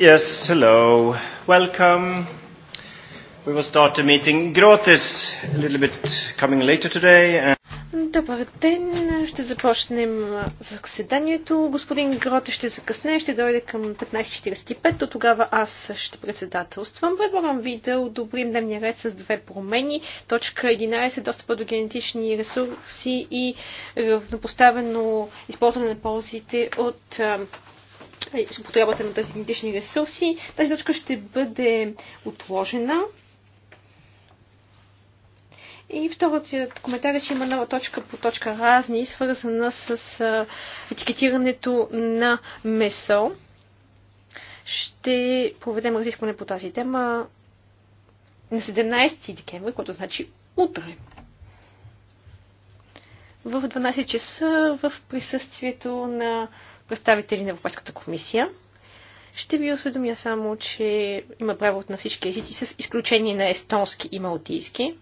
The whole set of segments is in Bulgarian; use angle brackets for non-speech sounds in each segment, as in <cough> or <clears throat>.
Yes, hello. Welcome. We will start the meeting Grotis, a little bit coming later today. And... Добър ден. Ще започнем заседанието. Господин Гроте ще закъсне, ще дойде към 15.45. До тогава аз ще председателствам. Предлагам ви да одобрим дневния ред с две промени. Точка 11. Достъпа до генетични ресурси и равнопоставено използване на ползите от с употребата на тези генетични ресурси. Тази точка ще бъде отложена. И вторият коментар е, че има нова точка по точка разни, свързана с етикетирането на месо. Ще проведем разискване по тази тема на 17 декември, което значи утре. В 12 часа в присъствието на представители на Европейската комисия. Ще ви осведомя само, че има право на всички езици, с изключение на естонски и малтийски.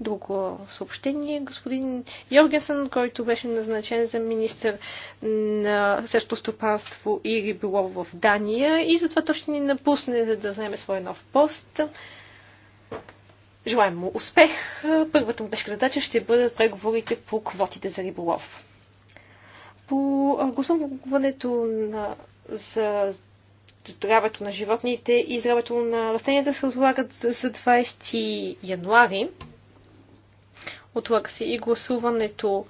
Друго съобщение. Господин Йоргенсън, който беше назначен за министър на сърто стопанство и риболов в Дания и затова точно ни напусне, за да вземе своя нов пост. Желаем му успех. Първата му тежка задача ще бъдат преговорите по квотите за риболов по гласуването на, за здравето на животните и здравето на растенията се отлагат за 20 януари. Отлага се и гласуването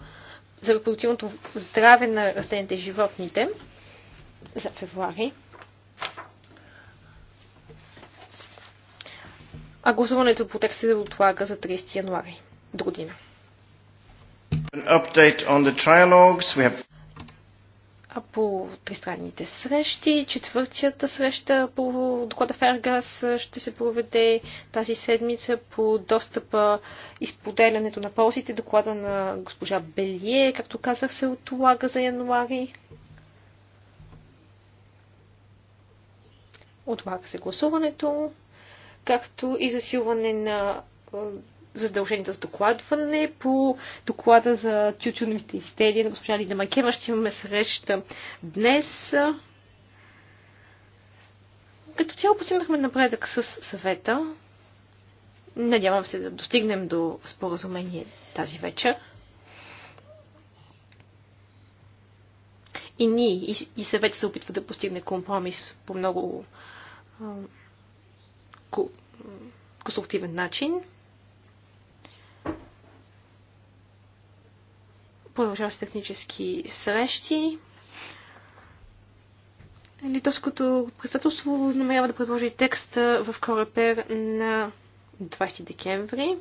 за репродуктивното здраве на растенията и животните за февруари. А гласуването по текст се отлага за 30 януари до година. An update on the We have а по тристранните срещи. Четвъртията среща по доклада Фергас ще се проведе тази седмица по достъпа и споделянето на ползите. Доклада на госпожа Белие, както казах, се отлага за януари. Отлага се гласуването, както и засилване на задълженията за докладване. По доклада за тютюновите изделия на госпожа Лида Макева ще имаме среща днес. Като цяло постигнахме напредък с съвета. Надявам се да достигнем до споразумение тази вечер. И ние, и съвет се опитва да постигне компромис по много конструктивен начин. продължава с технически срещи. Литовското председателство знамерява да предложи текста в Корепер на 20 декември.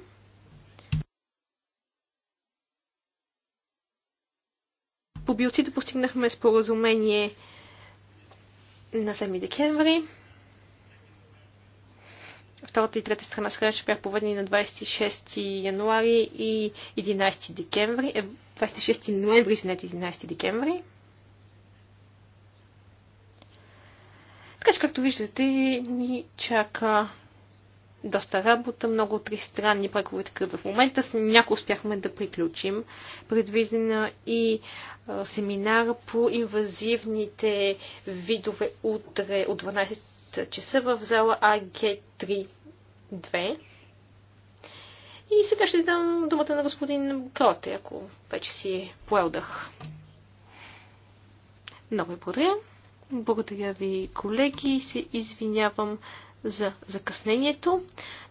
По билците постигнахме споразумение на 7 декември втората и трета страна ще бяха поведени на 26 януари и 11 декември. 26 е, ноември, извинете, 11 декември. Така че, както виждате, ни чака доста работа, много тристранни прекови такъв в момента. С някои успяхме да приключим. Предвидена и семинара по инвазивните видове утре от 12 часа в зала АГ3-2. И сега ще дам думата на господин Кроте, ако вече си е поелдах. Много ви благодаря. Благодаря ви, колеги, и се извинявам за закъснението.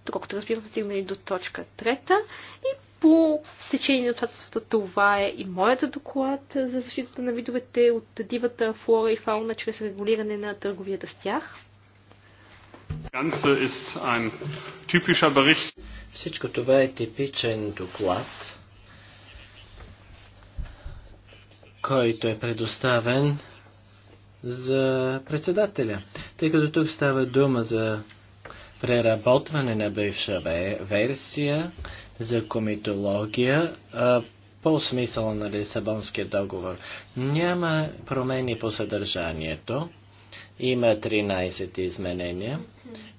Доколкото разбирам, стигнали до точка трета. И по течение на обстоятелствата това е и моята доклад за защитата на видовете от дивата флора и фауна чрез регулиране на търговията с тях. Всичко това е типичен доклад, който е предоставен за председателя. Тъй като тук става дума за преработване на бивша версия, за комитология, по смисъла на Лисабонския договор. Няма промени по съдържанието. Има 13 изменения,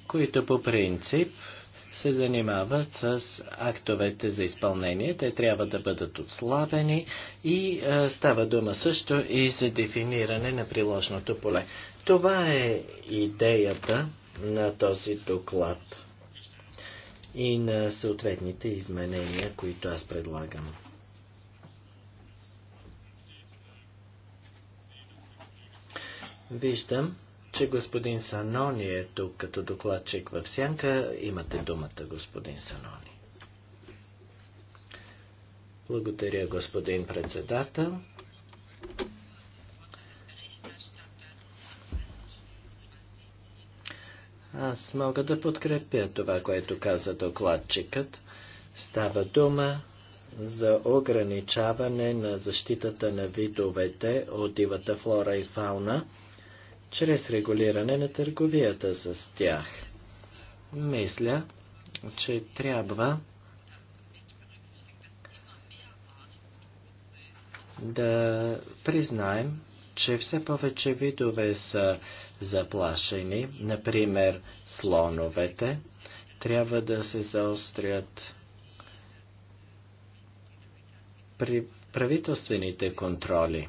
които по принцип се занимават с актовете за изпълнение. Те трябва да бъдат отслабени и става дума също и за дефиниране на приложното поле. Това е идеята на този доклад и на съответните изменения, които аз предлагам. Виждам, че господин Санони е тук като докладчик в Сянка. Имате думата, господин Санони. Благодаря, господин председател. Аз мога да подкрепя това, което каза докладчикът. Става дума за ограничаване на защитата на видовете от дивата флора и фауна – чрез регулиране на търговията с тях. Мисля, че трябва да признаем, че все повече видове са заплашени, например слоновете, трябва да се заострят при правителствените контроли.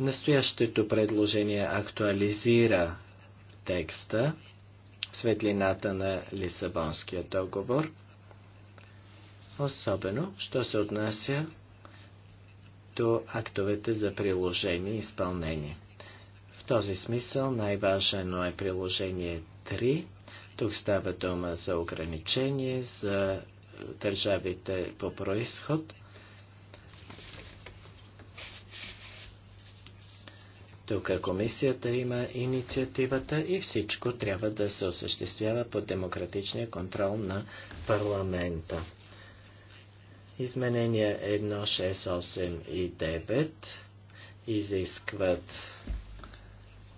Настоящето предложение актуализира текста в светлината на Лисабонския договор, особено, що се отнася до актовете за приложение и изпълнение. В този смисъл най-важно е приложение 3. Тук става дума за ограничение за държавите по происход – Тук комисията има инициативата и всичко трябва да се осъществява под демократичния контрол на парламента. Изменения 1, 6, 8 и 9 изискват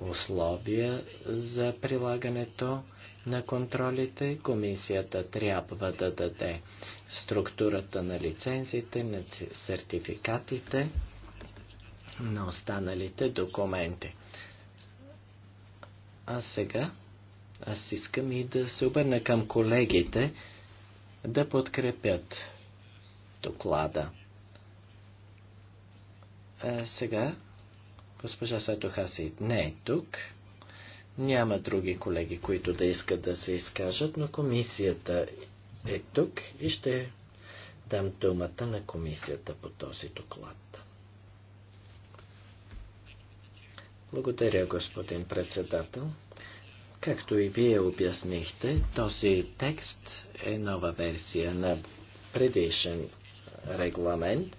условия за прилагането на контролите. Комисията трябва да даде структурата на лицензите, на сертификатите на останалите документи. А сега аз искам и да се обърна към колегите да подкрепят доклада. А сега госпожа Сатохаси не е тук. Няма други колеги, които да искат да се изкажат, но комисията е тук и ще дам думата на комисията по този доклад. Благодаря, господин председател. Както и вие обяснихте, този текст е нова версия на предишен регламент.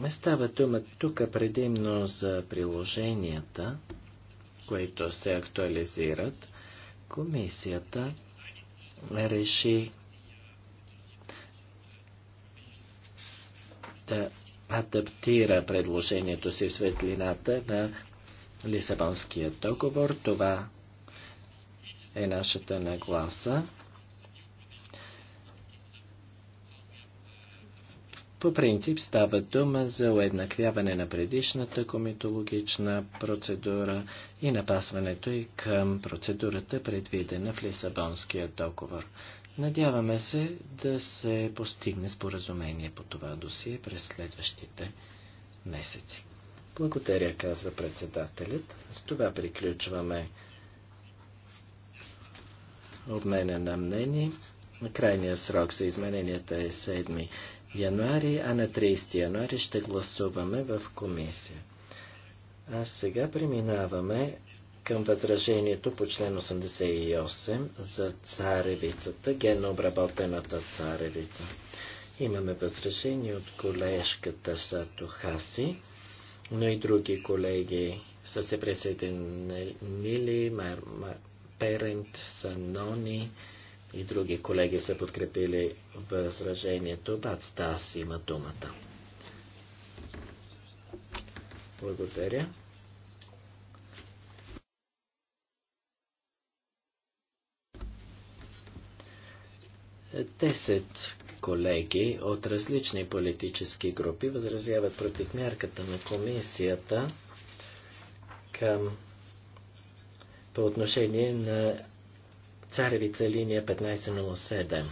Не става дума тук предимно за приложенията, които се актуализират. Комисията реши да адаптира предложението си в светлината на Лисабонския договор. Това е нашата нагласа. По принцип става дума за уеднаквяване на предишната комитологична процедура и напасването й към процедурата, предвидена в Лисабонския договор. Надяваме се да се постигне споразумение по това досие през следващите месеци. Благодаря, казва председателят. С това приключваме обмена на мнение. Крайният срок за измененията е 7 януари, а на 30 януари ще гласуваме в комисия. А сега преминаваме към възражението по член 88 за царевицата, генно обработената царевица. Имаме възражение от колежката Сато Хаси, но и други колеги са се присъединили, Перент, Санони и други колеги са подкрепили възражението. Бат Стас има думата. Благодаря. Десет колеги от различни политически групи възразяват против мярката на комисията към по отношение на царевица линия 1507.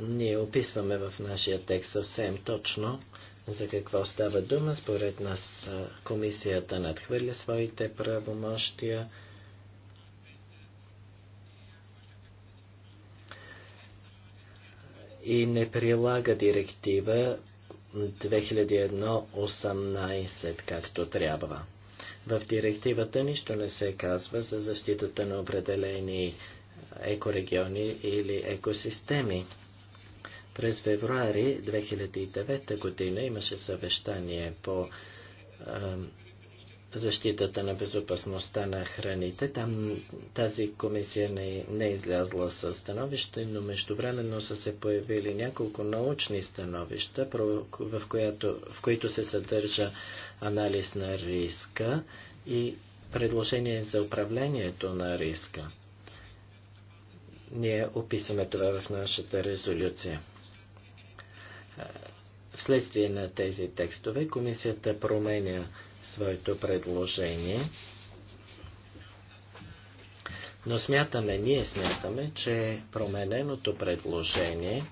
Ние описваме в нашия текст съвсем точно за какво става дума. Според нас комисията надхвърля своите правомощия и не прилага директива 2001-18 както трябва. В директивата нищо не се казва за защитата на определени екорегиони или екосистеми. През февруари 2009 година имаше съвещание по защитата на безопасността на храните. Там тази комисия не, не е излязла с становище, но междувременно са се появили няколко научни становища, в, която, в които се съдържа анализ на риска и предложение за управлението на риска. Ние описаме това в нашата резолюция. Вследствие на тези текстове комисията променя своето предложение. Но смятаме, ние смятаме, че промененото предложение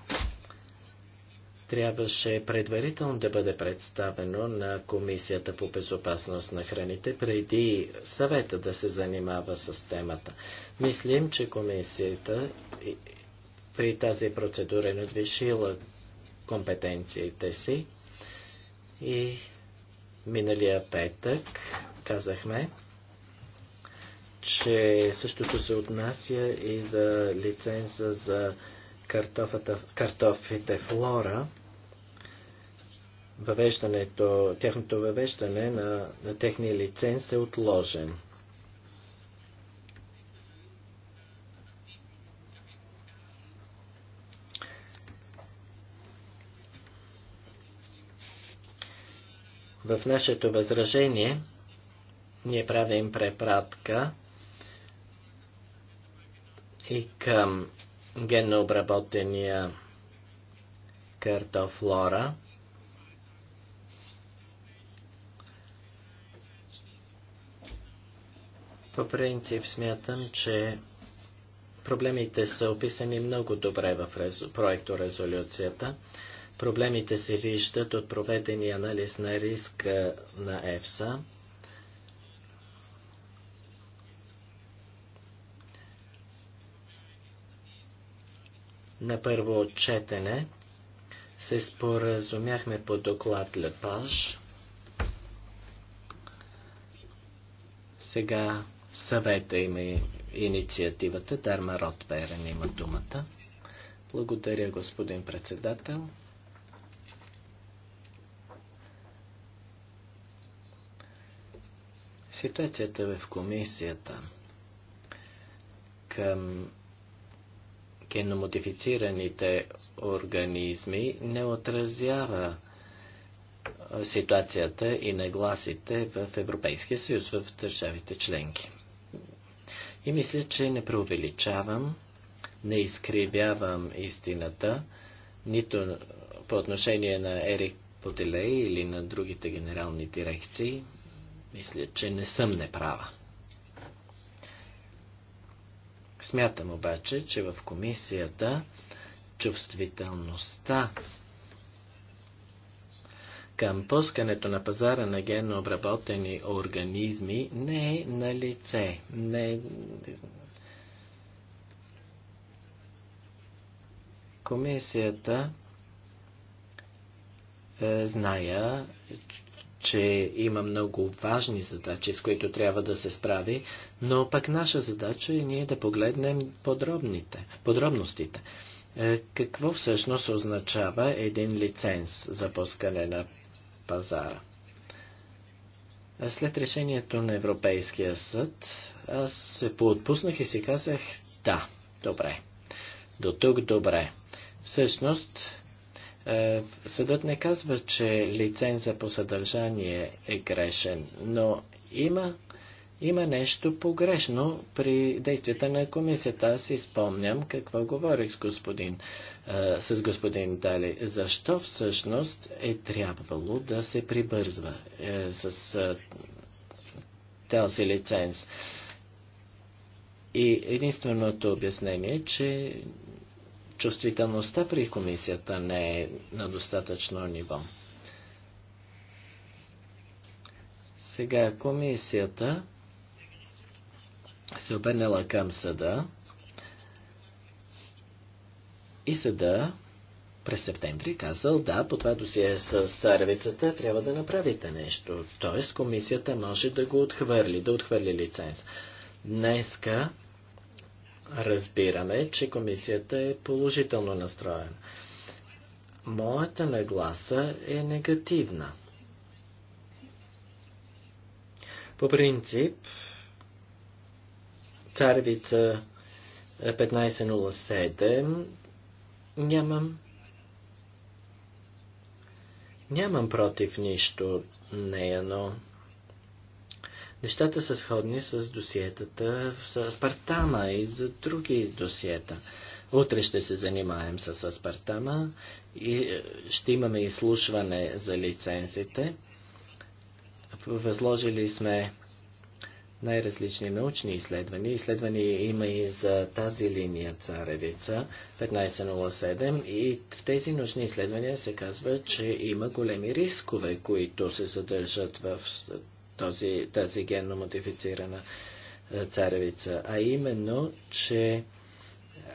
трябваше предварително да бъде представено на Комисията по безопасност на храните, преди съвета да се занимава с темата. Мислим, че Комисията при тази процедура е надвишила компетенциите си и Миналия петък казахме, че същото се отнася и за лиценза за картофите флора, въвеждането, тяхното въвеждане на, на техния лиценз е отложен. В нашето възражение ние правим препратка и към генно обработения картофлора. По принцип смятам, че проблемите са описани много добре в резу... проекто резолюцията. Проблемите се виждат от проведения анализ на риска на ЕФСА. На първо отчетене се споразумяхме по доклад Лепаж. Сега съвета има инициативата. Дарма Ротберен има думата. Благодаря, господин председател. Ситуацията в комисията към геномодифицираните организми не отразява ситуацията и нагласите в Европейския съюз, в държавите членки. И мисля, че не преувеличавам, не изкривявам истината, нито по отношение на Ерик Потелей или на другите генерални дирекции, мисля, че не съм неправа. Смятам обаче, че в комисията чувствителността към пускането на пазара на генно обработени организми не е на лице. Не... Комисията е, зная, че има много важни задачи, с които трябва да се справи, но пък наша задача е ние да погледнем подробните, подробностите. Е, какво всъщност означава един лиценз за пускане на пазара? Е, след решението на Европейския съд, аз се поотпуснах и си казах, да, добре. До тук добре. Всъщност, е, съдът не казва, че лиценза по съдържание е грешен, но има, има нещо погрешно при действията на комисията. Аз си спомням какво говорих с господин, е, с господин Дали. Защо всъщност е трябвало да се прибързва е, с този лиценз? И единственото обяснение е, че чувствителността при комисията не е на достатъчно ниво. Сега комисията се обърнала към съда и съда през септември казал, да, по това досие с царевицата трябва да направите нещо. Т.е. комисията може да го отхвърли, да отхвърли лиценз. Днеска разбираме, че комисията е положително настроена. Моята нагласа е негативна. По принцип, царвица 1507 нямам нямам против нищо нея, но Нещата са сходни с досиетата с Аспартама и за други досиета. Утре ще се занимаем с Аспартама и е, ще имаме изслушване за лицензите. Възложили сме най-различни научни изследвания. Изследвания има и за тази линия царевица 1507 и в тези научни изследвания се казва, че има големи рискове, които се съдържат в този, тази генно модифицирана е, царевица, а именно, че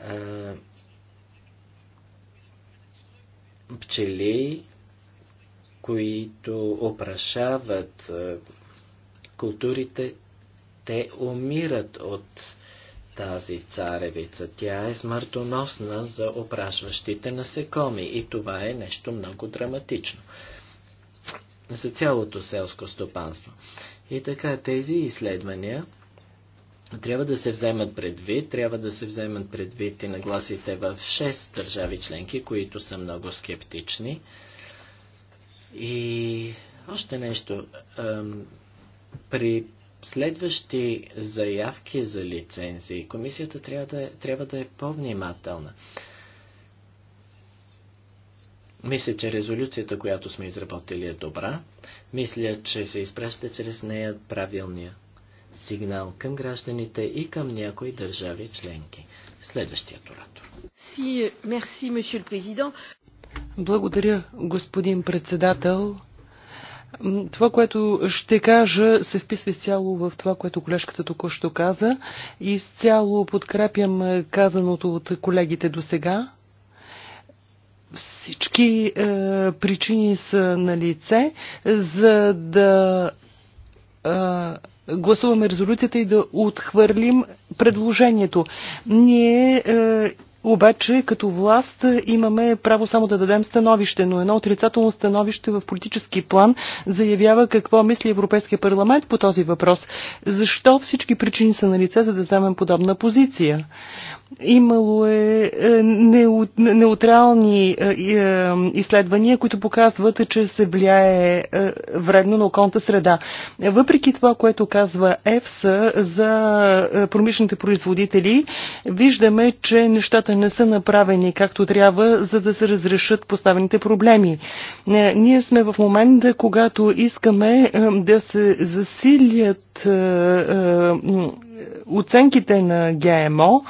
а, е, пчели, които опрашават а, е, културите, те умират от тази царевица. Тя е смъртоносна за опрашващите насекоми и това е нещо много драматично за цялото селско стопанство. И така, тези изследвания трябва да се вземат предвид, трябва да се вземат предвид и нагласите в 6 държави членки, които са много скептични. И още нещо. При следващи заявки за лицензии комисията трябва да, е, трябва да е по-внимателна. Мисля, че резолюцията, която сме изработили е добра. Мисля, че се изпраща чрез нея правилния сигнал към гражданите и към някои държави членки. Следващият оратор. Си, мерси, президент. Благодаря, господин председател. Това, което ще кажа, се вписва изцяло в това, което колежката току-що каза. Изцяло подкрепям казаното от колегите до сега. Всички е, причини са на лице, за да е, гласуваме резолюцията и да отхвърлим предложението. Ние е, обаче, като власт имаме право само да дадем становище, но едно отрицателно становище в политически план заявява какво мисли Европейския парламент по този въпрос. Защо всички причини са на лице, за да вземем подобна позиция? Имало е, е неутрални е, е, изследвания, които показват, че се влияе вредно на околната среда. Въпреки това, което казва ЕФСА за промишлените производители, виждаме, че нещата не са направени както трябва, за да се разрешат поставените проблеми. Е, ние сме в момента, когато искаме е, да се засилят е, оценките на ГМО,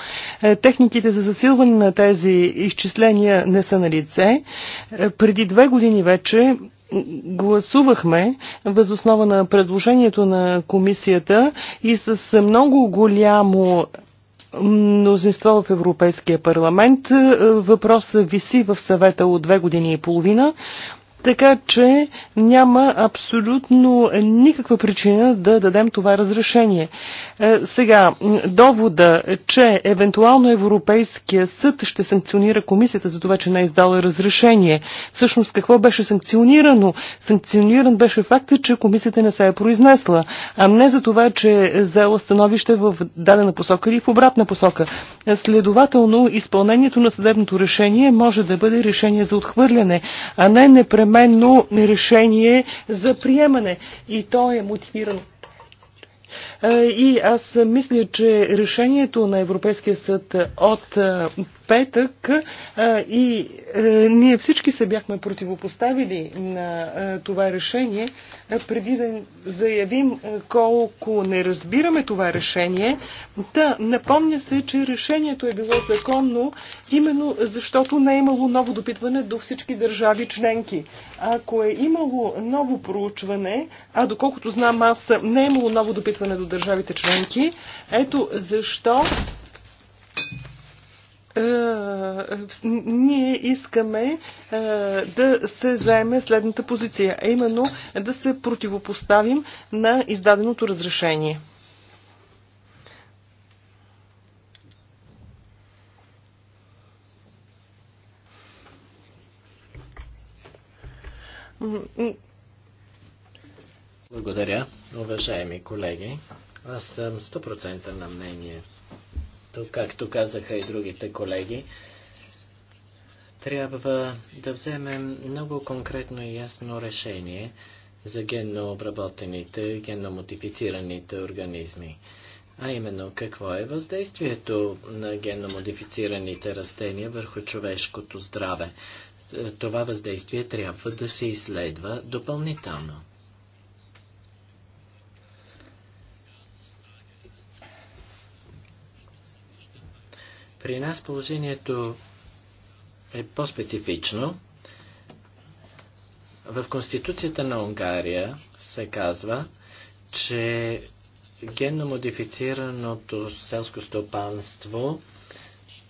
техниките за засилване на тези изчисления не са на лице. Преди две години вече гласувахме възоснова на предложението на комисията и с много голямо мнозинство в Европейския парламент. Въпросът виси в съвета от две години и половина. Така че няма абсолютно никаква причина да дадем това разрешение. Е, сега, довода, че евентуално Европейския съд ще санкционира комисията за това, че не е издала разрешение. Всъщност какво беше санкционирано? Санкциониран беше факта, че комисията не се е произнесла, а не за това, че е взела становище в дадена посока или в обратна посока. Следователно, изпълнението на съдебното решение може да бъде решение за отхвърляне, а не непременно едновременно решение за приемане и то е мотивирано. Е, и аз мисля, че решението на Европейския съд от е, петък и ние всички се бяхме противопоставили на това решение, преди да заявим колко не разбираме това решение. Да, напомня се, че решението е било законно, именно защото не е имало ново допитване до всички държави членки. Ако е имало ново проучване, а доколкото знам аз, не е имало ново допитване до държавите членки, ето защо е, ние искаме е, да се заеме следната позиция, а именно да се противопоставим на издаденото разрешение. Благодаря, уважаеми колеги. Аз съм 100% на мнение защото, както казаха и другите колеги, трябва да вземем много конкретно и ясно решение за генно обработените, генно модифицираните организми. А именно, какво е въздействието на генно модифицираните растения върху човешкото здраве? Е, това въздействие трябва да се изследва допълнително. При нас положението е по-специфично. В Конституцията на Унгария се казва, че генно модифицираното селско стопанство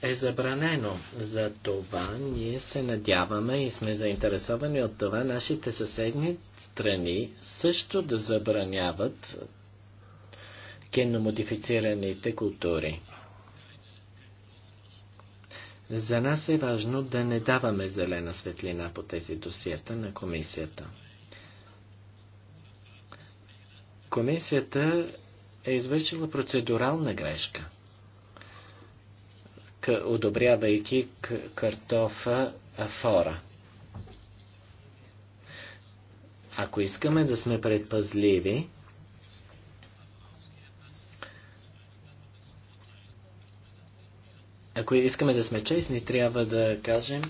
е забранено. За това ние се надяваме и сме заинтересовани от това нашите съседни страни също да забраняват генно модифицираните култури. За нас е важно да не даваме зелена светлина по тези досиета на комисията. Комисията е извършила процедурална грешка, одобрявайки картофа афора. Ако искаме да сме предпазливи, Ако искаме да сме честни, трябва да кажем,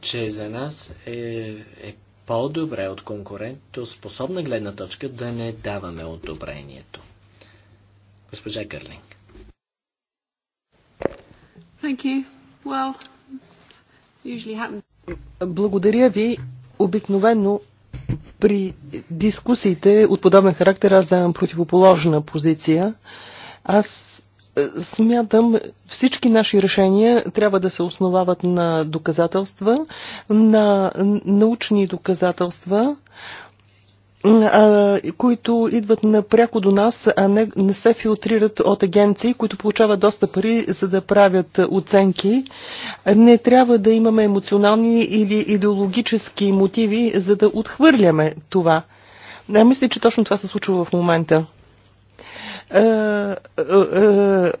че за нас е, е по-добре от способна гледна точка да не даваме одобрението. Госпожа Гърлинг. Well, Благодаря ви. Обикновено при дискусиите от подобен характер аз вземам противоположна позиция. Аз Смятам, всички наши решения трябва да се основават на доказателства, на научни доказателства, които идват напряко до нас, а не, не се филтрират от агенции, които получават доста пари, за да правят оценки. Не трябва да имаме емоционални или идеологически мотиви, за да отхвърляме това. Не, мисля, че точно това се случва в момента. Е, е, е,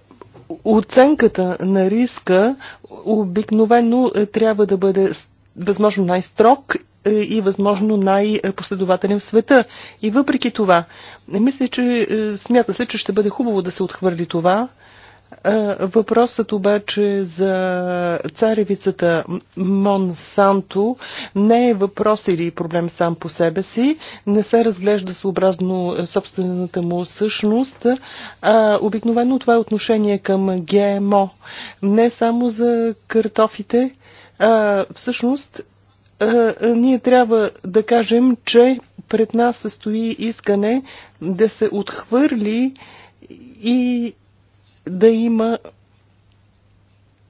оценката на риска обикновено трябва да бъде възможно най-строг и възможно най-последователен в света. И въпреки това, мисля, че смята се, че ще бъде хубаво да се отхвърли това, Въпросът обаче за царевицата Монсанто не е въпрос или проблем сам по себе си, не се разглежда съобразно собствената му същност. А, обикновено това е отношение към ГМО. Не само за картофите, а, всъщност ние трябва да кажем, че пред нас стои искане да се отхвърли и да има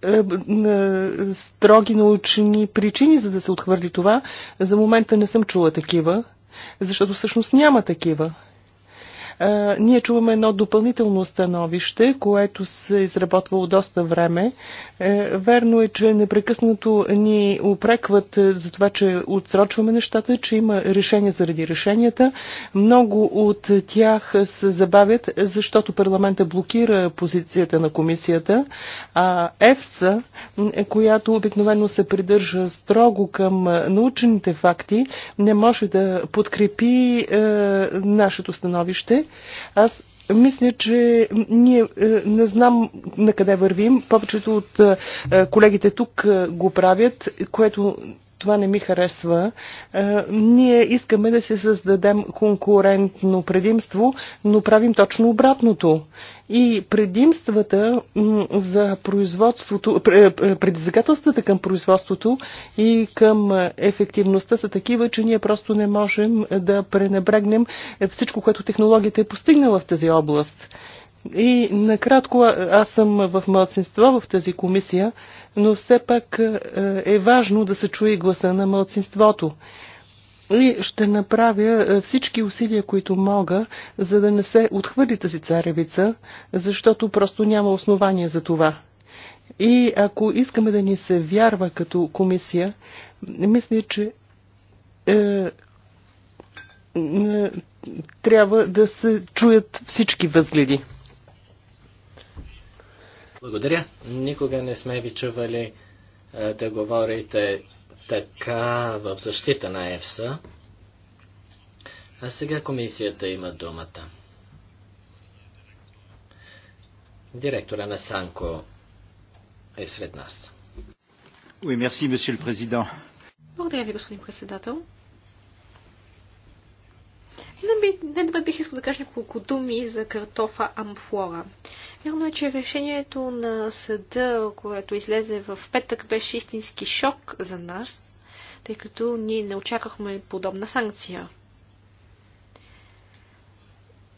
е, е, строги научни причини, за да се отхвърли това. За момента не съм чула такива, защото всъщност няма такива. Ние чуваме едно допълнително становище, което се изработвало доста време. Е, верно е, че непрекъснато ни упрекват е, за това, че отсрочваме нещата, че има решения заради решенията. Много от тях се забавят, защото парламента блокира позицията на комисията, а ЕФСА, е, която обикновено се придържа строго към научените факти, не може да подкрепи е, нашето становище. Аз мисля, че ние е, не знам на къде вървим. Повечето от е, колегите тук е, го правят, което това не ми харесва. Е, ние искаме да се създадем конкурентно предимство, но правим точно обратното. И предимствата за производството, предизвикателствата към производството и към ефективността са такива, че ние просто не можем да пренебрегнем всичко, което технологията е постигнала в тази област. И накратко, аз съм в младсинство в тази комисия, но все пак е важно да се чуе гласа на младсинството. И ще направя всички усилия, които мога, за да не се отхвърли тази царевица, защото просто няма основания за това. И ако искаме да ни се вярва като комисия, мисля, че е, е, трябва да се чуят всички възгледи. Благодаря. Никога не сме ви чували а, е, да говорите така в защита на ЕФСА. А сега комисията има думата. Директора на Санко е сред нас. Oui, merci, monsieur le président. Благодаря ви, господин председател. Не, би, не бих искал да кажа няколко думи за картофа амфлора. Вярно е, че решението на съда, което излезе в петък, беше истински шок за нас, тъй като ние не очаквахме подобна санкция.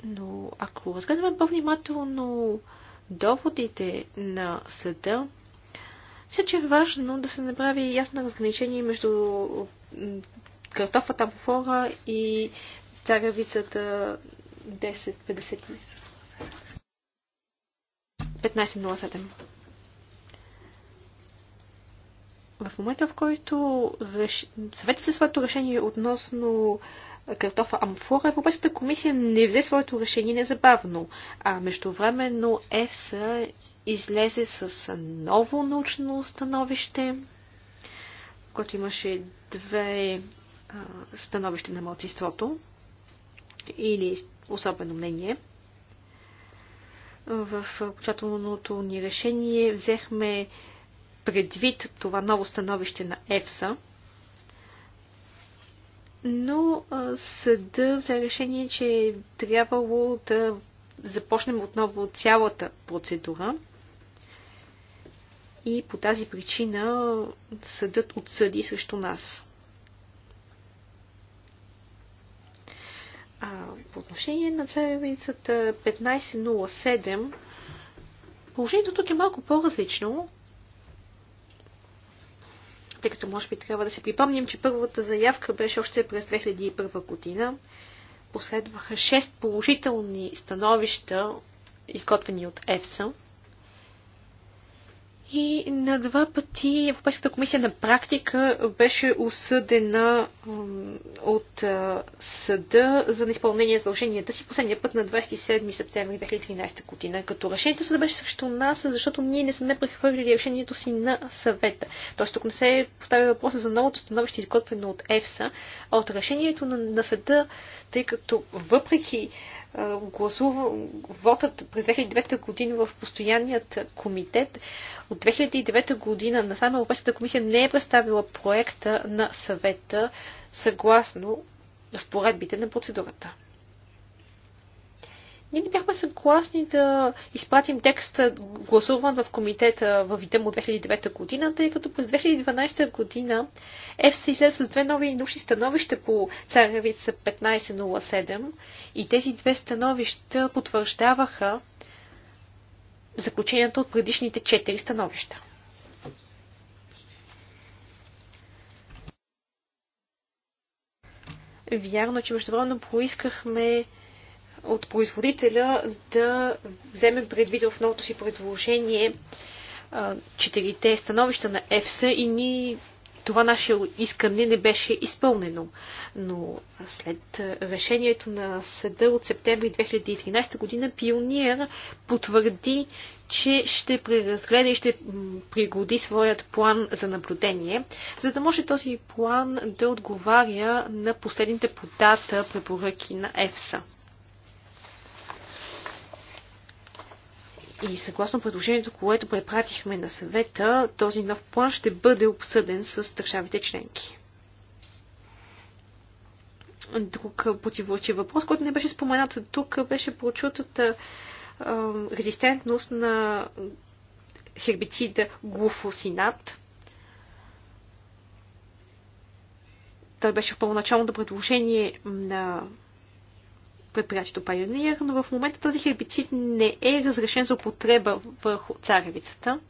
Но ако разгледаме по-внимателно доводите на съда, мисля, че е важно да се направи ясно разграничение между картофата фора и царевицата 1050. 15.07. В момента, в който реш... съвета се своето решение относно картофа Амфора, Европейската комисия не взе своето решение незабавно, а междувременно ЕФСА излезе с ново научно становище, в което имаше две становища на младсинството или особено мнение в окончателното ни решение взехме предвид това ново становище на ЕФСА, но съда взе решение, че е трябвало да започнем отново цялата процедура. И по тази причина съдът отсъди срещу нас. А, по отношение на царевицата 1507, положението тук е малко по-различно, тъй като може би трябва да се припомним, че първата заявка беше още през 2001 година. Последваха 6 положителни становища, изготвени от ЕФСА. И на два пъти Европейската комисия на практика беше осъдена от съда за неизпълнение задълженията си последния път на 27 септември 2013 година, като решението съда беше срещу нас, защото ние не сме прехвърлили решението си на съвета. Тоест тук не се поставя въпроса за новото становище, изготвено от ЕФСА, а от решението на, на съда, тъй като въпреки гласува вотът през 2009 година в постоянният комитет. От 2009 година на сама Европейската комисия не е представила проекта на съвета съгласно разпоредбите на процедурата. Ние не бяхме съгласни да изпратим текста, гласуван в комитета в вида му 2009 година, тъй като през 2012 година ЕФСА излезе с две нови научни становища по царевица 1507 и тези две становища потвърждаваха заключенията от предишните четири становища. Вярно, че междувременно поискахме от производителя да вземе предвид в новото си предложение четирите становища на ЕФСА и ни това наше искане не беше изпълнено. Но след решението на съда от септември 2013 година, Пионер потвърди, че ще преразгледа и ще пригоди своят план за наблюдение, за да може този план да отговаря на последните по дата препоръки на ЕФСА. И съгласно предложението, което препратихме на съвета, този нов план ще бъде обсъден с държавите членки. Друг противоречив въпрос, който не беше споменат тук, беше прочутата резистентност на хербицида глуфосинат. Той беше в първоначалното предложение на предприятието Pioneer, но в момента този хербицид не е разрешен за употреба върху царевицата.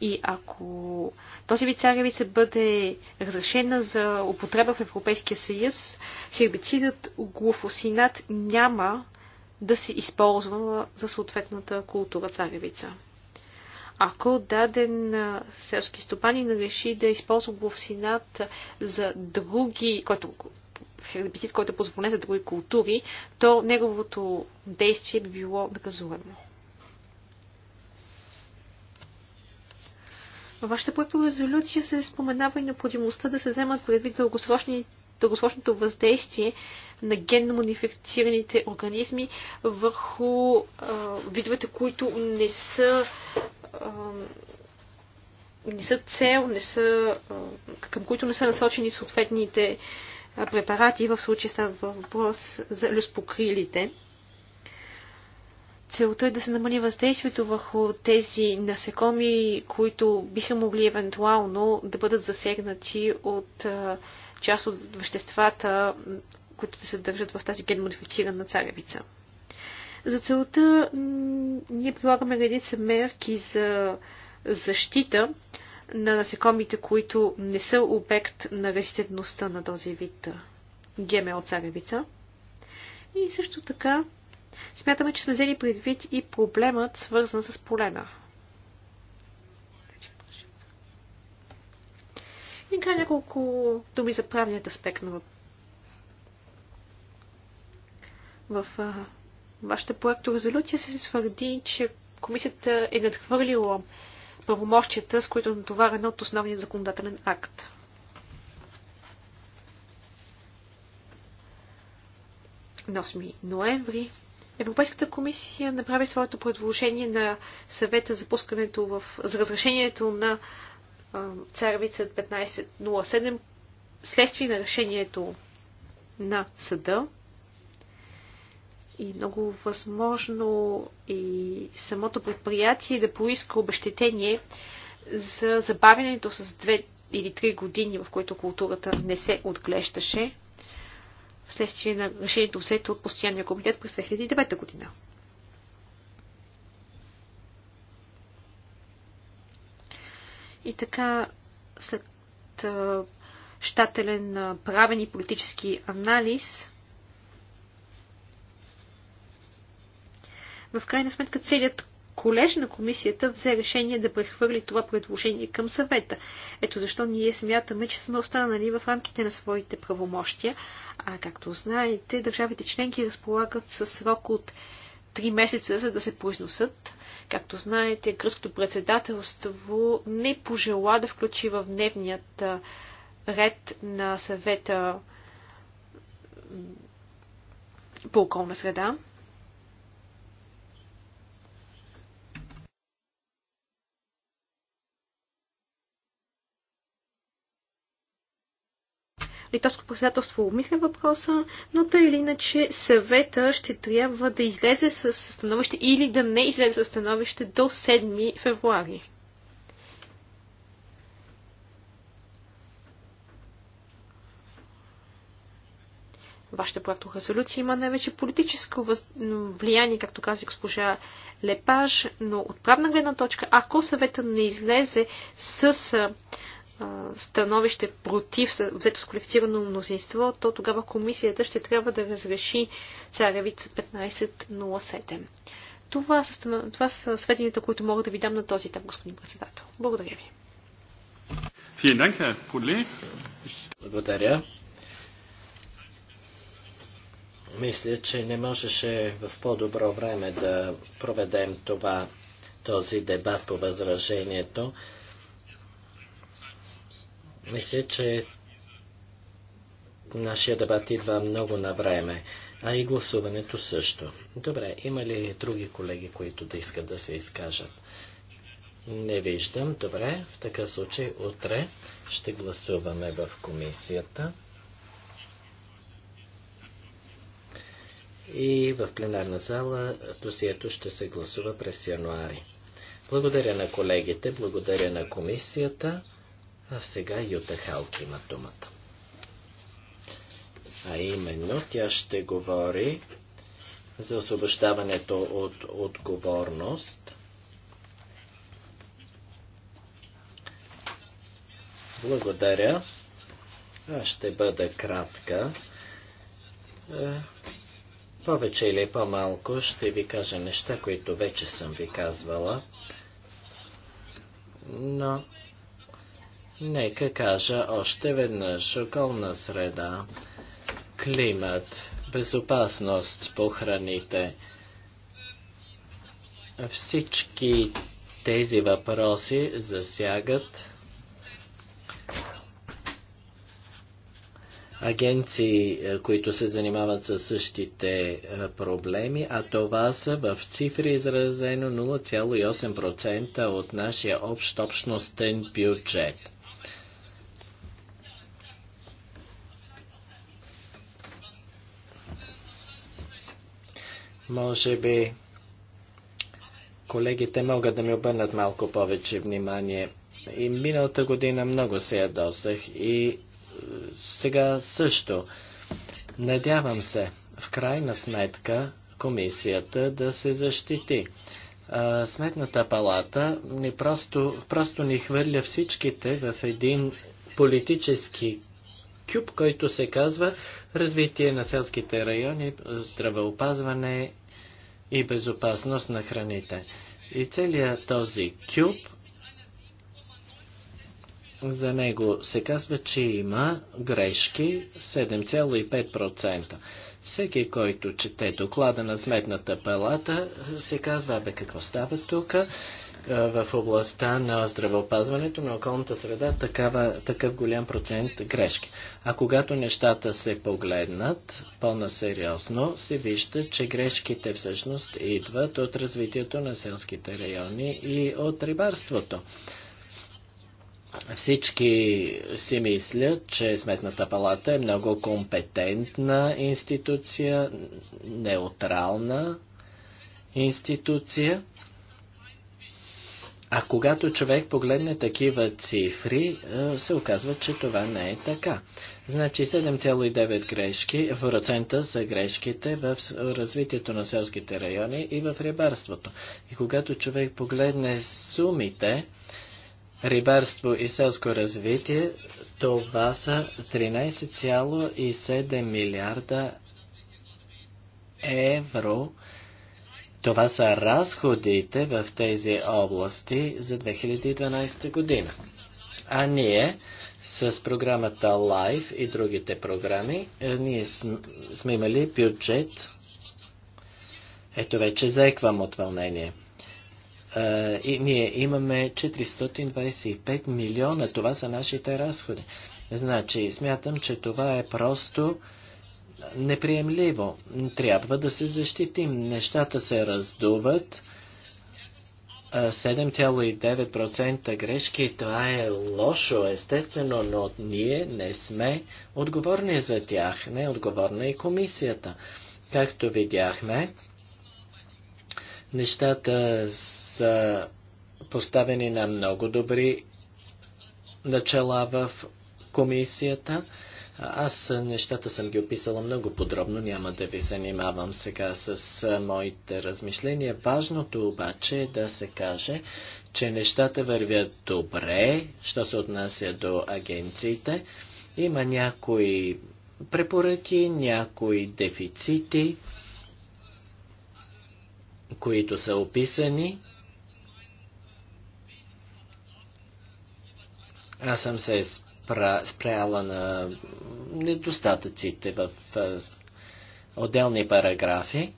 И ако този вид царевица бъде разрешена за употреба в Европейския съюз, хербицидът глуфосинат няма да се използва за съответната култура царевица. Ако даден селски стопанин реши да използва глуфосинат за други, който хербицид, който е позволен за други култури, то неговото действие би било наказуемо. Във вашата резолюция се споменава и необходимостта да се вземат предвид дългосрочни дългосрочното въздействие на генно модифицираните организми върху а, видовете, които не са, а, не са цел, не са, а, към които не са насочени съответните препарати, в случая става въпрос за люспокрилите. Целта е да се намали въздействието върху тези насекоми, които биха могли евентуално да бъдат засегнати от част от веществата, които се държат в тази генмодифицирана царевица. За целта ние прилагаме редица мерки за защита, на насекомите, които не са обект на резистентността на този вид ГМО царевица. И също така смятаме, че сме взели предвид и проблемът, свързан с полена. И така няколко думи за правният аспект на в а, вашата проекторезолюция се твърди, че комисията е надхвърлила правомощията, с които е от основния законодателен акт. На 8 ноември Европейската комисия направи своето предложение на съвета за пускането в, за разрешението на царевица 1507 следствие на решението на съда и много възможно и самото предприятие да поиска обещетение за забавянето с две или три години, в които културата не се отглеждаше, вследствие на решението взето от Постоянния комитет през 2009 година. И така, след щателен правен и политически анализ, в крайна сметка целият колеж на комисията взе решение да прехвърли това предложение към съвета. Ето защо ние смятаме, че сме останали в рамките на своите правомощия, а както знаете, държавите членки разполагат със срок от 3 месеца, за да се произносат. Както знаете, гръцкото председателство не пожела да включи в дневният ред на съвета по околна среда. литовско председателство обмисля въпроса, но тъй или иначе съвета ще трябва да излезе с становище или да не излезе с становище до 7 февруари. вашата проекто резолюция има най-вече политическо въз... влияние, както каза госпожа Лепаж, но от правна гледна точка, ако съвета не излезе с становище против, взето с квалифицирано мнозинство, то тогава комисията ще трябва да разреши царевица 1507. Това са, това са сведенията, които мога да ви дам на този етап, господин председател. Благодаря ви. Благодаря. Мисля, че не можеше в по-добро време да проведем това, този дебат по възражението. Мисля, че нашия дебат идва много на време, а и гласуването също. Добре, има ли други колеги, които да искат да се изкажат? Не виждам. Добре, в такъв случай утре ще гласуваме в комисията. И в пленарна зала досието ще се гласува през януари. Благодаря на колегите, благодаря на комисията. А сега Юта Халк има думата. А именно тя ще говори за освобождаването от отговорност. Благодаря. Аз ще бъда кратка. Е, повече или по-малко ще ви кажа неща, които вече съм ви казвала. Но Нека кажа още веднъж околна среда, климат, безопасност по храните. Всички тези въпроси засягат агенции, е, които се занимават с същите е, проблеми, а това са в цифри изразено 0,8% от нашия общ общностен бюджет. Може би колегите могат да ми обърнат малко повече внимание. И миналата година много се ядосах и е, сега също. Надявам се, в крайна сметка, комисията да се защити. Е, сметната палата ни просто, просто ни хвърля всичките в един политически кюб, който се казва развитие на селските райони, здравеопазване и безопасност на храните. И целият този кюб, за него се казва, че има грешки 7,5%. Всеки, който чете доклада на Сметната палата, се казва, абе какво става тук? в областта на здравеопазването, на околната среда, такава, такъв голям процент грешки. А когато нещата се погледнат по-насериозно, се вижда, че грешките всъщност идват от развитието на селските райони и от рибарството. Всички си мислят, че Сметната палата е много компетентна институция, неутрална институция. А когато човек погледне такива цифри, е, се оказва, че това не е така. Значи 7,9 грешки, процента са грешките в развитието на селските райони и в рибарството. И когато човек погледне сумите, рибарство и селско развитие, това са 13,7 милиарда евро това са разходите в тези области за 2012 година. А ние с програмата LIFE и другите програми, е, ние сме имали бюджет. Ето вече заеквам от вълнение. Е, и ние имаме 425 милиона. Това са нашите разходи. Значи, смятам, че това е просто неприемливо. Трябва да се защитим. Нещата се раздуват. 7,9% грешки, това е лошо, естествено, но ние не сме отговорни за тях, не е отговорна и комисията. Както видяхме, нещата са поставени на много добри начала в комисията. Аз нещата съм ги описала много подробно, няма да ви занимавам сега с моите размишления. Важното обаче е да се каже, че нещата вървят добре, що се отнася до агенциите. Има някои препоръки, някои дефицити, които са описани. Аз съм се спряла на недостатъците в отделни параграфи.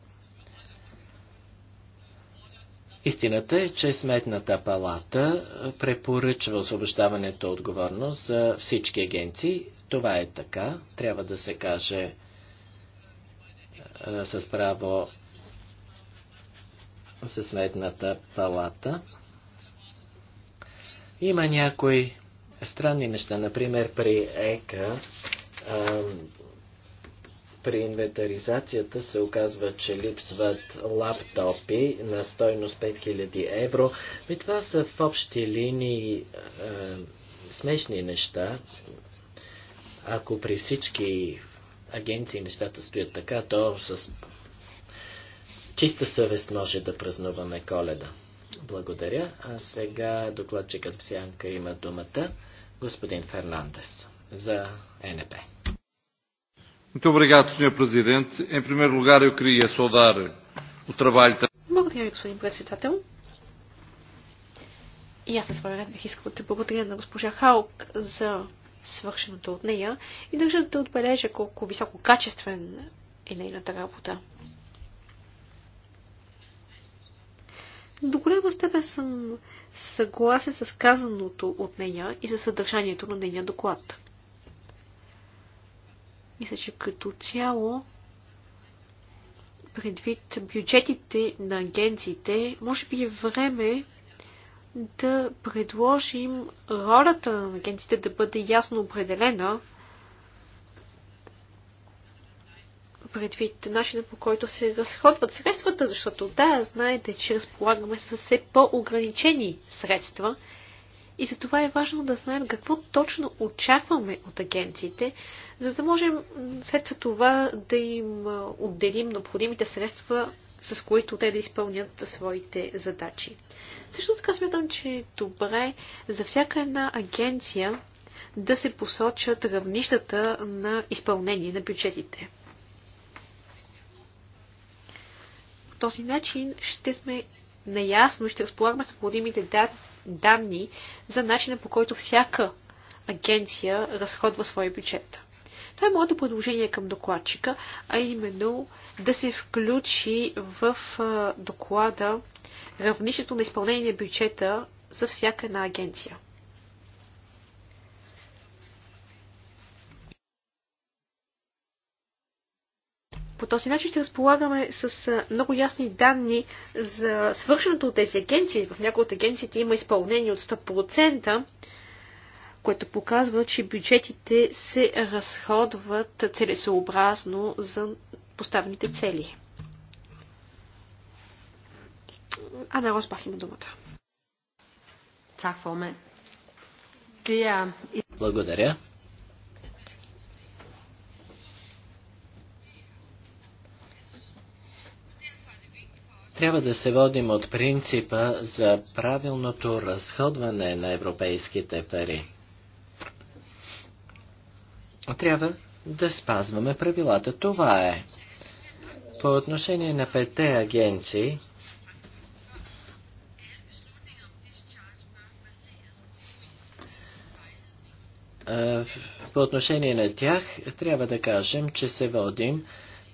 Истината е, че Сметната палата препоръчва освобождаването отговорност за всички агенции. Това е така. Трябва да се каже а, с право със Сметната палата. Има някои странни неща. Например, при ЕКА, а, при инвентаризацията се оказва, че липсват лаптопи на стойност 5000 евро. И това са в общи линии а, смешни неща. Ако при всички агенции нещата стоят така, то с чиста съвест може да празнуваме коледа. Благодаря. А сега докладчикът в сянка има думата господин Фернандес за НП. Muito obrigado, Sr. Presidente. Em primeiro lugar, eu queria saudar o trabalho. Благодаря ви, господин председател. И аз на своя ред бих искал да благодаря на госпожа Халк за свършеното от нея и държа да отбележа колко високо качествен е нейната работа. До голяма степен съм съгласен с казаното от нея и за съдържанието на нейния доклад. Мисля, че като цяло, предвид бюджетите на агенциите, може би е време да предложим ролята на агенциите да бъде ясно определена, предвид начина по който се разходват средствата, защото да, знаете, че разполагаме с все по-ограничени средства и за това е важно да знаем какво точно очакваме от агенциите, за да можем след това да им отделим необходимите средства, с които те да изпълнят своите задачи. Също така смятам, че е добре за всяка една агенция да се посочат равнищата на изпълнение на бюджетите. този начин ще сме наясно и ще разполагаме с необходимите данни за начина по който всяка агенция разходва своя бюджет. Това е моето предложение към докладчика, а именно да се включи в доклада равнището на изпълнение на бюджета за всяка една агенция. По този начин ще разполагаме с много ясни данни за свършеното от тези агенции. В някои от агенциите има изпълнение от 100%, което показва, че бюджетите се разходват целесообразно за поставените цели. на Росбах има думата. Благодаря. Трябва да се водим от принципа за правилното разходване на европейските пари. Трябва да спазваме правилата. Това е. По отношение на пете агенции, по отношение на тях трябва да кажем, че се водим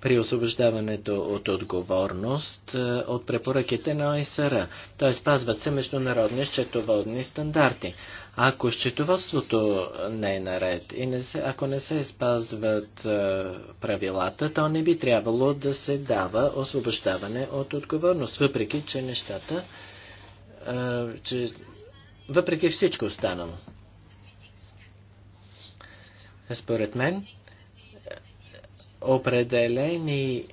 при освобождаването от отговорност е, от препоръките на ОСР. Т.е. спазват се международни счетоводни стандарти. Ако счетоводството не е наред и не се, ако не се спазват е, правилата, то не би трябвало да се дава освобождаване от отговорност, въпреки че нещата, е, че, въпреки всичко останало. Според мен, определени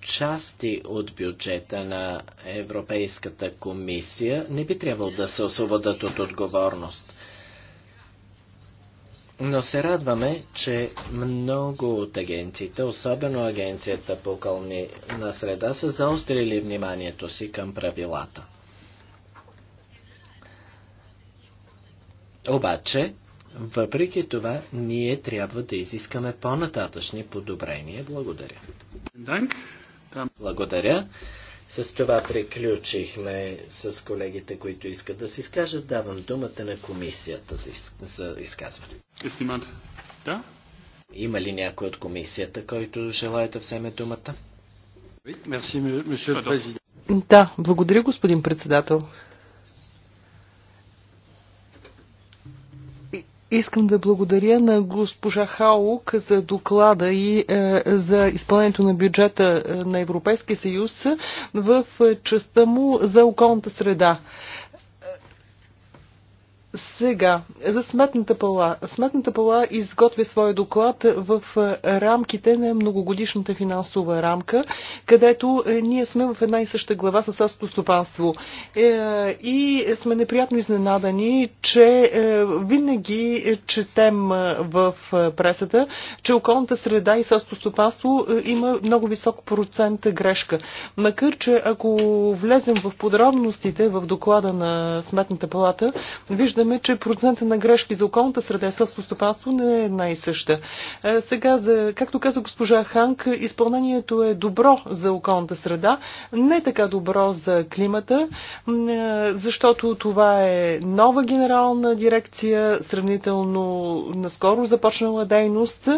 части от бюджета на Европейската комисия не би трябвало да се освободят от отговорност. Но се радваме, че много от агенциите, особено агенцията по на среда, са заострили вниманието си към правилата. Обаче, въпреки това, ние трябва да изискаме по-нататъчни подобрения. Благодаря. Благодаря. С това приключихме с колегите, които искат да се изкажат. Давам думата на комисията за, из... за изказване. Да? Има ли някой от комисията, който желая да вземе думата? Да, благодаря, господин председател. Искам да благодаря на госпожа Хаук за доклада и е, за изпълнението на бюджета е, на Европейския съюз в е, частта му за околната среда. Сега, за Сметната пала. Сметната пала изготвя своя доклад в е, рамките на многогодишната финансова рамка, където е, ние сме в една и съща глава с селското стопанство. Е, и сме неприятно изненадани, че винаги четем в пресата, че околната среда и селското стопанство има много висок процент грешка. Макар, че ако влезем в подробностите в доклада на Сметната палата, виждаме, виждаме, че процента на грешки за околната среда и селско стопанство не е една и съща. Е, сега, за, както каза госпожа Ханк, изпълнението е добро за околната среда, не така добро за климата, е, защото това е нова генерална дирекция, сравнително наскоро започнала дейност.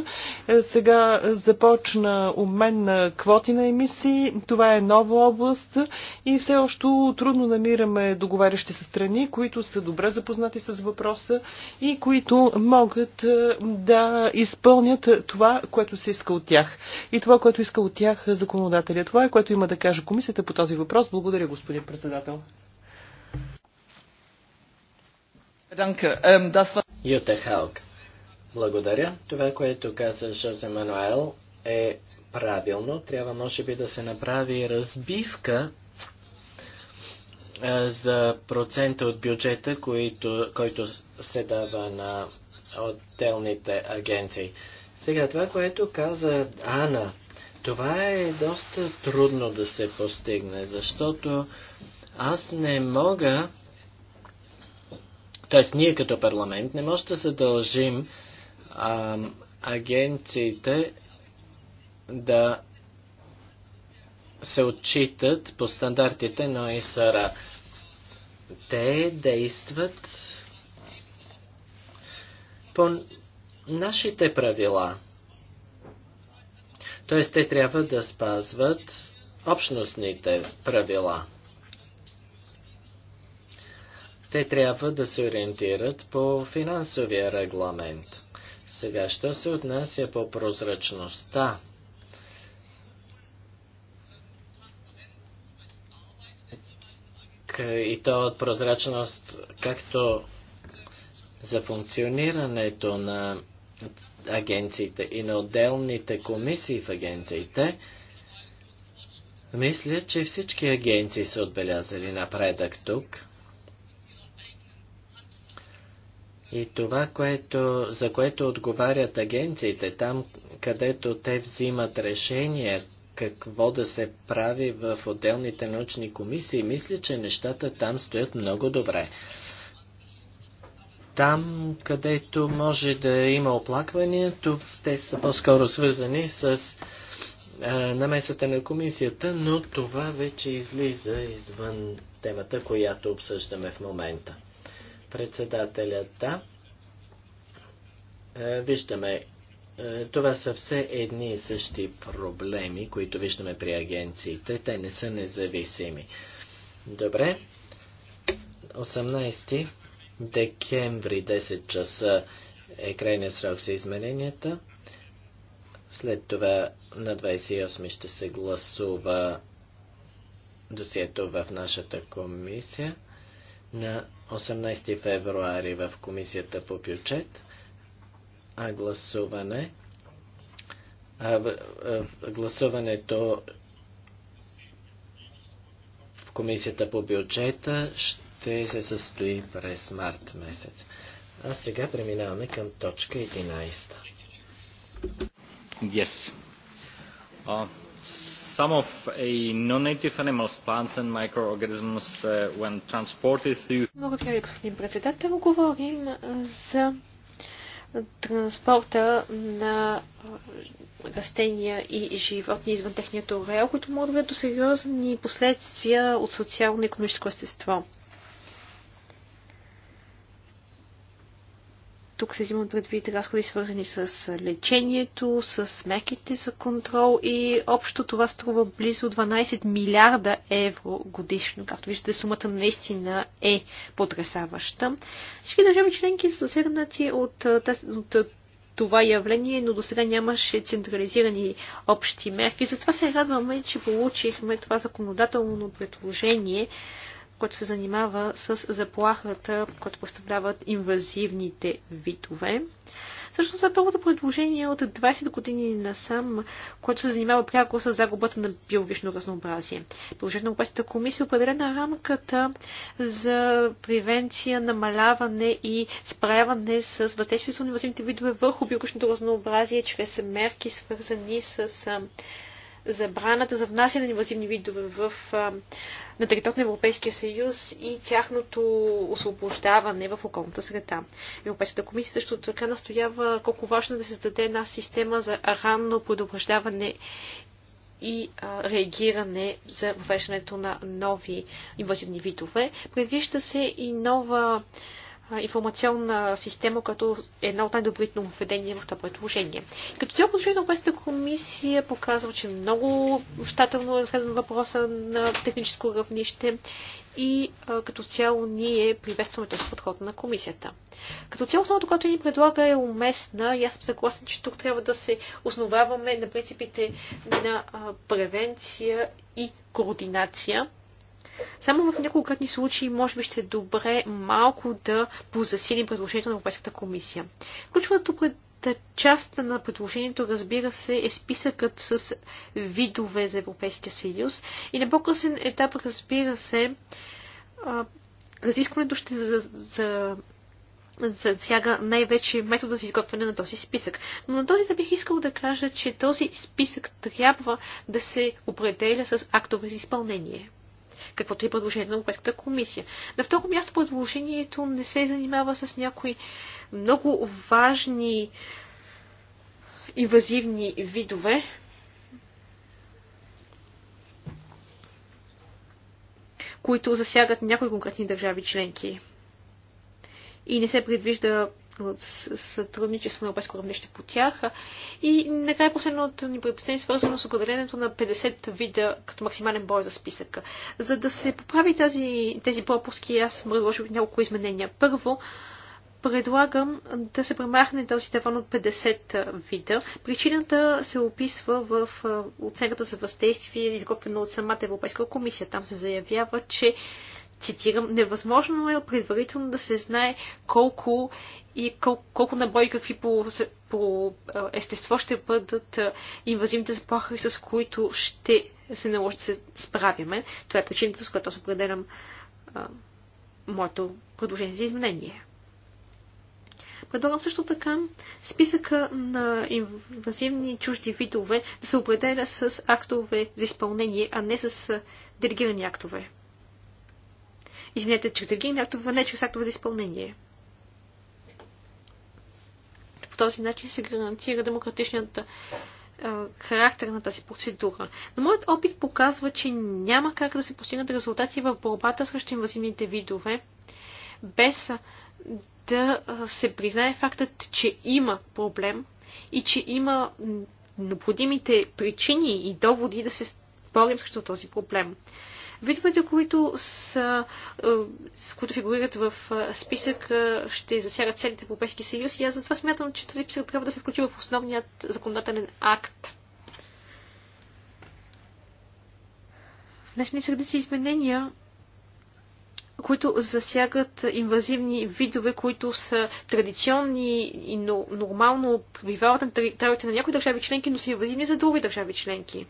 Е, сега започна обмен на квоти на емисии. Това е нова област и все още трудно намираме договарящи се страни, които са добре запознати запознати с въпроса и които могат е, да изпълнят това, което се иска от тях. И това, което иска от тях законодателя. Това е, което има да каже комисията по този въпрос. Благодаря, господин председател. Ähm, Юте Халк. Благодаря. Това, което каза Жозе Мануел е правилно. Трябва, може би, да се направи разбивка за процента от бюджета, който, който се дава на отделните агенции. Сега това, което каза Ана, това е доста трудно да се постигне, защото аз не мога, т.е. ние като парламент не може да задължим агенциите да се отчитат по стандартите на ИСРА. Те действат по нашите правила. Т.е. те трябва да спазват общностните правила. Те трябва да се ориентират по финансовия регламент. Сега, що се отнася по прозрачността? Е, и то от прозрачност както за функционирането на агенциите и на отделните комисии в агенциите, мисля, че всички агенции са отбелязали напредък тук. И това, което, за което отговарят агенциите, там където те взимат решения, какво да се прави в отделните научни комисии, мисля, че нещата там стоят много добре. Там, където може да има оплаквания, те са по-скоро свързани с е, намесата на комисията, но това вече излиза извън темата, която обсъждаме в момента. Председателят, да, е, виждаме е, това са все едни и същи проблеми, които виждаме при агенциите. Те не са независими. Добре. 18 декември 10 часа е крайният срок за измененията. След това на 28 ще се гласува досието в нашата комисия. На 18 февруари в комисията по бюджет а гласуване. А, в, а, гласуването в комисията по бюджета ще се състои през март месец. А сега преминаваме към точка 11. Yes. Uh, some of a non-native animals, plants and microorganisms uh, when transported through... Благодаря, господин председател. Говорим за транспорта на растения и животни извън техния орел, които могат да бъдат до сериозни последствия от социално-економическо естество. Тук се взимат предвид разходи, свързани с лечението, с мерките за контрол и общо това струва близо 12 милиарда евро годишно. Както виждате, сумата наистина е потрясаваща. Всички държави членки са засегнати от, тази това явление, но до сега нямаше централизирани общи мерки. Затова се радваме, че получихме това законодателно предложение който се занимава с заплахата, която представляват инвазивните видове. Също това е първото предложение от 20 години насам, което се занимава пряко с загубата на биологично разнообразие. Положението на Европейската комисия е определена рамката за превенция, намаляване и справяне с въздействието на инвазивните видове върху биологичното разнообразие чрез мерки, свързани с забраната за внасяне на инвазивни видове в, на територията на Европейския съюз и тяхното освобождаване в околната среда. Европейската комисия също така настоява колко важно е да се създаде една система за ранно предупреждаване и а, реагиране за въвеждането на нови инвазивни видове. Предвижда се и нова информационна система, като е една от най-добрите нововведения в това предложение. Като цяло предложение на Европейската комисия показва, че много щателно е разгледан въпроса на техническо равнище и а, като цяло ние приветстваме този подход на комисията. Като цяло основното, което ни предлага е уместна и аз съм съгласен, че тук трябва да се основаваме на принципите на а, превенция и координация само в кратни случаи, може би ще е добре малко да позасилим предложението на Европейската комисия. Ключовата пред част на предложението, разбира се, е списъкът с видове за Европейския съюз. И на по-късен етап, разбира се, разискването ще за, за засяга най-вече метода за изготвяне на този списък. Но на този да бих искал да кажа, че този списък трябва да се определя с актове за изпълнение каквото е предложението на Европейската комисия. На второ място предложението не се занимава с някои много важни инвазивни видове. които засягат някои конкретни държави членки. И не се предвижда сътрудничество на европейско равнище по тях. И накрая последното ни предпочитание свързано с определенето на 50 вида като максимален брой за списъка. За да се поправи тази, тези пропуски, аз предложих няколко изменения. Първо, предлагам да се премахне този таван от 50 вида. Причината се описва в оценката за въздействие, изготвена от самата Европейска комисия. Там се заявява, че цитирам, невъзможно е предварително да се знае колко и колко, колко набои какви по, по естество ще бъдат инвазивните заплахи, с които ще се наложи да се справяме. Това е причината, с която аз определям а, моето предложение за изменение. Предлагам също така списъка на инвазивни чужди видове да се определя с актове за изпълнение, а не с делегирани актове извинете, чрез място актове, не е чрез актове за изпълнение. По този начин се гарантира демократичният характер на тази процедура. Но моят опит показва, че няма как да се постигнат резултати в борбата срещу инвазивните видове, без да се признае фактът, че има проблем и че има необходимите причини и доводи да се борим срещу този проблем. Видовете, които, са, е, които фигурират в е, списък, е, ще засягат целите Европейски съюз и аз затова смятам, че този списък трябва да се включи в основният законодателен акт. Внесени са редица изменения, които засягат инвазивни видове, които са традиционни и нормално прививават на територията на някои държави членки, но са инвазивни за други държави членки.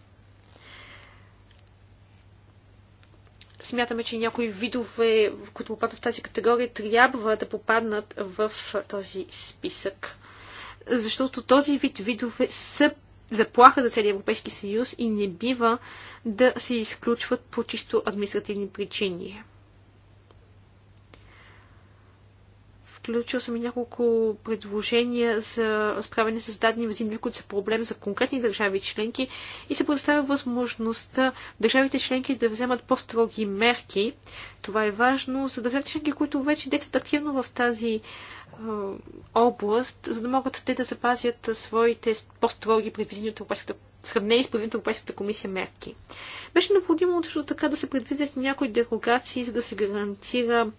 смятаме, че някои видове, които попадат в тази категория, трябва да попаднат в този списък. Защото този вид видове са заплаха за целия Европейски съюз и не бива да се изключват по чисто административни причини. Включил съм и няколко предложения за справяне с дадени възимни, които са проблем за конкретни държави членки и се предоставя възможността държавите членки да вземат по-строги мерки. Това е важно за държавите членки, които вече действат активно в тази е, област, за да могат те да запазят своите по-строги предвидени от Европейската сравнени с предвидената Европейската комисия мерки. Беше необходимо също така да се предвидят някои дерогации, за да се гарантира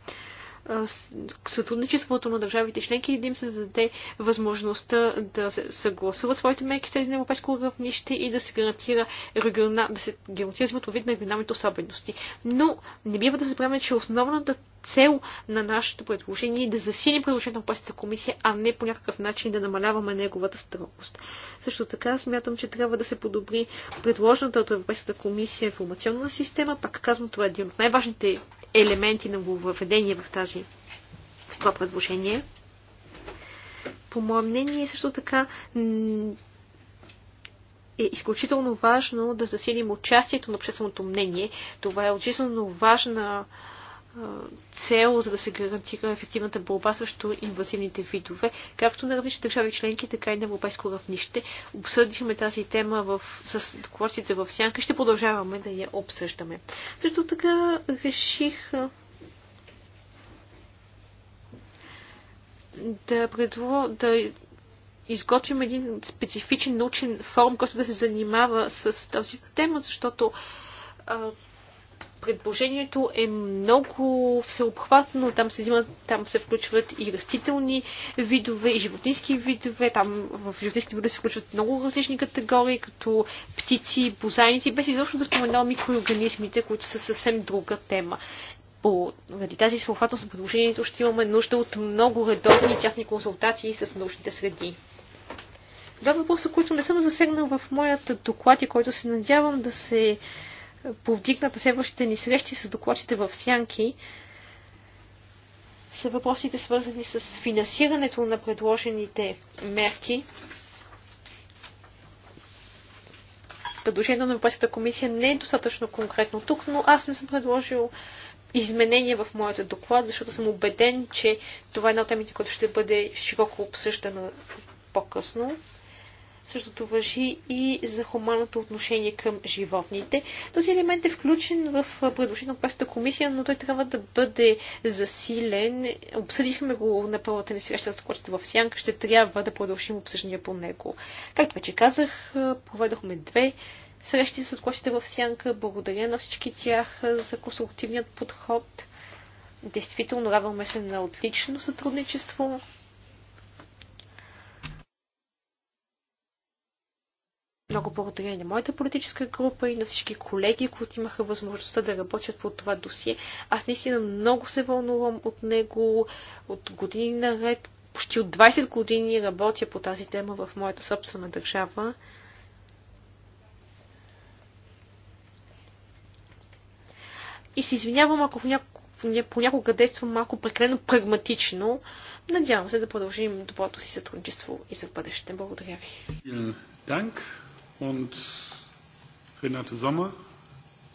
сътрудничеството на държавите членки и да им се даде възможността да се съгласуват своите мерки с тези на европейско равнище и да се гарантира, региона, да се гарантира вид на регионалните особености. Но не бива да забравяме, че основната цел на нашето предложение е да засилим предложението на Европейската комисия, а не по някакъв начин да намаляваме неговата строгост. Също така смятам, че трябва да се подобри предложената от Европейската комисия информационна система. Пак казвам, това е един от най-важните елементи на въведение в тази в това предложение. По мое мнение също така е изключително важно да засилим участието на общественото мнение. Това е изключително важна цел, за да се гарантира ефективната борба срещу инвазивните видове, както на различни държави членки, така и на европейско равнище. Обсъдихме тази тема в, с докладците в сянка и ще продължаваме да я обсъждаме. Също така реших да, предво, да изготвим един специфичен научен форум, който да се занимава с тази тема, защото Предложението е много всеобхватно. Там се, взимат, там се включват и растителни видове, и животински видове. Там в животински видове се включват много различни категории, като птици, бозайници, без изобщо да споменавам микроорганизмите, които са съвсем друга тема поради тази всеобхватност на предложението ще имаме нужда от много редовни частни консултации с научните среди. Два въпроса, които не съм засегнал в моята доклад и който се надявам да се повдигната следващите ни срещи с докладчите в Сянки, са въпросите свързани с финансирането на предложените мерки. Предложението на Европейската комисия не е достатъчно конкретно тук, но аз не съм предложил изменения в моята доклад, защото съм убеден, че това е една от темите, която ще бъде широко обсъждана по-късно. Същото въжи и за хуманното отношение към животните. Този елемент е включен в предложението на пасата комисия, но той трябва да бъде засилен. Обсъдихме го на първата ни среща с кочета в Сянка. Ще трябва да продължим обсъждания по него. Както вече казах, проведохме две срещи с кочета в Сянка. Благодаря на всички тях за конструктивният подход. Действително радваме се на отлично сътрудничество. Много благодаря и на моята политическа група и на всички колеги, които имаха възможността да работят по това досие. Аз наистина много се вълнувам от него от години наред. Почти от 20 години работя по тази тема в моята собствена държава. И се извинявам, ако понякога, действам малко прекалено прагматично. Надявам се да продължим доброто си сътрудничество и за бъдеще. Благодаря ви und Renate Sommer.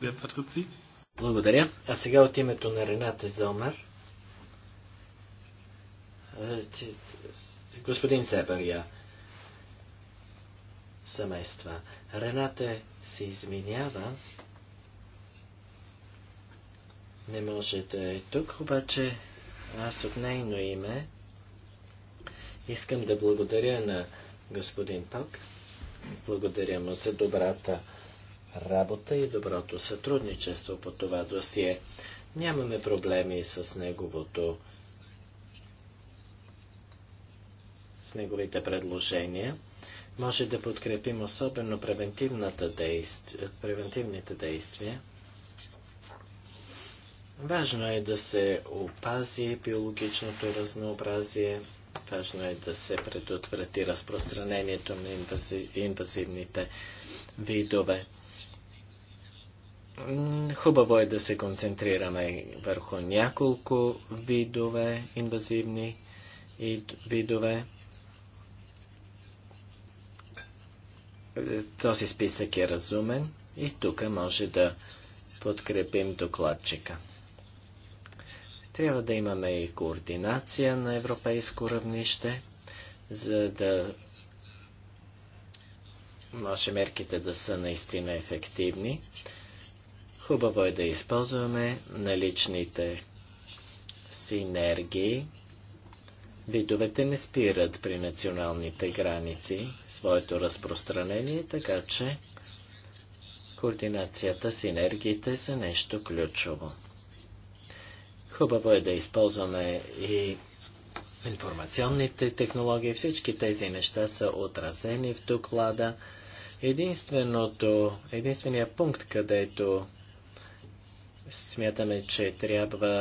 Wer vertritt sie? Благодаря. А сега от името на Рената Зомер. Господин Себер я семейства. Рената се изменява. Не може да е тук, обаче аз от нейно име искам да благодаря на господин Пак благодаря му за добрата работа и доброто сътрудничество по това досие. Нямаме проблеми с неговото с неговите предложения. Може да подкрепим особено действ... превентивните действия. Важно е да се опази биологичното разнообразие Важно е да се предотврати разпространението на инвазивните видове. Хубаво е да се концентрираме върху няколко видове, инвазивни видове. Е, този списък е разумен и тук може да подкрепим докладчика. Трябва да имаме и координация на европейско равнище, за да може мерките да са наистина ефективни. Хубаво е да използваме наличните синергии. Видовете не спират при националните граници своето разпространение, така че координацията, синергиите са нещо ключово. Хубаво е да използваме и информационните технологии. Всички тези неща са отразени в доклада. Единственото, единствения пункт, където смятаме, че трябва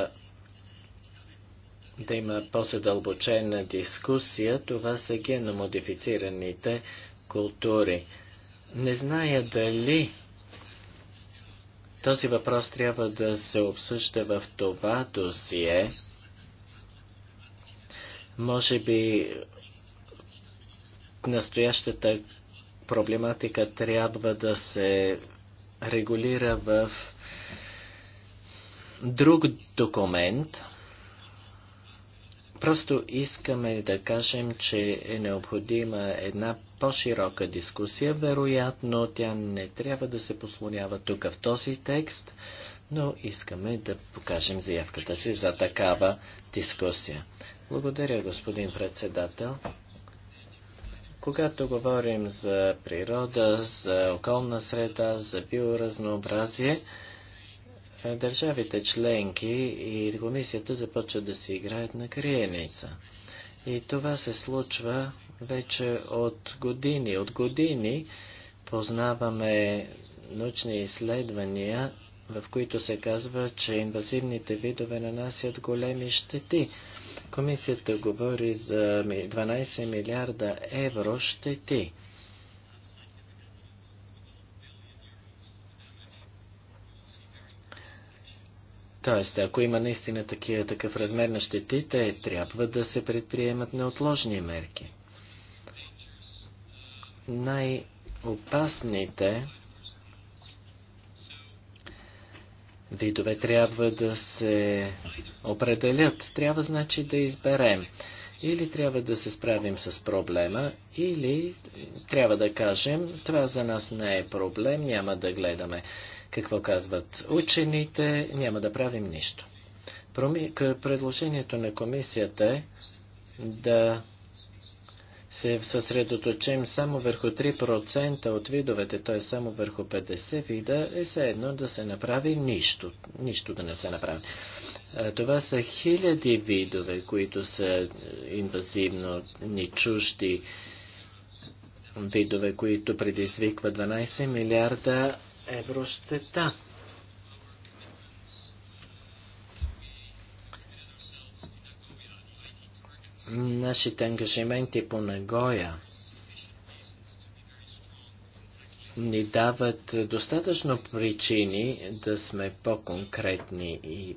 да има по съдълбочена дискусия, това са геномодифицираните култури. Не зная дали този въпрос трябва да се обсъжда в това досие. Може би настоящата проблематика трябва да се регулира в друг документ – Просто искаме да кажем, че е необходима една по-широка дискусия. Вероятно, тя не трябва да се послонява тук в този текст, но искаме да покажем заявката си за такава дискусия. Благодаря, господин председател. Когато говорим за природа, за околна среда, за биоразнообразие, държавите членки и комисията започват да си играят на криеница. И това се случва вече от години. От години познаваме научни изследвания, в които се казва, че инвазивните видове нанасят големи щети. Комисията говори за 12 милиарда евро щети. Тоест, ако има наистина такива, такъв размер на щетите, трябва да се предприемат неотложни мерки. Най-опасните видове трябва да се определят. Трябва, значи, да изберем. Или трябва да се справим с проблема, или трябва да кажем, това за нас не е проблем, няма да гледаме какво казват учените? Няма да правим нищо. Предложението на комисията е да се съсредоточим само върху 3% от видовете, т.е. само върху 50 вида, е все едно да се направи нищо. Нищо да не се направи. Това са хиляди видове, които са е, инвазивно ни чужди видове, които предизвиква 12 милиарда евро щета. Нашите ангажименти по Нагоя ни дават достатъчно причини да сме по-конкретни и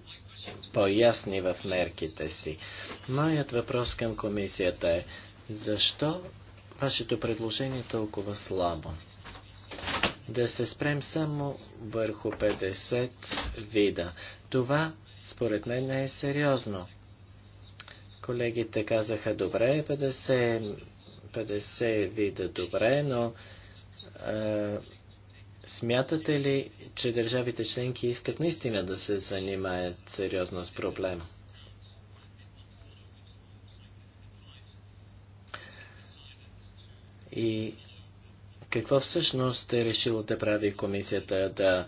по-ясни в мерките си. Моят въпрос към комисията е, защо вашето предложение е толкова слабо? да се спрем само върху 50 вида. Това, според мен, не е сериозно. Колегите казаха, добре, 50, 50 вида, добре, но е, смятате ли, че държавите членки искат наистина да се занимаят сериозно с проблема? И какво всъщност е решило да прави комисията да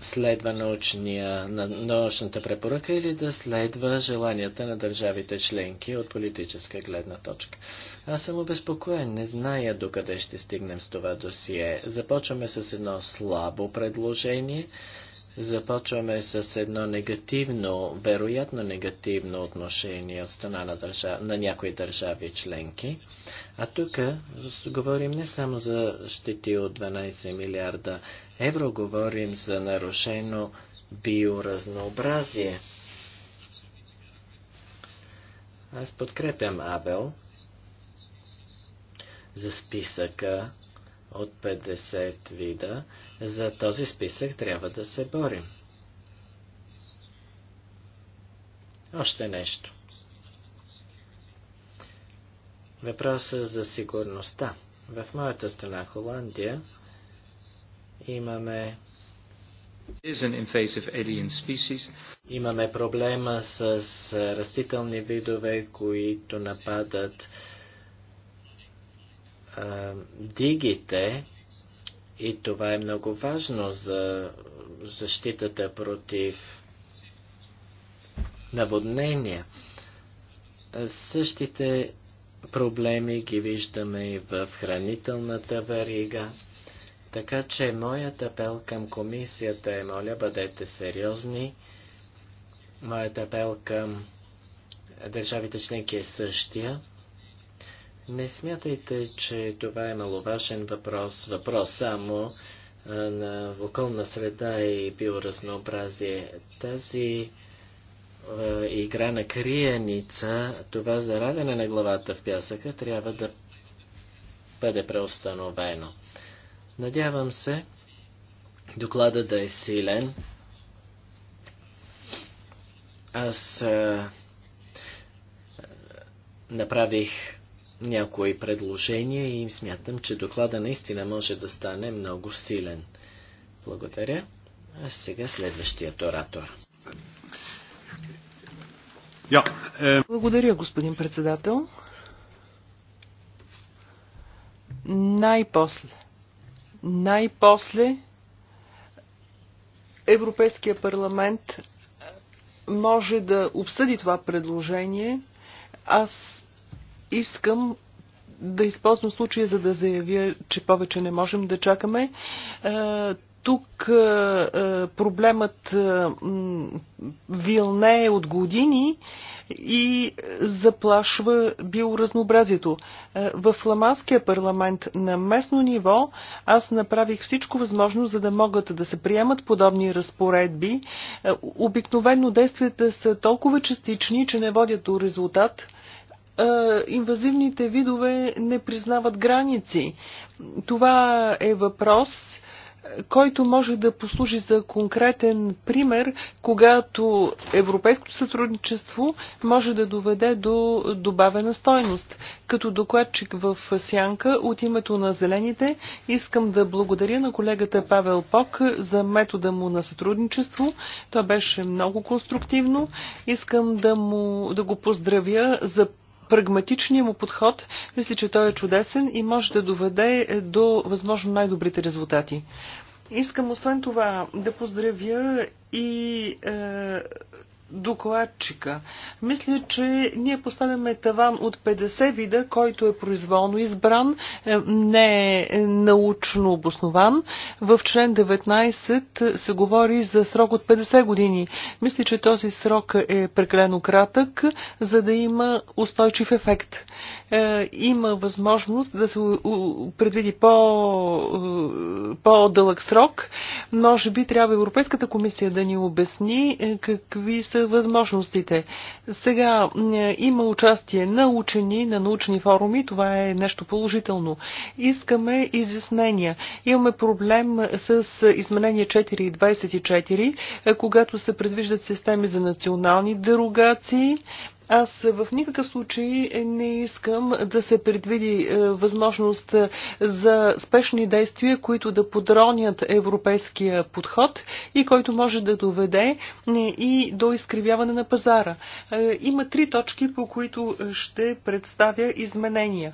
следва научния, научната препоръка или да следва желанията на държавите членки от политическа гледна точка. Аз съм обезпокоен, не зная докъде ще стигнем с това досие. Започваме с едно слабо предложение, Започваме с едно негативно, вероятно негативно отношение от страна на, държав... на някои държави членки. А тук говорим не само за щети от 12 милиарда евро, говорим за нарушено биоразнообразие. Аз подкрепям Абел за списъка от 50 вида. За този списък трябва да се борим. Още нещо. Въпроса за сигурността. В моята страна Холандия имаме Имаме проблема с растителни видове, които нападат дигите, и това е много важно за защитата против наводнения. Същите проблеми ги виждаме и в хранителната варига. Така че моят апел към комисията е, моля, бъдете сериозни. Моят апел към държавите членки е същия. Не смятайте, че това е маловажен въпрос, въпрос само на околна среда и биоразнообразие. Тази е, игра на криеница, това зарадене на главата в пясъка трябва да бъде преустановено. Надявам се доклада да е силен. Аз е, направих някои предложения и им смятам, че доклада наистина може да стане много силен. Благодаря. А сега следващият оратор. Е, Благодаря, господин председател. Най-после. Най-после Европейския парламент може да обсъди това предложение. Аз искам да използвам случая, за да заявя, че повече не можем да чакаме. Е, тук е, е, проблемът вилне от години и заплашва биоразнообразието. В фламандския парламент на местно ниво аз направих всичко възможно, за да могат да се приемат подобни разпоредби. Обикновено действията са толкова частични, че не водят до резултат – инвазивните видове не признават граници. Това е въпрос, който може да послужи за конкретен пример, когато европейското сътрудничество може да доведе до добавена стойност. Като докладчик в Сянка от името на Зелените искам да благодаря на колегата Павел Пок за метода му на сътрудничество. То беше много конструктивно. Искам да, му, да го поздравя за прагматичния му подход, мисля, че той е чудесен и може да доведе е, до възможно най-добрите резултати. Искам освен това да поздравя и е, докладчика. Мисля, че ние поставяме таван от 50 вида, който е произволно избран, е, не е научно обоснован. В член 19 се говори за срок от 50 години. Мисля, че този срок е прекалено кратък, за да има устойчив ефект. Е, има възможност да се предвиди по, е, по-дълъг срок. Може би трябва Европейската комисия да ни обясни е, какви са възможностите. Сега има участие на учени, на научни форуми. Това е нещо положително. Искаме изяснения. Имаме проблем с изменение 4 и 24, когато се предвиждат системи за национални дерогации. Аз в никакъв случай не искам да се предвиди е, възможност за спешни действия, които да подронят европейския подход и който може да доведе е, и до изкривяване на пазара. Е, има три точки, по които ще представя изменения.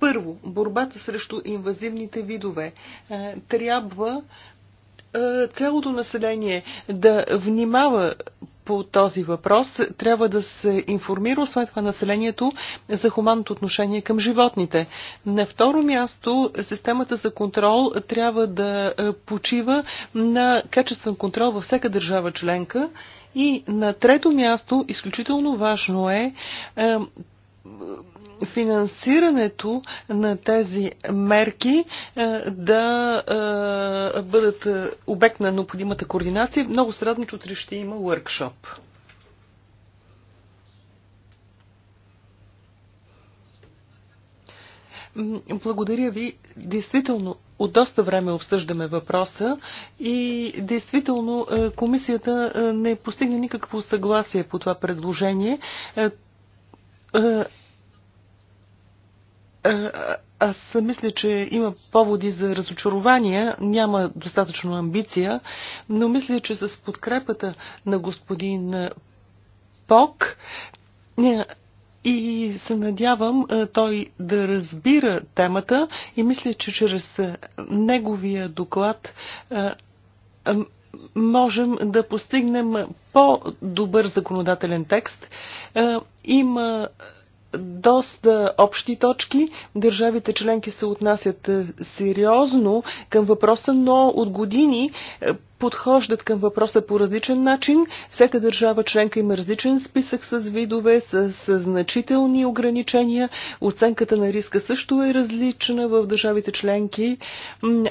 Първо, борбата срещу инвазивните видове. Трябва е, цялото население да внимава по този въпрос. Трябва да се информира, освен това, населението за хуманното отношение към животните. На второ място, системата за контрол трябва да е, почива на качествен контрол във всяка държава членка. И на трето място, изключително важно е, е финансирането на тези мерки е, да е, бъдат е, обект на необходимата координация. Много се радвам, че утре ще има workshop. Благодаря ви. Действително, от доста време обсъждаме въпроса и действително комисията не постигне никакво съгласие по това предложение. Е, е, аз мисля, че има поводи за разочарования, няма достатъчно амбиция, но мисля, че с подкрепата на господин Пок е, и се надявам той да разбира темата и мисля, че чрез неговия доклад можем да постигнем по-добър законодателен текст. Е, има доста общи точки. Държавите членки се отнасят е, сериозно към въпроса, но от години е, подхождат към въпроса по различен начин. Всяка държава членка има различен списък с видове, с, с значителни ограничения. Оценката на риска също е различна в държавите членки.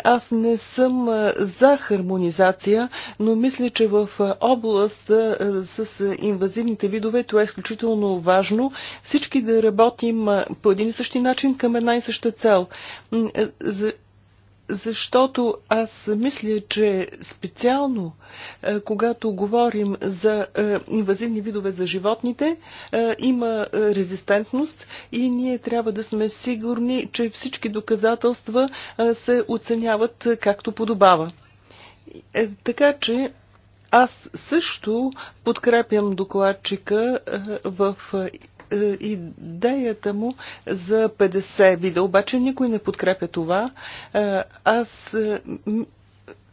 Аз не съм за хармонизация, но мисля, че в област с инвазивните видове това е изключително важно. Всички да работим по един и същи начин към една и съща цел защото аз мисля, че специално, е, когато говорим за е, инвазивни видове за животните, е, има резистентност и ние трябва да сме сигурни, че всички доказателства се оценяват както подобава. Така че аз също подкрепям докладчика в е, идеята му за 50 вида. Обаче никой не подкрепя това. Е, аз е,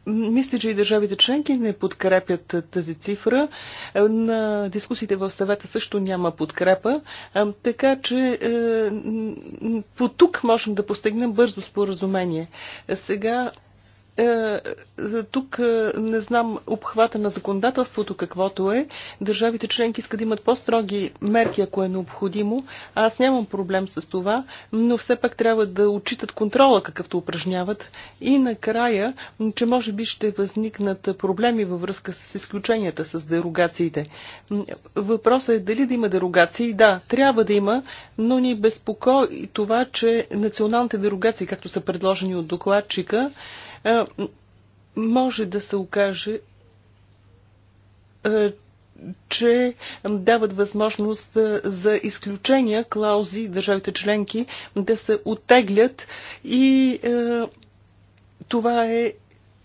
мисля, че и държавите членки не подкрепят тази цифра. На дискусите в съвета също няма подкрепа, така че по тук можем да постигнем бързо споразумение. Сега е, е, тук е, не знам обхвата на законодателството каквото е. Държавите членки искат да имат по-строги мерки, ако е необходимо. Аз нямам проблем с това, но все пак трябва да отчитат контрола, какъвто упражняват. И накрая, че може би ще възникнат проблеми във връзка с изключенията, с дерогациите. Въпросът е дали да има дерогации. Да, трябва да има, но ни безпокои това, че националните дерогации, както са предложени от докладчика, може да се окаже, че дават възможност за изключения, клаузи, държавите членки да се оттеглят и това е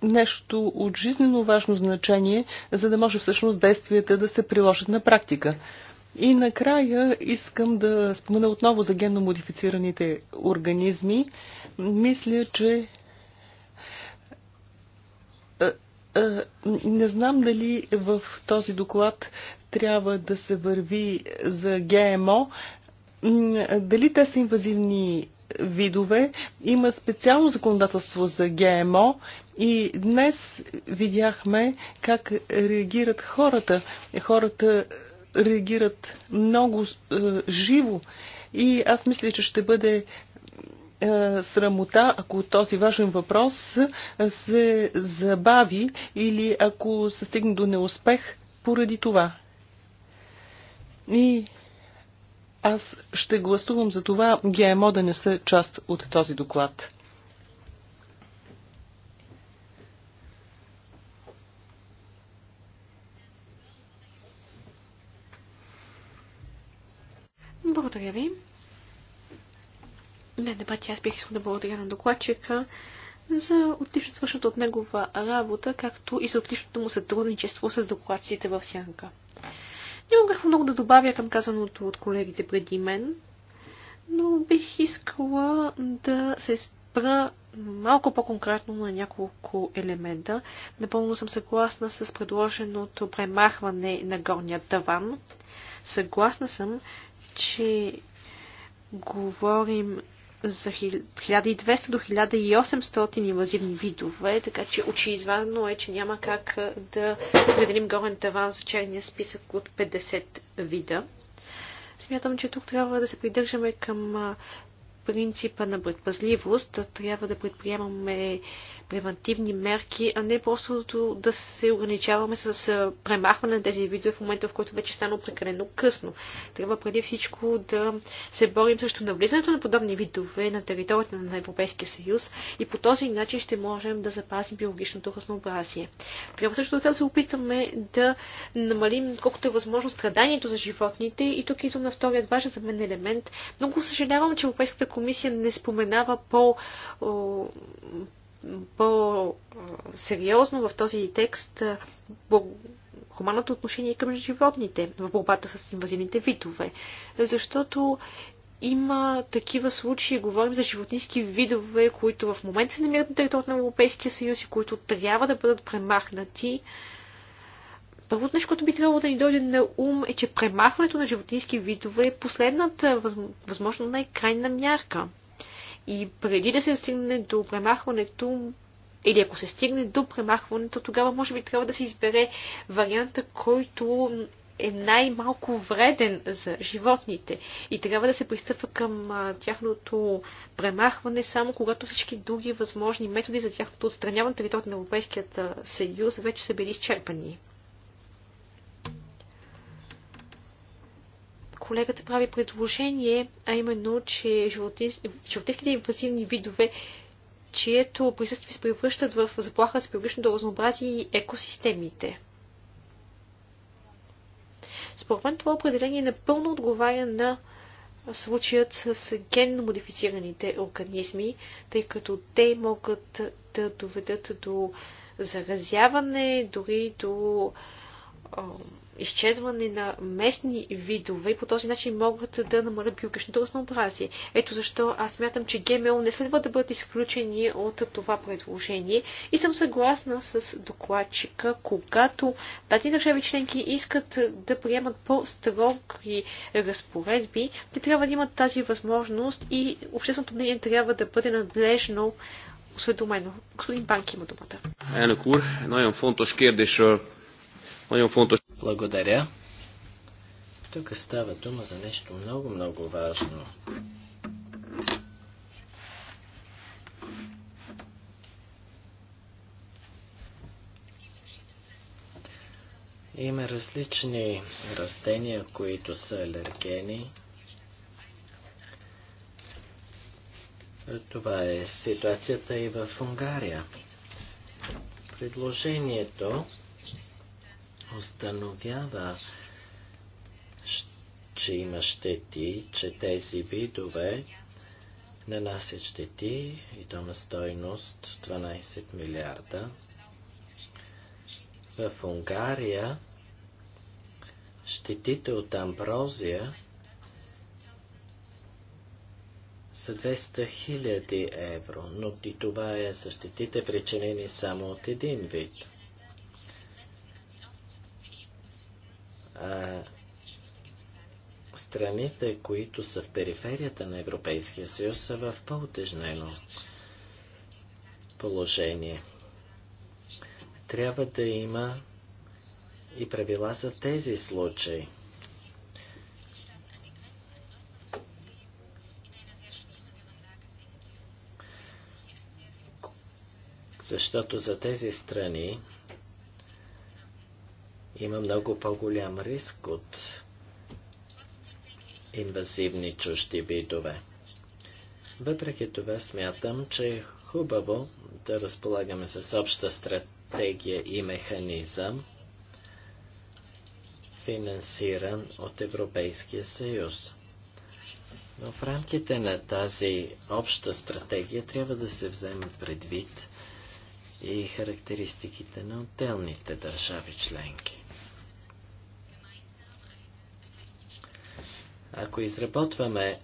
нещо от жизненно важно значение, за да може всъщност действията да се приложат на практика. И накрая искам да спомена отново за генно модифицираните организми. Мисля, че Е, не знам дали в този доклад трябва да се върви за ГМО. Дали те са инвазивни видове? Има специално законодателство за ГМО и днес видяхме как реагират хората. Хората реагират много е, живо и аз мисля, че ще бъде е, срамота, ако този важен въпрос се забави или ако се стигне до неуспех поради това. И аз ще гласувам за това ГМО да не са част от този доклад. Благодаря ви. Не, дебати, аз бих искал да благодаря на докладчика за отлично свършната от негова работа, както и за отличното му сътрудничество с докладците в Сянка. Нямам какво много да добавя към казаното от колегите преди мен, но бих искала да се спра малко по-конкретно на няколко елемента. Напълно съм съгласна с предложеното премахване на горния таван. Съгласна съм, че говорим за 1200 до 1800 инвазивни видове, така че очевидно е, че няма как да определим горен таван за черния списък от 50 вида. Смятам, че тук трябва да се придържаме към принципа на предпазливост. Трябва да предприемаме превентивни мерки, а не просто да се ограничаваме с премахване на тези видове в момента, в който вече стана прекалено късно. Трябва преди всичко да се борим срещу навлизането на подобни видове на територията на Европейския съюз и по този начин ще можем да запазим биологичното разнообразие. Трябва също така да се опитаме да намалим колкото е възможно страданието за животните и тук идвам на вторият важен за мен елемент. Много съжалявам, че Европейската комисия не споменава по по-сериозно в този текст хуманното отношение към животните в борбата с инвазивните видове. Защото има такива случаи, говорим за животински видове, които в момента се намират на територията на Европейския съюз и които трябва да бъдат премахнати. Първото нещо, което би трябвало да ни дойде на ум е, че премахването на животински видове е последната, възможно най-крайна мярка. И преди да се стигне до премахването, или ако се стигне до премахването, тогава може би трябва да се избере варианта, който е най-малко вреден за животните и трябва да се пристъпва към а, тяхното премахване само когато всички други възможни методи за тяхното отстраняване на територията на Европейският съюз вече са били изчерпани. колегата прави предложение, а именно, че животинските инвазивни видове, чието присъствие се превръщат в заплаха за биологичното разнообразие и екосистемите. Според мен това определение напълно отговаря на случаят с генно модифицираните организми, тъй като те могат да доведат до заразяване, дори до изчезване на местни видове и по този начин могат да намалят биологичното разнообразие. Ето защо аз смятам, че ГМО не следва да бъдат изключени от това предложение и съм съгласна с докладчика, когато тази държави членки искат да приемат по-строги разпоредби, те трябва да имат тази възможност и общественото мнение трябва да бъде надлежно осведомено. Господин Банки има думата. Елнök úr, nagyon fontos kérdésről, nagyon фонтош благодаря. Тук става дума за нещо много, много важно. Има различни растения, които са алергени. Това е ситуацията и в Унгария. Предложението установява, че има щети, че тези видове нанасят щети и то на стойност 12 милиарда. В Унгария щетите от амброзия са 200 хиляди евро, но и това е за щетите причинени само от един вид – а, страните, които са в периферията на Европейския съюз, са в по-отежнено положение. Трябва да има и правила за тези случаи. Защото за тези страни има много по-голям риск от инвазивни чужди видове. Въпреки това смятам, че е хубаво да разполагаме с обща стратегия и механизъм, финансиран от Европейския съюз. Но в рамките на тази обща стратегия трябва да се вземат предвид и характеристиките на отделните държави членки. Ако изработваме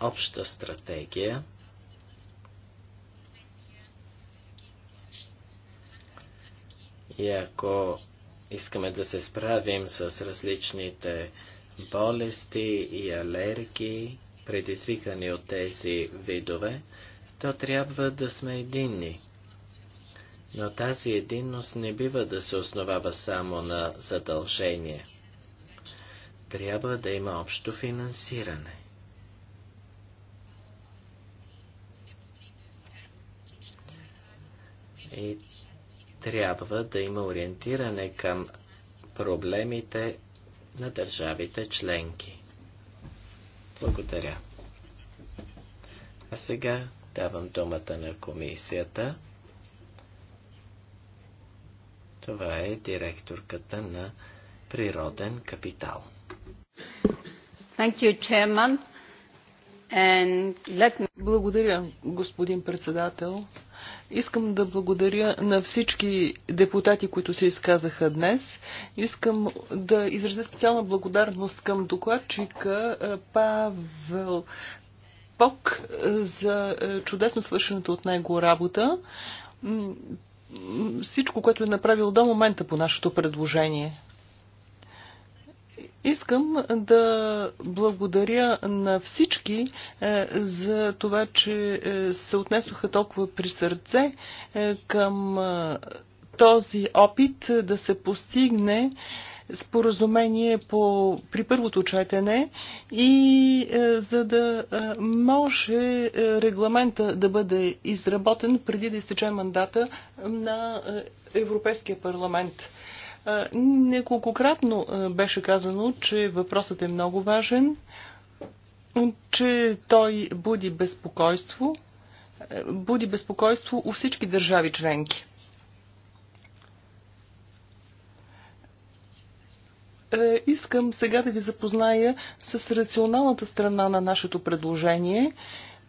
обща стратегия, и ако искаме да се справим с различните болести и алергии, предизвикани от тези видове, то трябва да сме единни. Но тази единност не бива да се основава само на задължение трябва да има общо финансиране. И трябва да има ориентиране към проблемите на държавите членки. Благодаря. А сега давам думата на комисията. Това е директорката на природен капитал. Благодаря, господин председател. Искам да благодаря на всички депутати, които се изказаха днес. Искам да изразя специална благодарност към докладчика е, Павел Пок за е, чудесно свършената от него работа. Всичко, което е направил до момента по нашето предложение. Искам да благодаря на всички е, за това, че е, се отнесоха толкова при сърце е, към този опит да се постигне споразумение по, при първото четене и е, за да е, може е, регламента да бъде изработен преди да изтече мандата на е, Европейския парламент. Неколкократно беше казано, че въпросът е много важен, че той буди безпокойство, буди безпокойство у всички държави членки. Е, искам сега да ви запозная с рационалната страна на нашето предложение –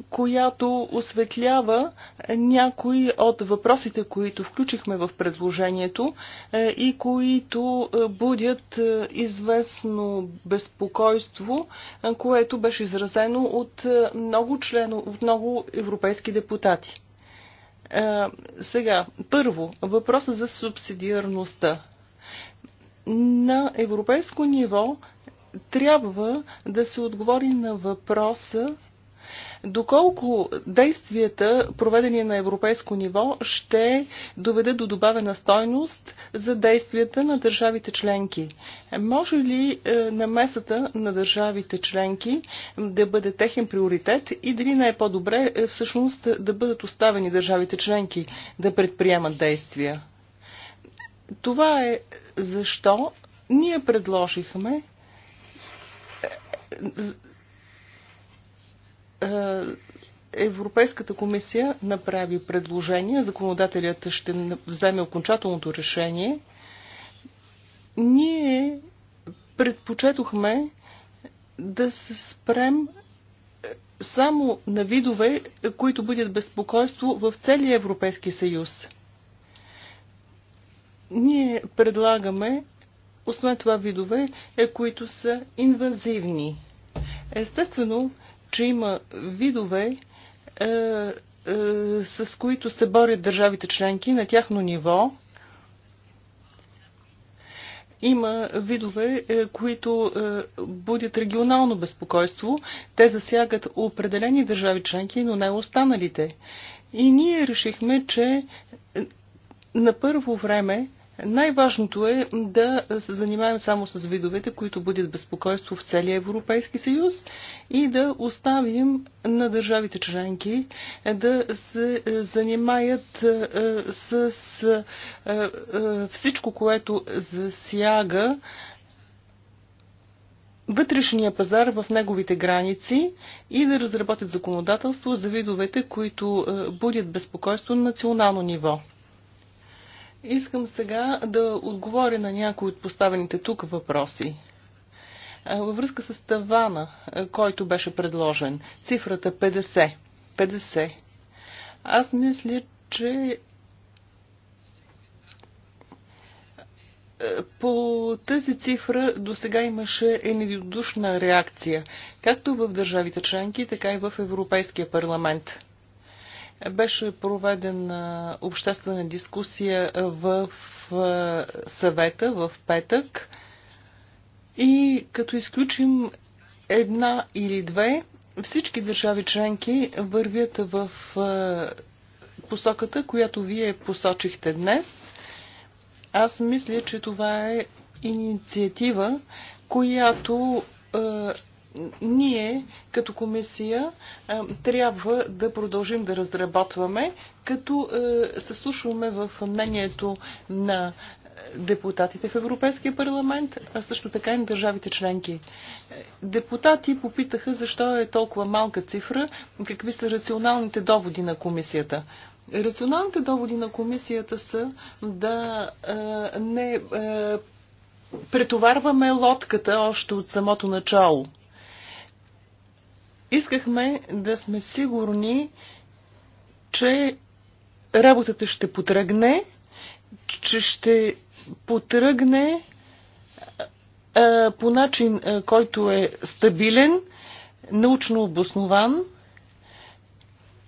която осветлява някои от въпросите, които включихме в предложението е, и които е, будят е, известно безпокойство, което беше изразено от много, члено, от много европейски депутати. Сега, първо, въпроса за субсидиарността. На европейско ниво трябва да се отговори на въпроса Доколко действията, проведени на европейско ниво, ще доведе до добавена стойност за действията на държавите членки? Може ли е, намесата на държавите членки да бъде техен приоритет и дали не е по-добре е, всъщност да бъдат оставени държавите членки да предприемат действия? Това е защо ние предложихме е, е, Европейската комисия направи предложение, законодателят ще вземе окончателното решение. Ние предпочетохме да се спрем е, само на видове, които будят безпокойство в целия Европейски съюз. Ние предлагаме, освен това, видове, е, които са инвазивни. Естествено, че има видове, е, е, с които се борят държавите членки на тяхно ниво. Има видове, е, които е, будят регионално безпокойство. Те засягат определени държави членки, но не останалите. И ние решихме, че е, на първо време най-важното е да се занимаем само с видовете, които будят безпокойство в целия Европейски съюз и да оставим на държавите членки да се е, занимаят е, с е, всичко, което засяга вътрешния пазар в неговите граници и да разработят законодателство за видовете, които будят безпокойство на национално ниво. Искам сега да отговоря на някои от поставените тук въпроси. Във връзка с тавана, който беше предложен, цифрата 50. 50. Аз мисля, че по тази цифра до сега имаше единодушна реакция, както в държавите членки, така и в Европейския парламент. Беше проведена обществена дискусия в съвета в петък и като изключим една или две, всички държави членки вървят в посоката, която вие посочихте днес. Аз мисля, че това е инициатива, която ние като комисия е, трябва да продължим да разработваме, като е, се слушваме в мнението на депутатите в Европейския парламент, а също така и на държавите членки. Депутати попитаха защо е толкова малка цифра, какви са рационалните доводи на комисията. Рационалните доводи на комисията са да е, не претоварваме лодката още от самото начало. Искахме да сме сигурни, че работата ще потръгне, че ще потръгне а, по начин, а, който е стабилен, научно обоснован.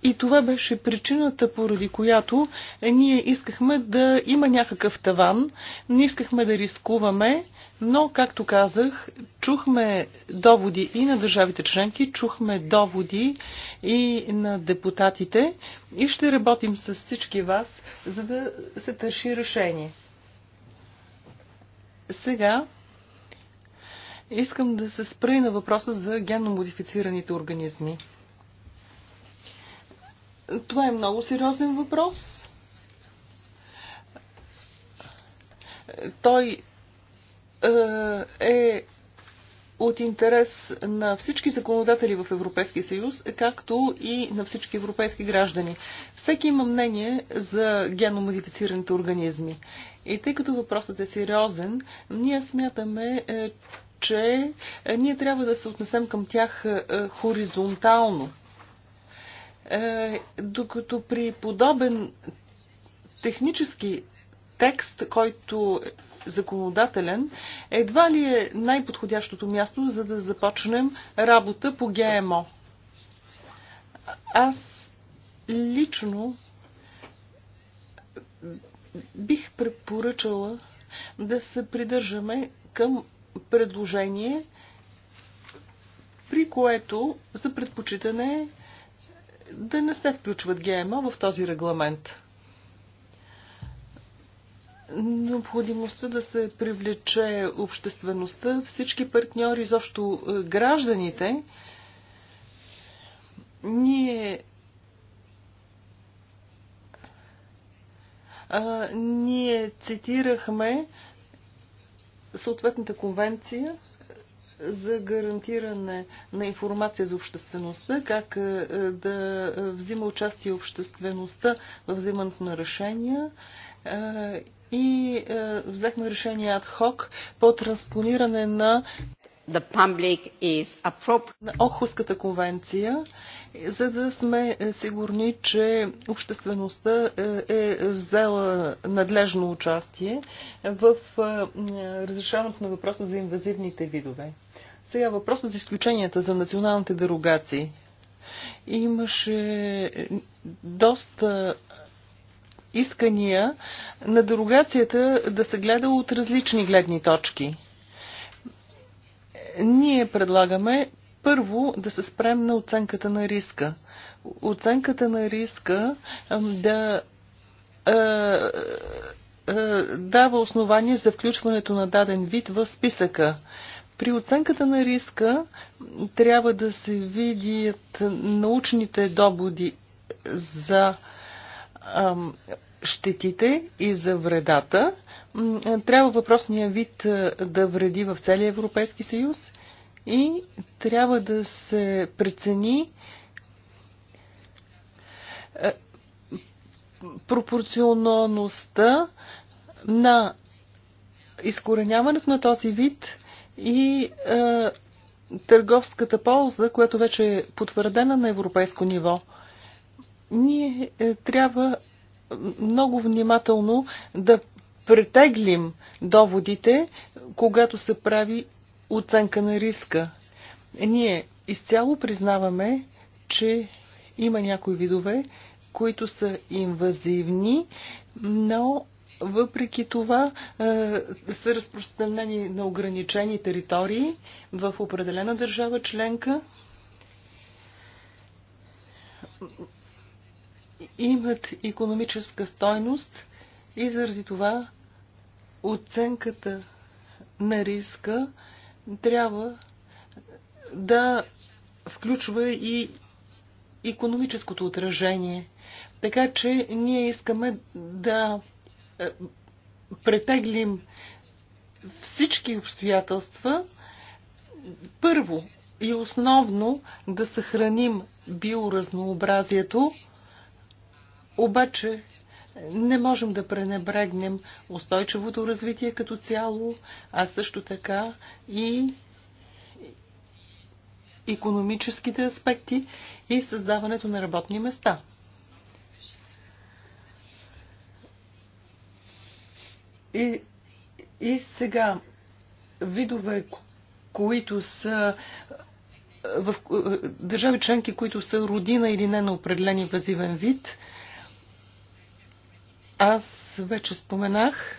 И това беше причината, поради която ние искахме да има някакъв таван, не искахме да рискуваме, но, както казах, чухме доводи и на държавите членки, чухме доводи и на депутатите и ще работим с всички вас, за да се търши решение. Сега искам да се спра и на въпроса за генно модифицираните организми. Това е много сериозен въпрос. Той е, е от интерес на всички законодатели в Европейския съюз, както и на всички европейски граждани. Всеки има мнение за геномодифицираните организми. И тъй като въпросът е сериозен, ние смятаме, е, че е, ние трябва да се отнесем към тях хоризонтално. Докато при подобен технически текст, който законодателен, едва ли е най-подходящото място, за да започнем работа по ГМО. Аз лично бих препоръчала да се придържаме към предложение, при което за предпочитане да не се включват ГМО в този регламент необходимостта да се привлече обществеността, всички партньори, изобщо е, гражданите, ние а, ние цитирахме съответната конвенция за гарантиране на информация за обществеността, как е, е, да взима участие обществеността в взимането на решения и взехме решение адхок по транспониране на The public is на Охуската конвенция, за да сме е, сигурни, че обществеността е, е взела надлежно участие в е, разрешаването на въпроса за инвазивните видове. Сега въпросът за изключенията за националните дерогации. Имаше доста искания на дерогацията да се гледа от различни гледни точки. Ние предлагаме първо да се спрем на оценката на риска. Оценката на риска да дава основание за включването на даден вид в списъка. При оценката на риска трябва да се видят научните доводи за щетите и за вредата. Е, трябва въпросния вид е, да вреди в целия Европейски съюз и трябва да се прецени е, пропорционалността на изкореняването на този вид и е, търговската полза, която вече е потвърдена на европейско ниво. Ние е, трябва много внимателно да претеглим доводите, когато се прави оценка на риска. Ние изцяло признаваме, че има някои видове, които са инвазивни, но въпреки това е, са разпространени на ограничени територии в определена държава членка имат економическа стойност и заради това оценката на риска трябва да включва и економическото отражение. Така че ние искаме да е, претеглим всички обстоятелства. Първо и основно да съхраним биоразнообразието, обаче не можем да пренебрегнем устойчивото развитие като цяло, а също така и економическите аспекти и създаването на работни места. И, и сега видове, които са в държави членки, които са родина или не на определен инвазивен вид, аз вече споменах.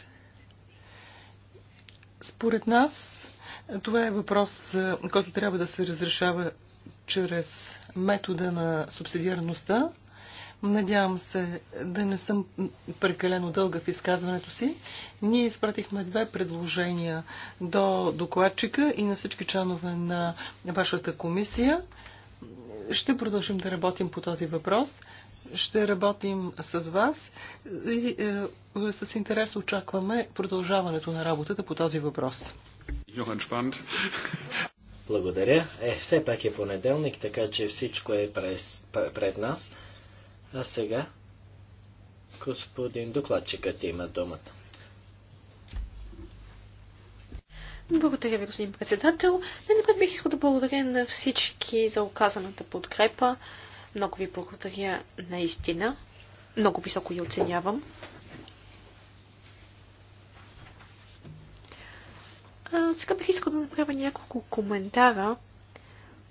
Според нас това е въпрос, който трябва да се разрешава чрез метода на субсидиарността. Надявам се да не съм прекалено дълга в изказването си. Ние изпратихме две предложения до докладчика и на всички чанове на вашата комисия. Ще продължим да работим по този въпрос. Ще работим с вас и е, с интерес очакваме продължаването на работата по този въпрос. Йохан Шпанд. Благодаря. Е, все пак е понеделник, така че всичко е през, пред нас. А сега господин докладчикът има думата. Благодаря ви, господин председател. Най-напред бих искал да благодаря на всички за оказаната подкрепа. Много ви благодаря наистина. Много високо я оценявам. А, сега бих искал да направя няколко коментара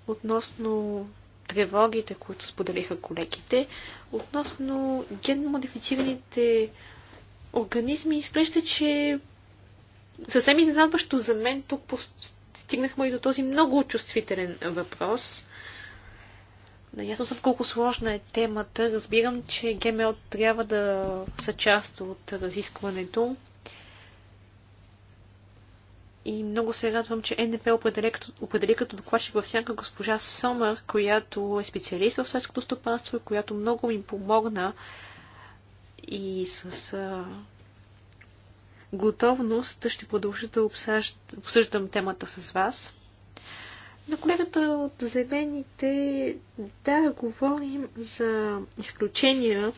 относно тревогите, които споделиха колегите, относно генно модифицираните организми. Изглежда, че съвсем изненадващо за мен тук стигнахме и до този много чувствителен въпрос. Ясно съм колко сложна е темата. Разбирам, че ГМО трябва да са част от разискването. И много се радвам, че НДП определи, определи като докладчик във сянка госпожа Сомър, която е специалист в селското стопанство и която много ми помогна и с а, готовност ще продължа да обсъждам темата с вас. На колегата от Зелените, да, говорим за изключения,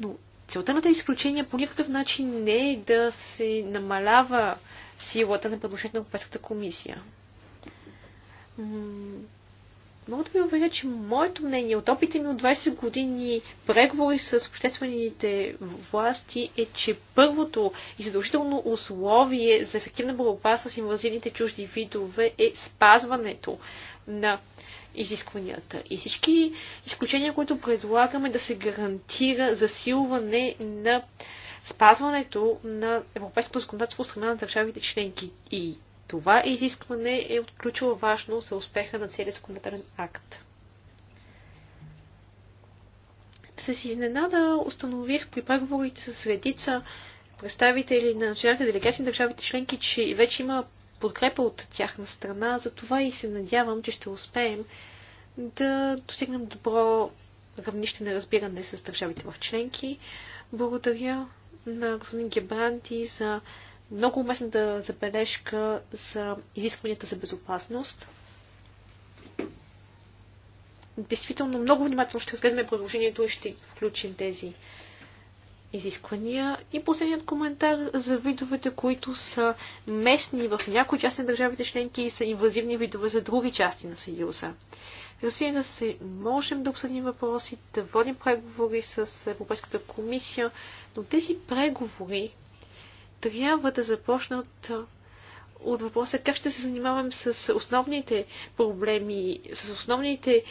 но целта на тези изключения по никакъв начин не е да се намалява силата на предложението на Европейската комисия мога да ви уверя, че моето мнение от опита ми от 20 години преговори с обществените власти е, че първото и задължително условие за ефективна борба с инвазивните чужди видове е спазването на изискванията. И всички изключения, които предлагаме да се гарантира засилване на спазването на европейското законодателство от страна на държавите членки. И това изискване е от важно за успеха на целия законодателен акт. С изненада установих при преговорите с редица представители на националните делегации на държавите членки, че вече има подкрепа от тяхна страна, затова и се надявам, че ще успеем да достигнем добро равнище на разбиране с държавите в членки. Благодаря на господин Гебранти за много уместната забележка за изискванията за безопасност. Действително много внимателно ще разгледаме предложението и ще включим тези изисквания. И последният коментар за видовете, които са местни в някои части на държавите членки и са инвазивни видове за други части на Съюза. Разбира се, можем да обсъдим въпроси, да водим преговори с Европейската комисия, но тези преговори трябва да започнат от въпроса как ще се занимавам с основните проблеми, с основните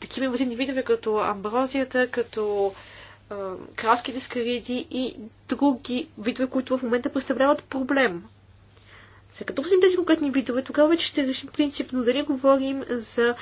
такива възимни видове, като амброзията, като кралските скариди и други видове, които в момента представляват проблем. След като вземем тези конкретни видове, тогава вече ще решим принципно дали говорим за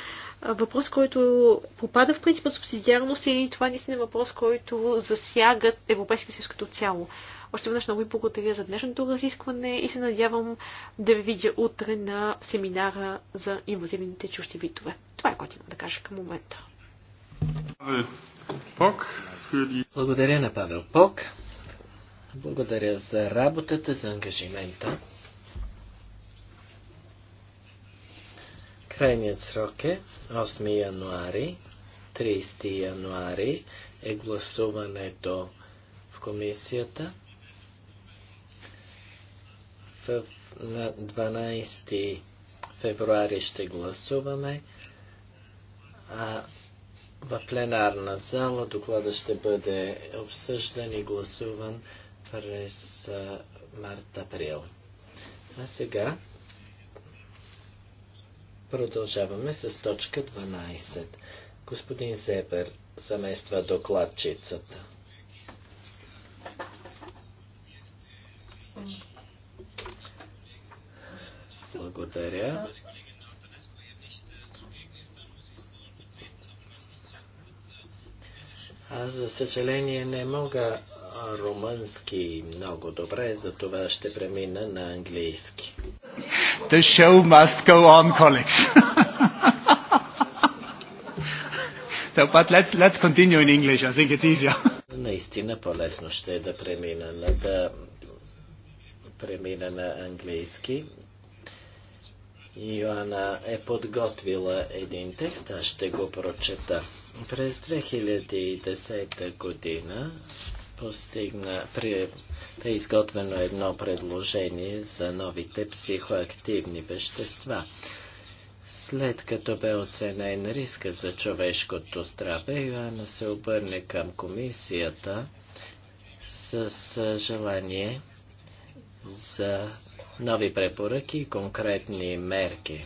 въпрос, който попада в принципа субсидиарност или това наистина е въпрос, който засяга Европейския съюз като цяло. Още веднъж много ви благодаря за днешното разискване и се надявам да ви видя утре на семинара за инвазивните чужди видове. Това е което имам да кажа към момента. Благодаря на Павел Пок. Благодаря за работата, за ангажимента. Крайният срок е 8 януари, 30 януари е гласуването в комисията в, на 12 февруари ще гласуваме, а в пленарна зала доклада ще бъде обсъждан и гласуван през март-април. А сега продължаваме с точка 12. Господин Зебер замества докладчицата. Благодаря. Аз, за съжаление, не мога румънски много добре, затова ще премина на английски. The show must go on, colleagues. <laughs> so, but let's, let's continue in English. I think it's easier. Наистина по-лесно ще е да премина на, да премина на английски. Йоанна е подготвила един текст, аз ще го прочета. През 2010 година постигна, при, е изготвено едно предложение за новите психоактивни вещества. След като бе оценен риска за човешкото здраве, Йоанна се обърне към комисията с желание за нови препоръки и конкретни мерки.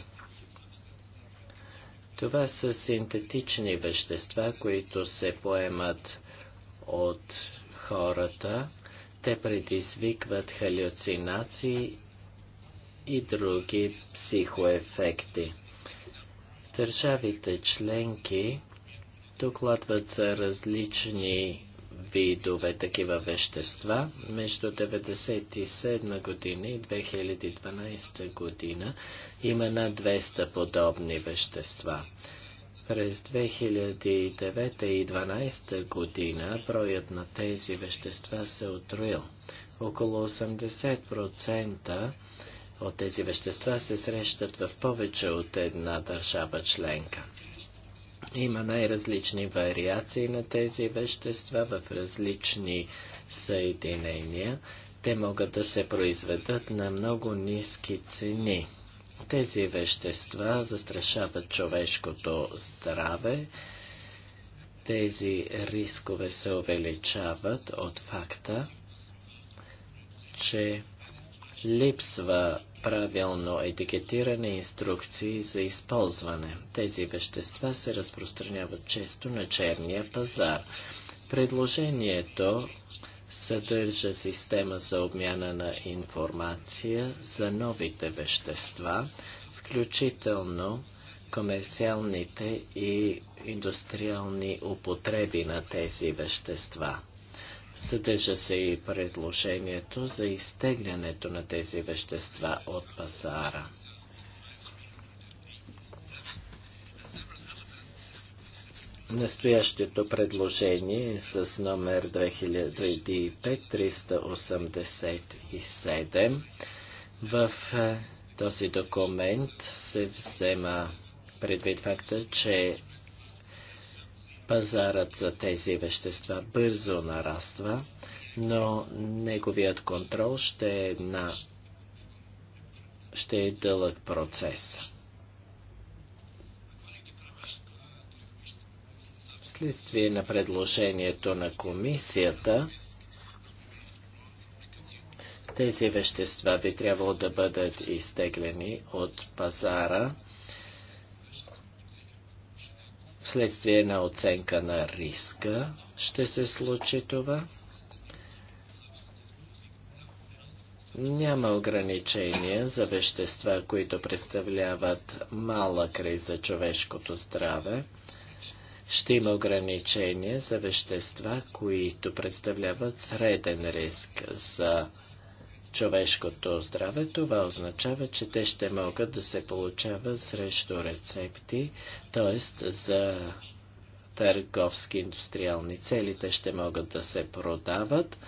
Това са синтетични вещества, които се поемат от хората. Те предизвикват халюцинации и други психоефекти. Държавите членки докладват за различни видове такива вещества. Между 1997 година и 2012 година има над 200 подобни вещества. През 2009 и 2012 година броят на тези вещества се е отруил. Около 80% от тези вещества се срещат в повече от една държава членка. Има най-различни вариации на тези вещества в различни съединения. Те могат да се произведат на много ниски цени. Тези вещества застрашават човешкото здраве. Тези рискове се увеличават от факта, че липсва правилно етикетиране и инструкции за използване. Тези вещества се разпространяват често на черния пазар. Предложението съдържа система за обмяна на информация за новите вещества, включително комерциалните и индустриални употреби на тези вещества. Съдържа се и предложението за изтеглянето на тези вещества от пазара. Настоящето предложение е с номер 2005-387. В е, този документ се взема предвид факта, че Пазарът за тези вещества бързо нараства, но неговият контрол ще е, на... ще е дълъг процес. Вследствие на предложението на комисията, тези вещества би трябвало да бъдат изтеглени от пазара Вследствие на оценка на риска ще се случи това. Няма ограничения за вещества, които представляват малък риск за човешкото здраве. Ще има ограничения за вещества, които представляват среден риск за човешкото здраве, това означава, че те ще могат да се получават срещу рецепти, т.е. за търговски индустриални цели те ще могат да се продават,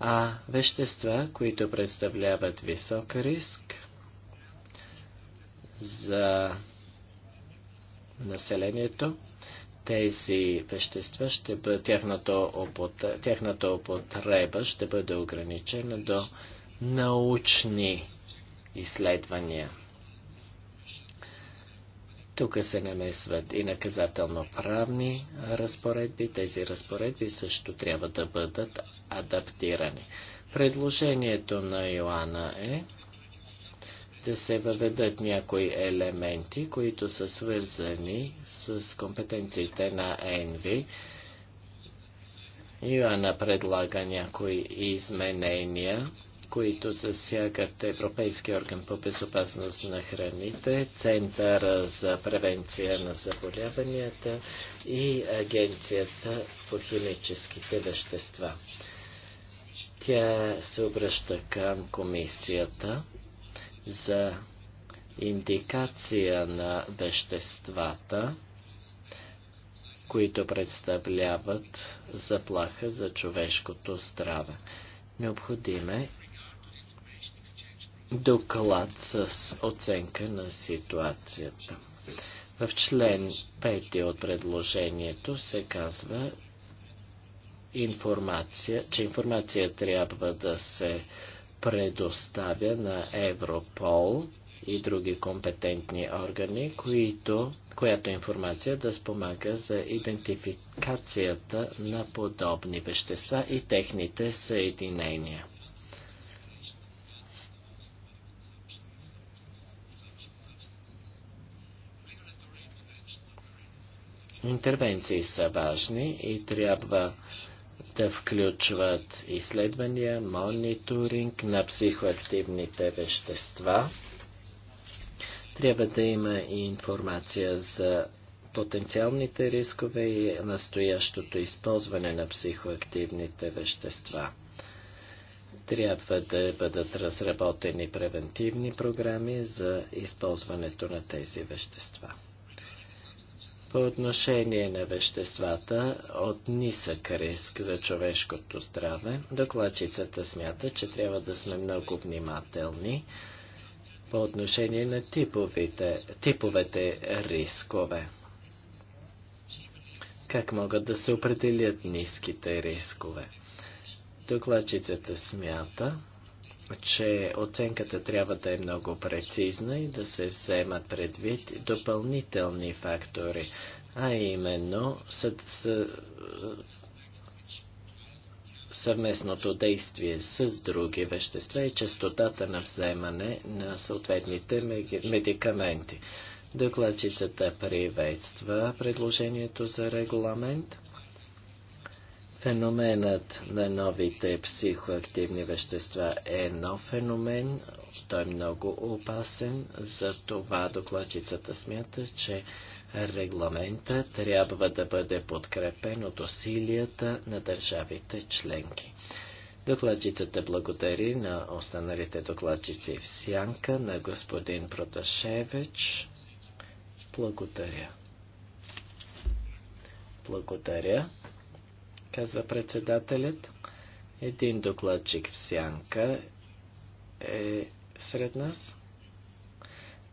а вещества, които представляват висок риск за населението, тези вещества ще бъде, тяхната, употреба, тяхната употреба ще бъде ограничена до научни изследвания. Тук се намесват и наказателно-правни разпоредби. Тези разпоредби също трябва да бъдат адаптирани. Предложението на Йоанна е да се въведат някои елементи, които са свързани с компетенциите на ЕНВИ. Йоанна предлага някои изменения, които засягат Европейския орган по безопасност на храните, Центъра за превенция на заболяванията и Агенцията по химическите вещества. Тя се обръща към комисията за индикация на веществата, които представляват заплаха за човешкото здраве. Необходим е доклад с оценка на ситуацията. В член 5 от предложението се казва, информация, че информация трябва да се предоставя на Европол и други компетентни органи, които, която информация да спомага за идентификацията на подобни вещества и техните съединения. Интервенции са важни и трябва да включват изследвания, мониторинг на психоактивните вещества. Трябва да има и информация за потенциалните рискове и настоящото използване на психоактивните вещества. Трябва да бъдат разработени превентивни програми за използването на тези вещества по отношение на веществата от нисък риск за човешкото здраве, докладчицата смята, че трябва да сме много внимателни по отношение на типовите, типовете рискове. Как могат да се определят ниските рискове? Докладчицата смята, че оценката трябва да е много прецизна и да се вземат предвид допълнителни фактори, а именно съд, съ, съвместното действие с други вещества и частотата на вземане на съответните медикаменти. Докладчицата приветства предложението за регламент Феноменът на новите психоактивни вещества е нов феномен. Той е много опасен. Затова докладчицата смята, че регламента трябва да бъде подкрепен от усилията на държавите членки. Докладчицата благодари на останалите докладчици в Сянка, на господин Проташевич. Благодаря. Благодаря казва председателят. Един докладчик в сянка е сред нас.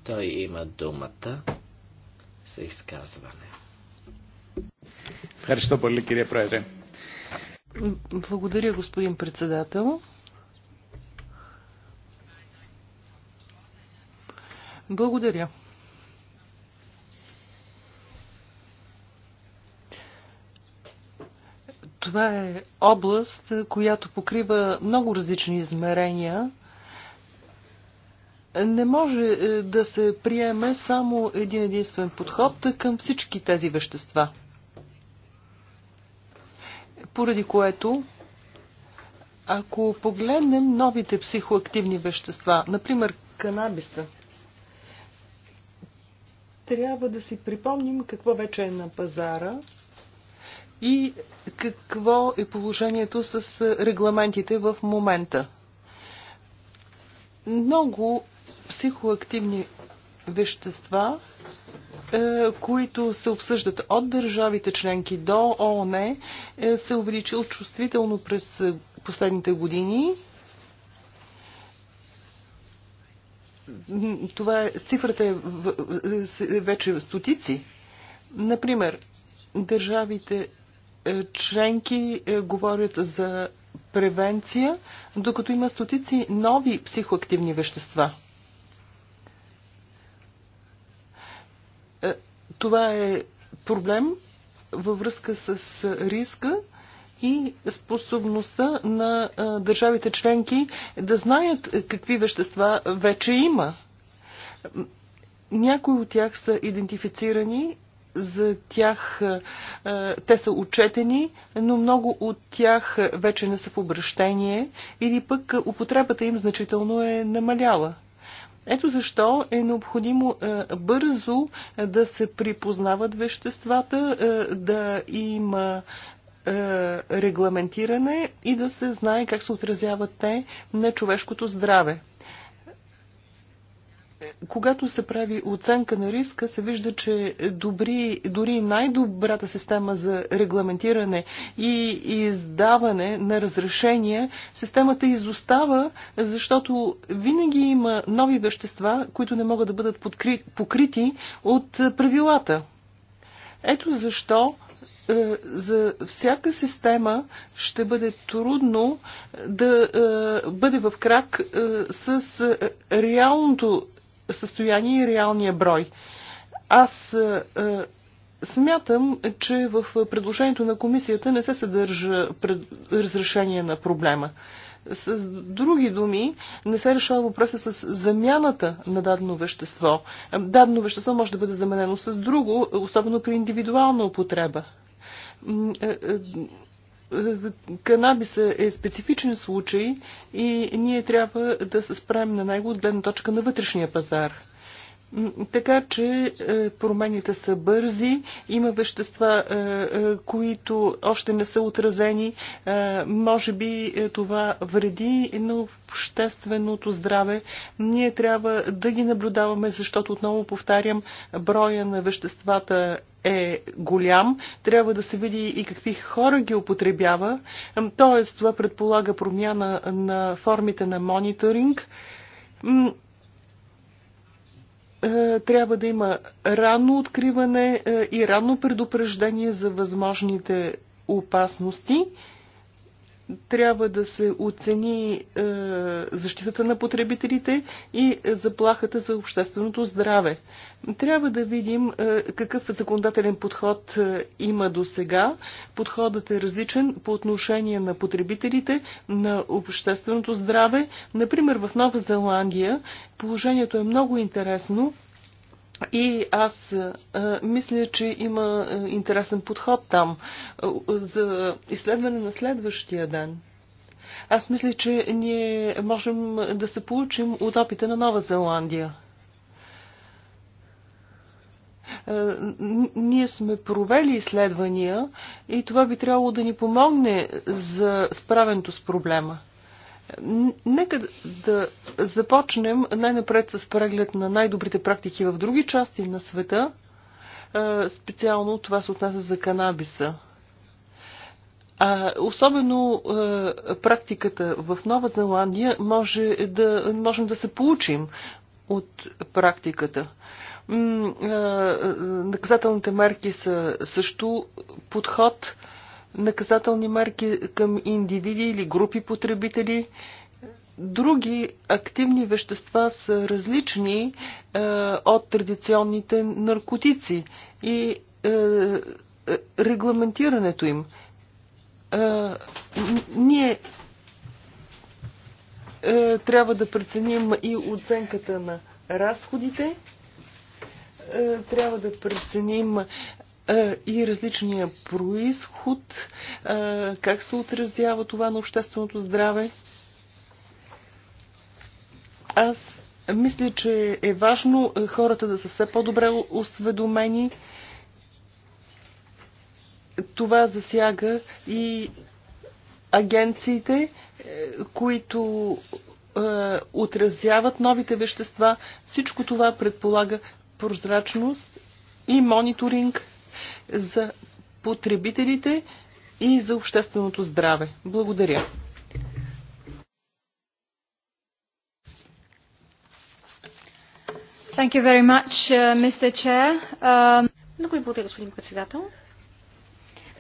Той има думата за изказване. Ευχαριστώ боли, кирия проедре. Благодаря, господин председател. Благодаря. Това е област, която покрива много различни измерения. Не може е, да се приеме само един единствен подход към всички тези вещества. Поради което, ако погледнем новите психоактивни вещества, например канабиса, трябва да си припомним какво вече е на пазара – и какво е положението с регламентите в момента. Много психоактивни вещества, е, които се обсъждат от държавите членки до ООН, е, се увеличил чувствително през последните години. Това е, цифрата е вече стотици. Например, държавите е, членки е, говорят за превенция, докато има стотици нови психоактивни вещества. Е, това е проблем във връзка с риска и способността на държавите членки да знаят какви вещества вече има. Някои от тях са идентифицирани за тях е, е, те са отчетени, но много от тях вече не са в обращение или пък употребата им значително е намаляла. Ето защо е необходимо е, бързо да се припознават веществата, да има регламентиране и да се знае как се отразяват те на човешкото здраве когато се прави оценка на риска, се вижда, че добри, дори най-добрата система за регламентиране и издаване на разрешения, системата изостава, защото винаги има нови вещества, които не могат да бъдат подкри, покрити от правилата. Ето защо е, за всяка система ще бъде трудно да е, бъде в крак е, с реалното състояние и реалния брой. Аз е, е, смятам, че в предложението на комисията не се съдържа разрешение на проблема. С други думи, не се решава въпроса с замяната на дадено вещество. Дадено вещество може да бъде заменено с друго, особено при индивидуална употреба е, Канабиса е специфичен случай и ние трябва да се справим на него от гледна точка на вътрешния пазар. Така че е, промените са бързи, има вещества, е, е, които още не са отразени. Може би това вреди на общественото здраве. Ние трябва да ги наблюдаваме, защото отново повтарям, броя на веществата е голям, трябва да се види и какви хора ги употребява. Тоест, това предполага промяна на формите на мониторинг е, трябва да има ранно откриване е, и ранно предупреждение за възможните опасности трябва да се оцени е, защитата на потребителите и заплахата за общественото здраве. Трябва да видим е, какъв законодателен подход е, има до сега. Подходът е различен по отношение на потребителите, на общественото здраве. Например, в Нова Зеландия положението е много интересно. И аз а, мисля, че има а, интересен подход там а, за изследване на следващия ден. Аз мисля, че ние можем да се получим от опита на Нова Зеландия. Ние сме провели изследвания и това би трябвало да ни помогне за справенето с проблема. Нека да започнем най-напред с преглед на най-добрите практики в други части на света. Е, специално това се отнася за канабиса. А, особено а, е, практиката в Нова Зеландия може да, можем да се получим от практиката. а, е, наказателните мерки са също подход. А, наказателни мерки към индивиди или групи потребители. Други активни вещества са различни е, от традиционните наркотици и е, регламентирането им. Е, ние е, трябва да преценим и оценката на разходите е, трябва да преценим е, и различния происход, как се отразява това на общественото здраве. Аз мисля, че е важно хората да са все по-добре осведомени. Това засяга и агенциите, които отразяват новите вещества. Всичко това предполага прозрачност и мониторинг за потребителите и за общественото здраве. Благодаря. Thank you very much, uh, Mr. Chair. Um, много ви благодаря, господин председател.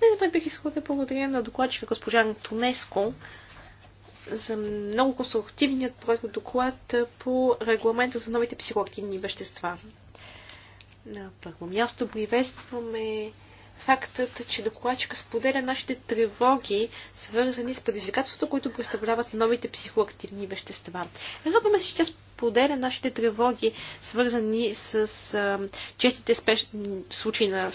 Най-напред бих искала да благодаря на докладчика госпожа Тунеско за много конструктивният проект доклад по регламента за новите психоактивни вещества. На първо място приветстваме фактът, че докладчика споделя нашите тревоги, свързани с предизвикателството, които представляват новите психоактивни вещества. Радваме се, че споделя нашите тревоги, свързани с а, честите спеш... случаи на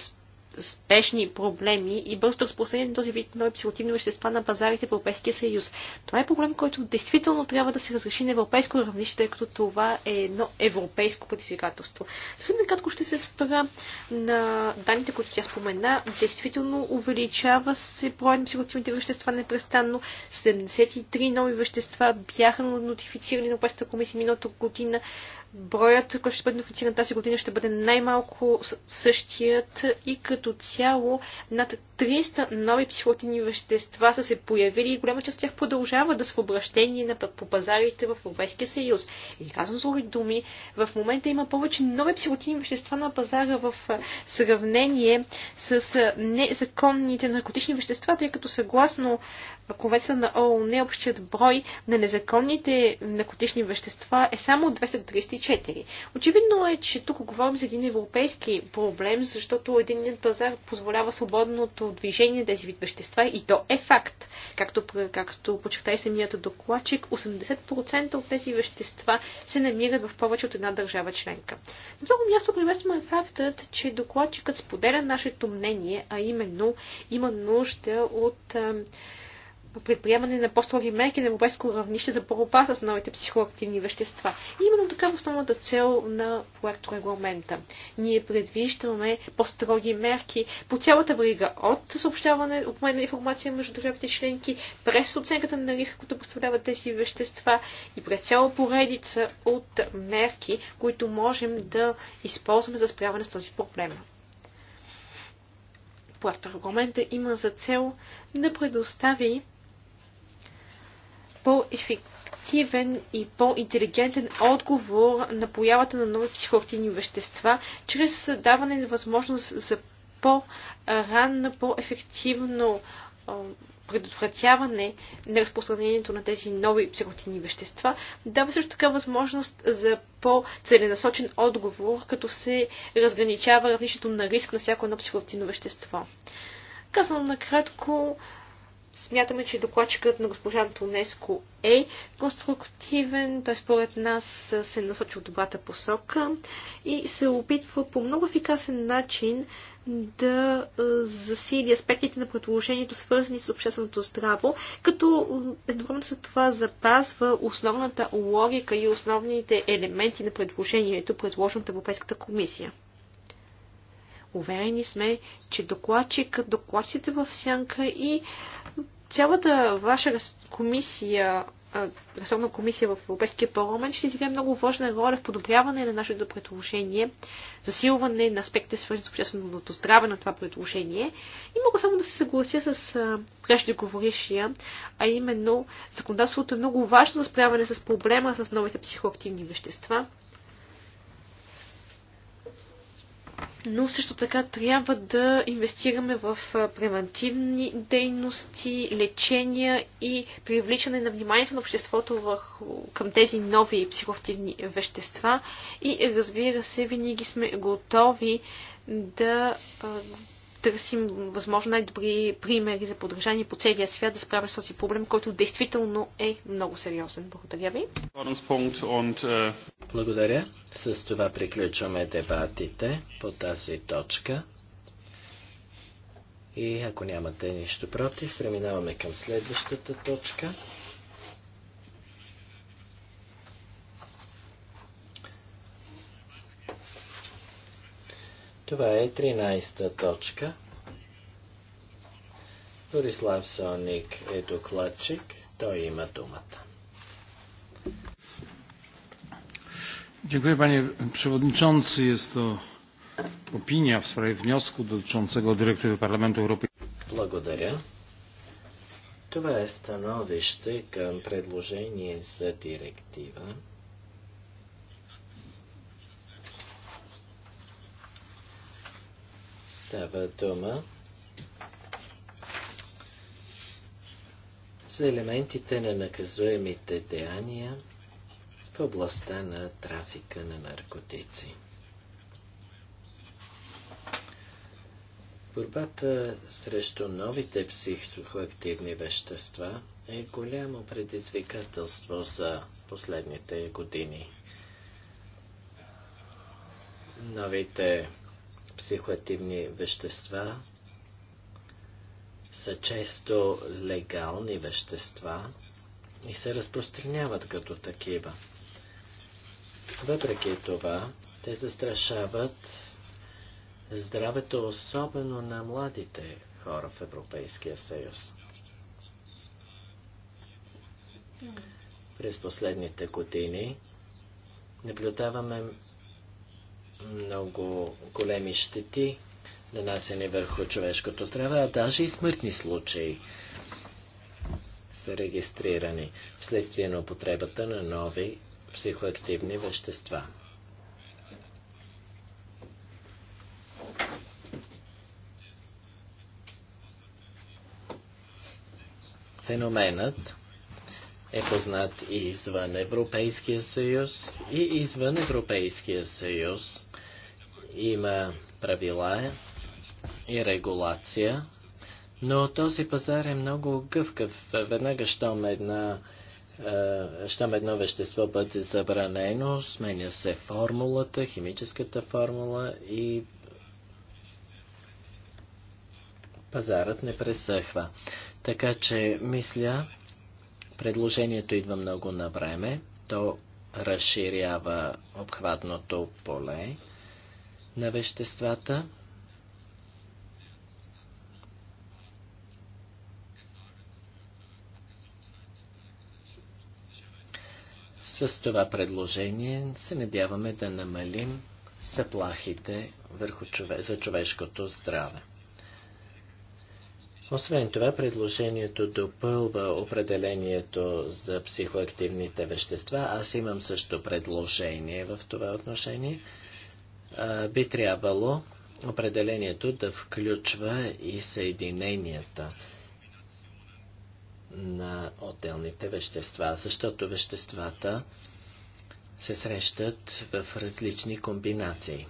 спешни проблеми и бързо разпространение на този вид нови психотивни вещества на пазарите в Европейския съюз. Това е проблем, който действително трябва да се разреши на европейско равнище, тъй като това е едно европейско предизвикателство. Съвсем накратко ще се спра на данните, които тя спомена. Действително увеличава се броя на психотивните вещества непрестанно. 73 нови вещества бяха нотифицирани на Европейската комисия миналата година. Броят, който ще бъде идентифициран тази година, ще бъде най-малко същият и като цяло над 300 нови психотини вещества са се появили и голяма част от тях продължава да са в обращение на, по пазарите в Европейския съюз. И казвам с думи, в момента има повече нови психотини вещества на пазара в сравнение с незаконните наркотични вещества, тъй като съгласно Конвенцията на ООН общият брой на незаконните наркотични вещества е само 230 24. Очевидно е, че тук говорим за един европейски проблем, защото единният пазар позволява свободното движение на тези вид вещества и то е факт. Както, както почерта и самият докладчик, 80% от тези вещества се намират в повече от една държава членка. На много място е фактът, че докладчикът споделя нашето мнение, а именно има нужда от предприемане на по-строги мерки на европейско равнище за борба с новите психоактивни вещества. И именно в е основната цел на проекто регламента. Ние предвиждаме по-строги мерки по цялата брига от съобщаване, обмен на информация между държавите членки, през оценката на риска, който представляват тези вещества и през цяла поредица от мерки, които можем да използваме за справяне с този проблем проекторегламента има за цел да предостави по-ефективен и по-интелигентен отговор на появата на нови психоактивни вещества, чрез даване на възможност за по ранно по-ефективно предотвратяване на разпространението на тези нови психотини вещества, дава също така възможност за по-целенасочен отговор, като се разграничава равнището на риск на всяко едно психотино вещество. Казвам накратко, Смятаме, че докладчикът на госпожа Антонеско е конструктивен, той според нас се насочи в добрата посока и се опитва по много ефикасен начин да засили аспектите на предложението, свързани с общественото здраво, като едновременно с това запазва основната логика и основните елементи на предложението, предложено от Европейската комисия. Уверени сме, че докладчик, докладците в сянка и цялата ваша комисия, ресурна комисия в Европейския парламент ще изиграе много важна роля в подобряване на нашето предложение, засилване на аспекти, свързани с общественото здраве на това предложение. И мога само да се съглася с преждеговорившия, а именно законодателството е много важно за справяне с проблема с новите психоактивни вещества. но също така трябва да инвестираме в превентивни дейности, лечения и привличане на вниманието на обществото върху, към тези нови психоактивни вещества. И разбира се, винаги сме готови да търсим възможно най-добри примери за подражание по целия свят да справя с този проблем, който действително е много сериозен. Благодаря ви. Е- Благодаря. С това приключваме дебатите по тази точка. И ако нямате нищо против, преминаваме към следващата точка. Това е 13-та точка. Борислав Соник е докладчик. Той има думата. Dziękuję panie przewodniczący. Jest to opinia w sprawie wniosku dotyczącego dyrektywy Parlamentu Europejskiego. Благодаря. Това е становище към предложение за директива Става дума за елементите на наказуемите деяния в областта на трафика на наркотици. Борбата срещу новите психоактивни вещества е голямо предизвикателство за последните години. Новите психоактивни вещества са често легални вещества и се разпространяват като такива. Въпреки това, те застрашават здравето, особено на младите хора в Европейския съюз. През последните години наблюдаваме много големи щети, нанасени върху човешкото здраве, а даже и смъртни случаи са регистрирани вследствие на употребата на нови психоактивни вещества. Феноменът е познат и извън Европейския съюз, и извън Европейския съюз има правила и регулация, но този пазар е много гъвкав. Веднага, щом, една, е, щом едно вещество бъде забранено, сменя се формулата, химическата формула и пазарът не пресъхва. Така че, мисля, Предложението идва много на време. То разширява обхватното поле на веществата. С това предложение се надяваме да намалим съплахите върху за човешкото здраве. Освен това, предложението допълва определението за психоактивните вещества. Аз имам също предложение в това отношение. би трябвало определението да включва и съединенията на отделните вещества, защото веществата се срещат в различни комбинации.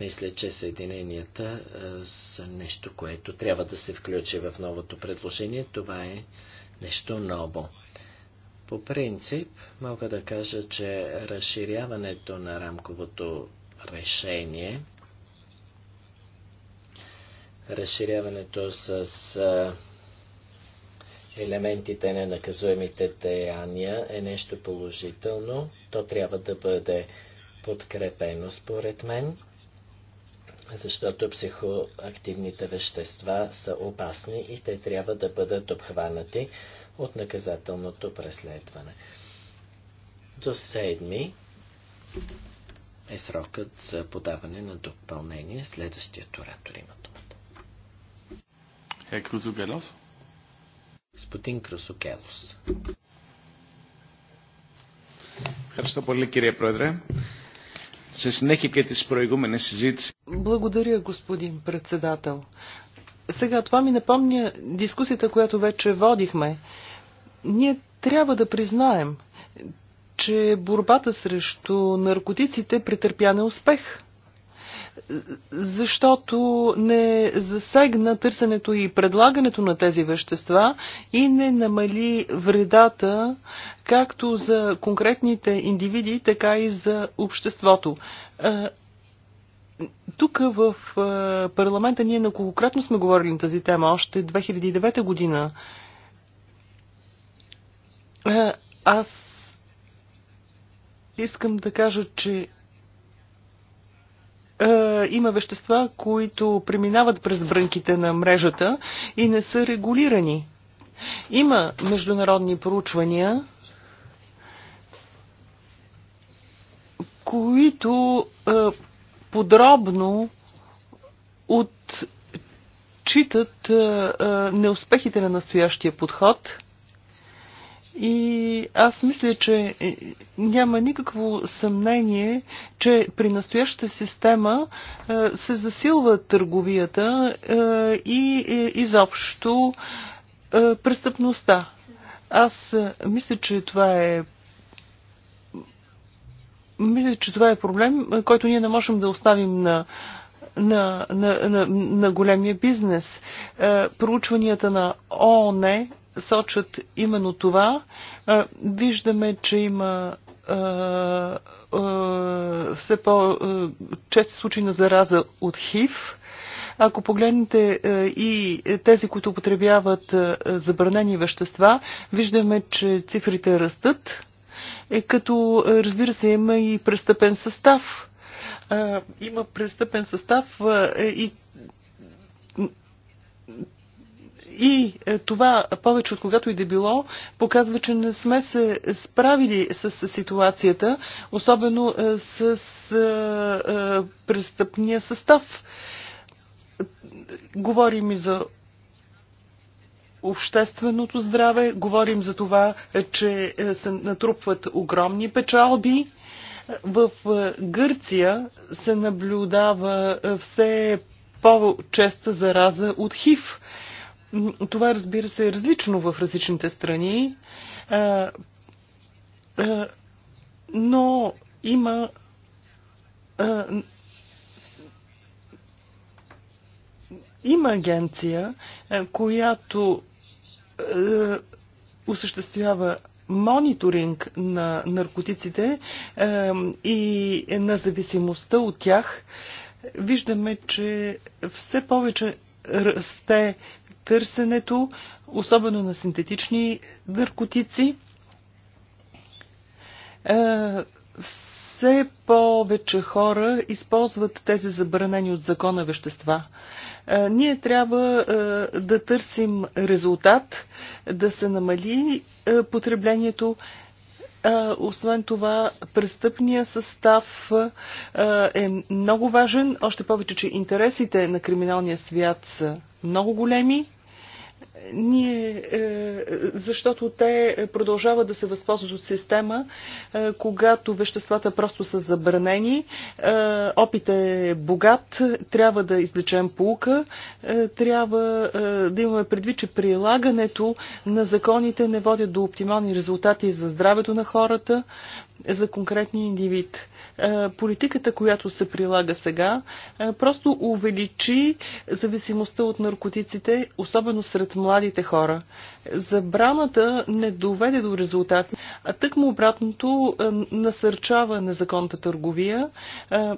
Мисля, че съединенията е, са нещо, което трябва да се включи в новото предложение. Това е нещо ново. По принцип, мога да кажа, че разширяването на рамковото решение, разширяването с е, елементите на наказуемите деяния е нещо положително. То трябва да бъде подкрепено, според мен защото психоактивните вещества са опасни и те трябва да бъдат обхванати от наказателното преследване. До 7 е срокът за подаване на допълнение. Следващият оратор има думата. Е Крузогелос? Господин Крузогелос. Ευχαριστώ πολύ κύριε Πρόεδρε. Благодаря, господин председател. Сега това ми напомня дискусията, която вече водихме. Ние трябва да признаем, че борбата срещу наркотиците претърпя неуспех защото не засегна търсенето и предлагането на тези вещества и не намали вредата както за конкретните индивиди, така и за обществото. Тук в парламента ние наколкократно сме говорили на тази тема, още 2009 година. Аз искам да кажа, че е, има вещества, които преминават през брънките на мрежата и не са регулирани. Има международни проучвания, които е, подробно отчитат е, е неуспехите на настоящия подход – и аз мисля, че е, няма никакво съмнение, че при настоящата система е, се засилва търговията е, и изобщо престъпността. Аз мисля, че това е мисля, че това е проблем, който ние не можем да оставим на на, на, на, на големия бизнес. Проучванията на ООН сочат именно това. Виждаме, че има все по-чести случаи на зараза от ХИВ. Ако погледнете и тези, които употребяват забранени вещества, виждаме, че цифрите растат, е като разбира се има и престъпен състав. Има престъпен състав и и е, това, повече от когато и да било, показва, че не сме се справили с ситуацията, особено е, с е, престъпния състав. Говорим и за общественото здраве, говорим за това, че се натрупват огромни печалби. В Гърция се наблюдава все по-честа зараза от ХИВ. Това разбира се е различно в различните страни, но има има агенция, която осъществява мониторинг на наркотиците и на зависимостта от тях, виждаме, че все повече расте търсенето, особено на синтетични наркотици. Е, все повече хора използват тези забранени от закона вещества. Е, ние трябва е, да търсим резултат, да се намали потреблението, освен това, престъпният състав е много важен, още повече, че интересите на криминалния свят са много големи ние, е, защото те продължават да се възползват от система, е, когато веществата просто са забранени. Е, опит е богат, трябва да излечем полука, трябва да имаме предвид, че прилагането на законите не водят до оптимални резултати за здравето на хората, за конкретния индивид. Е, политиката, която се прилага сега, е, просто увеличи зависимостта от наркотиците, особено сред младите хора. Забраната не доведе до резултати, а тъкмо обратното е, насърчава незаконната търговия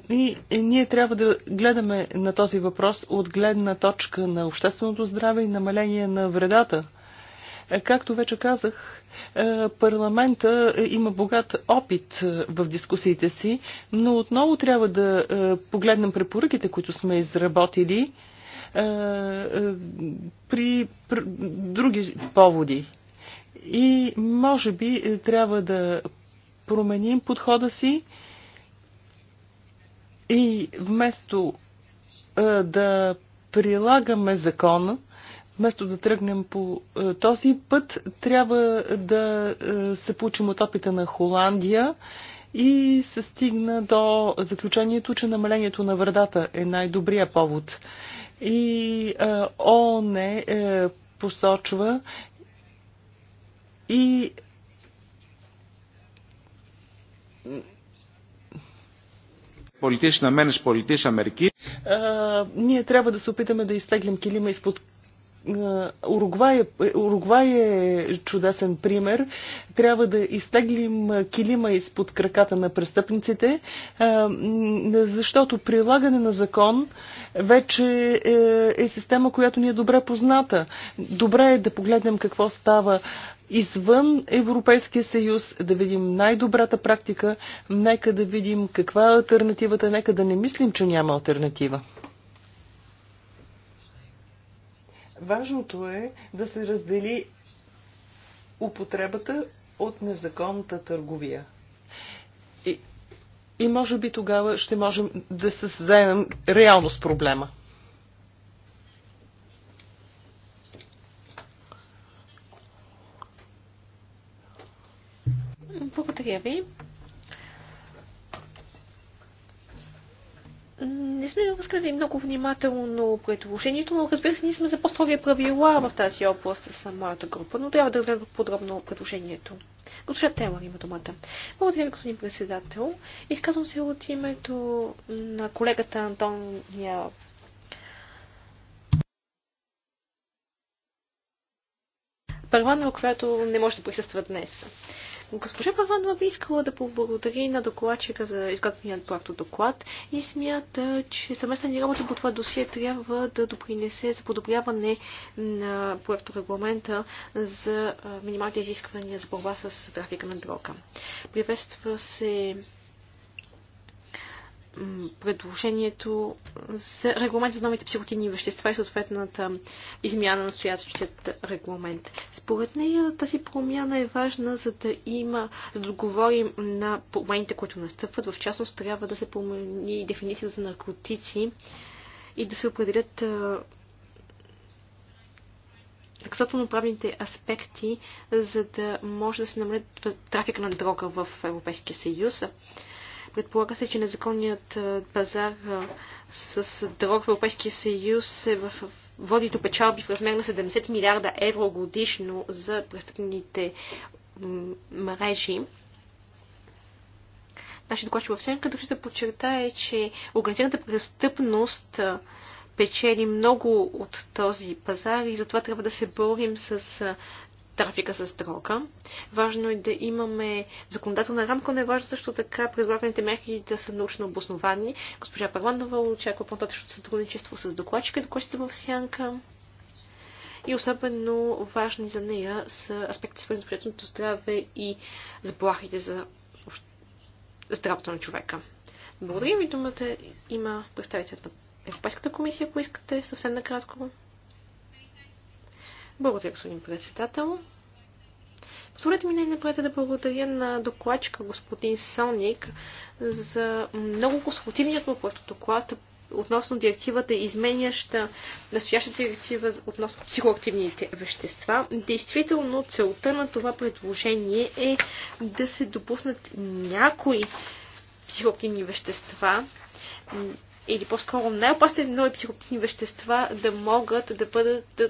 и ние трябва да гледаме на този въпрос от гледна точка на общественото здраве и намаление на вредата. Е, както вече казах, е, парламента е, има богат опит в дискусиите си, но отново трябва да погледнем препоръките, които сме изработили при други поводи. И може би трябва да променим подхода си и вместо да прилагаме закона, Вместо да тръгнем по е, този път, трябва да е, се получим от опита на Холандия и се стигна до заключението, че намалението на вредата е най-добрия повод. И е, ООН е, посочва и Политична, менеш, политична, Америки. ние трябва да се опитаме да изтеглим килима изпод Уругвай е, Уругвай е чудесен пример. Трябва да изтеглим килима изпод краката на престъпниците, защото прилагане на закон вече е, е система, която ни е добре позната. Добре е да погледнем какво става извън Европейския съюз, да видим най-добрата практика, нека да видим каква е альтернативата, нека да не мислим, че няма альтернатива. Важното е да се раздели употребата от незаконната търговия. И, и може би тогава ще можем да се заемем реално с проблема. Благодаря ви. не сме разгледали много внимателно предложението, но разбира се, ние сме за по-строги правила в тази област с моята група, но трябва да гледам подробно предложението. Госпожа тела има думата. Благодаря ви, господин председател. Изказвам се от името на колегата Антония на която не може да присъства днес. Госпожа Паванова би искала да поблагодари на докладчика за изготвеният проекто доклад и смята, че съместна ни работа по това досие трябва да допринесе за подобряване на проекто регламента за минималните изисквания за борба с трафика на дрога. Приветства се предложението за регламент за новите психотинни вещества и съответната измяна на стоящият регламент. Според нея тази промяна е важна, за да има, за да договорим на промените, които настъпват. В частност трябва да се промени дефиницията за наркотици и да се определят наказателно-правните аспекти, за да може да се намалят трафика на дрога в Европейския съюз. Предполага се, че незаконният пазар с дрог в Европейския съюз се в води до печалби в размер на 70 милиарда евро годишно за престъпните мрежи. Нашият докладчик в Сенка държи да е, че организираната престъпност печели много от този пазар и затова трябва да се борим с трафика с дрога. Важно е да имаме законодателна рамка, но е важно също така предлаганите мерки да са научно обосновани. Госпожа Парландова очаква по-нататъчното сътрудничество с докладчика докладчица в сянка. И особено важни за нея са аспекти свързани с приятното здраве и заплахите за здравето на човека. Благодаря ви думата. Има представител на Европейската комисия, ако искате съвсем накратко. Благодаря, господин председател. Позволете ми най-напред да благодаря на докладчика господин Соник за много консултативният му доклад относно директивата, изменяща настоящата директива относно психоактивните вещества. Действително, целта на това предложение е да се допуснат някои психоактивни вещества, или по-скоро най-опасните нови психоактивни вещества да могат да бъдат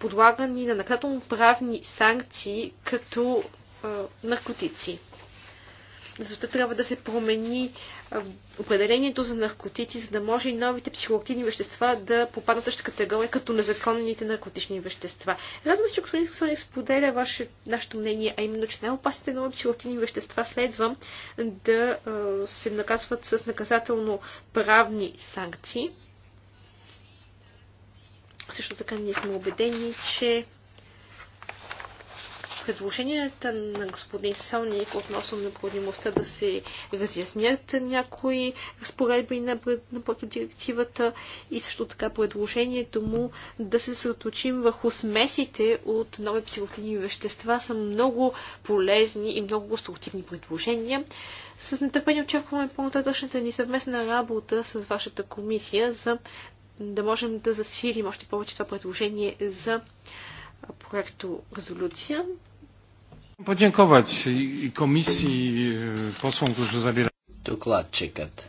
подлагани на наказателно-правни санкции като а, наркотици. Затова трябва да се промени определението за наркотици, за да може и новите психоактивни вещества да попаднат в същата категория като незаконните наркотични вещества. Радвам се, че господин Саксоник споделя ваше, нашето мнение, а именно, че най-опасните нови психоактивни вещества следва да се наказват с наказателно правни санкции. Също така ние сме убедени, че предложенията на господин Соник относно необходимостта да се разяснят някои разпоредби на, на протодирективата и също така предложението му да се съсредоточим върху смесите от нови психотивни вещества са много полезни и много конструктивни предложения. С нетърпение очакваме по-нататъчната ни съвместна работа с вашата комисия за да можем да засилим още повече това предложение за проекто резолюция. Podziękować и комисии е, послам, които забира. Докладчикът.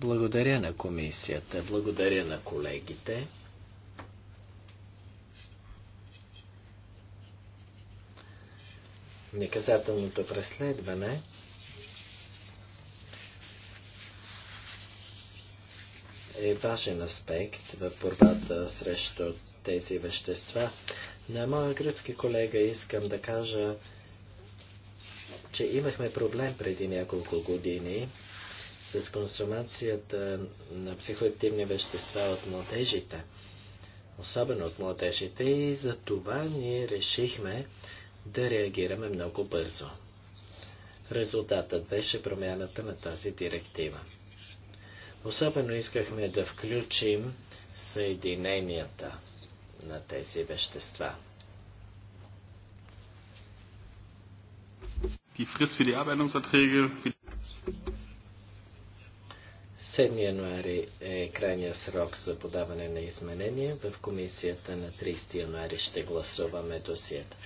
Благодаря на комисията, благодаря на колегите. Неказателното преследване е важен аспект в борбата срещу тези вещества. На моя гръцки колега искам да кажа, че имахме проблем преди няколко години с консумацията на психоактивни вещества от младежите, особено от младежите, и за това ние решихме да реагираме много бързо. Резултатът беше промяната на тази директива. Особено искахме да включим съединенията на тези вещества. Die 7 януари е крайния срок за подаване на изменения. В комисията на 30 януари ще гласуваме досиета.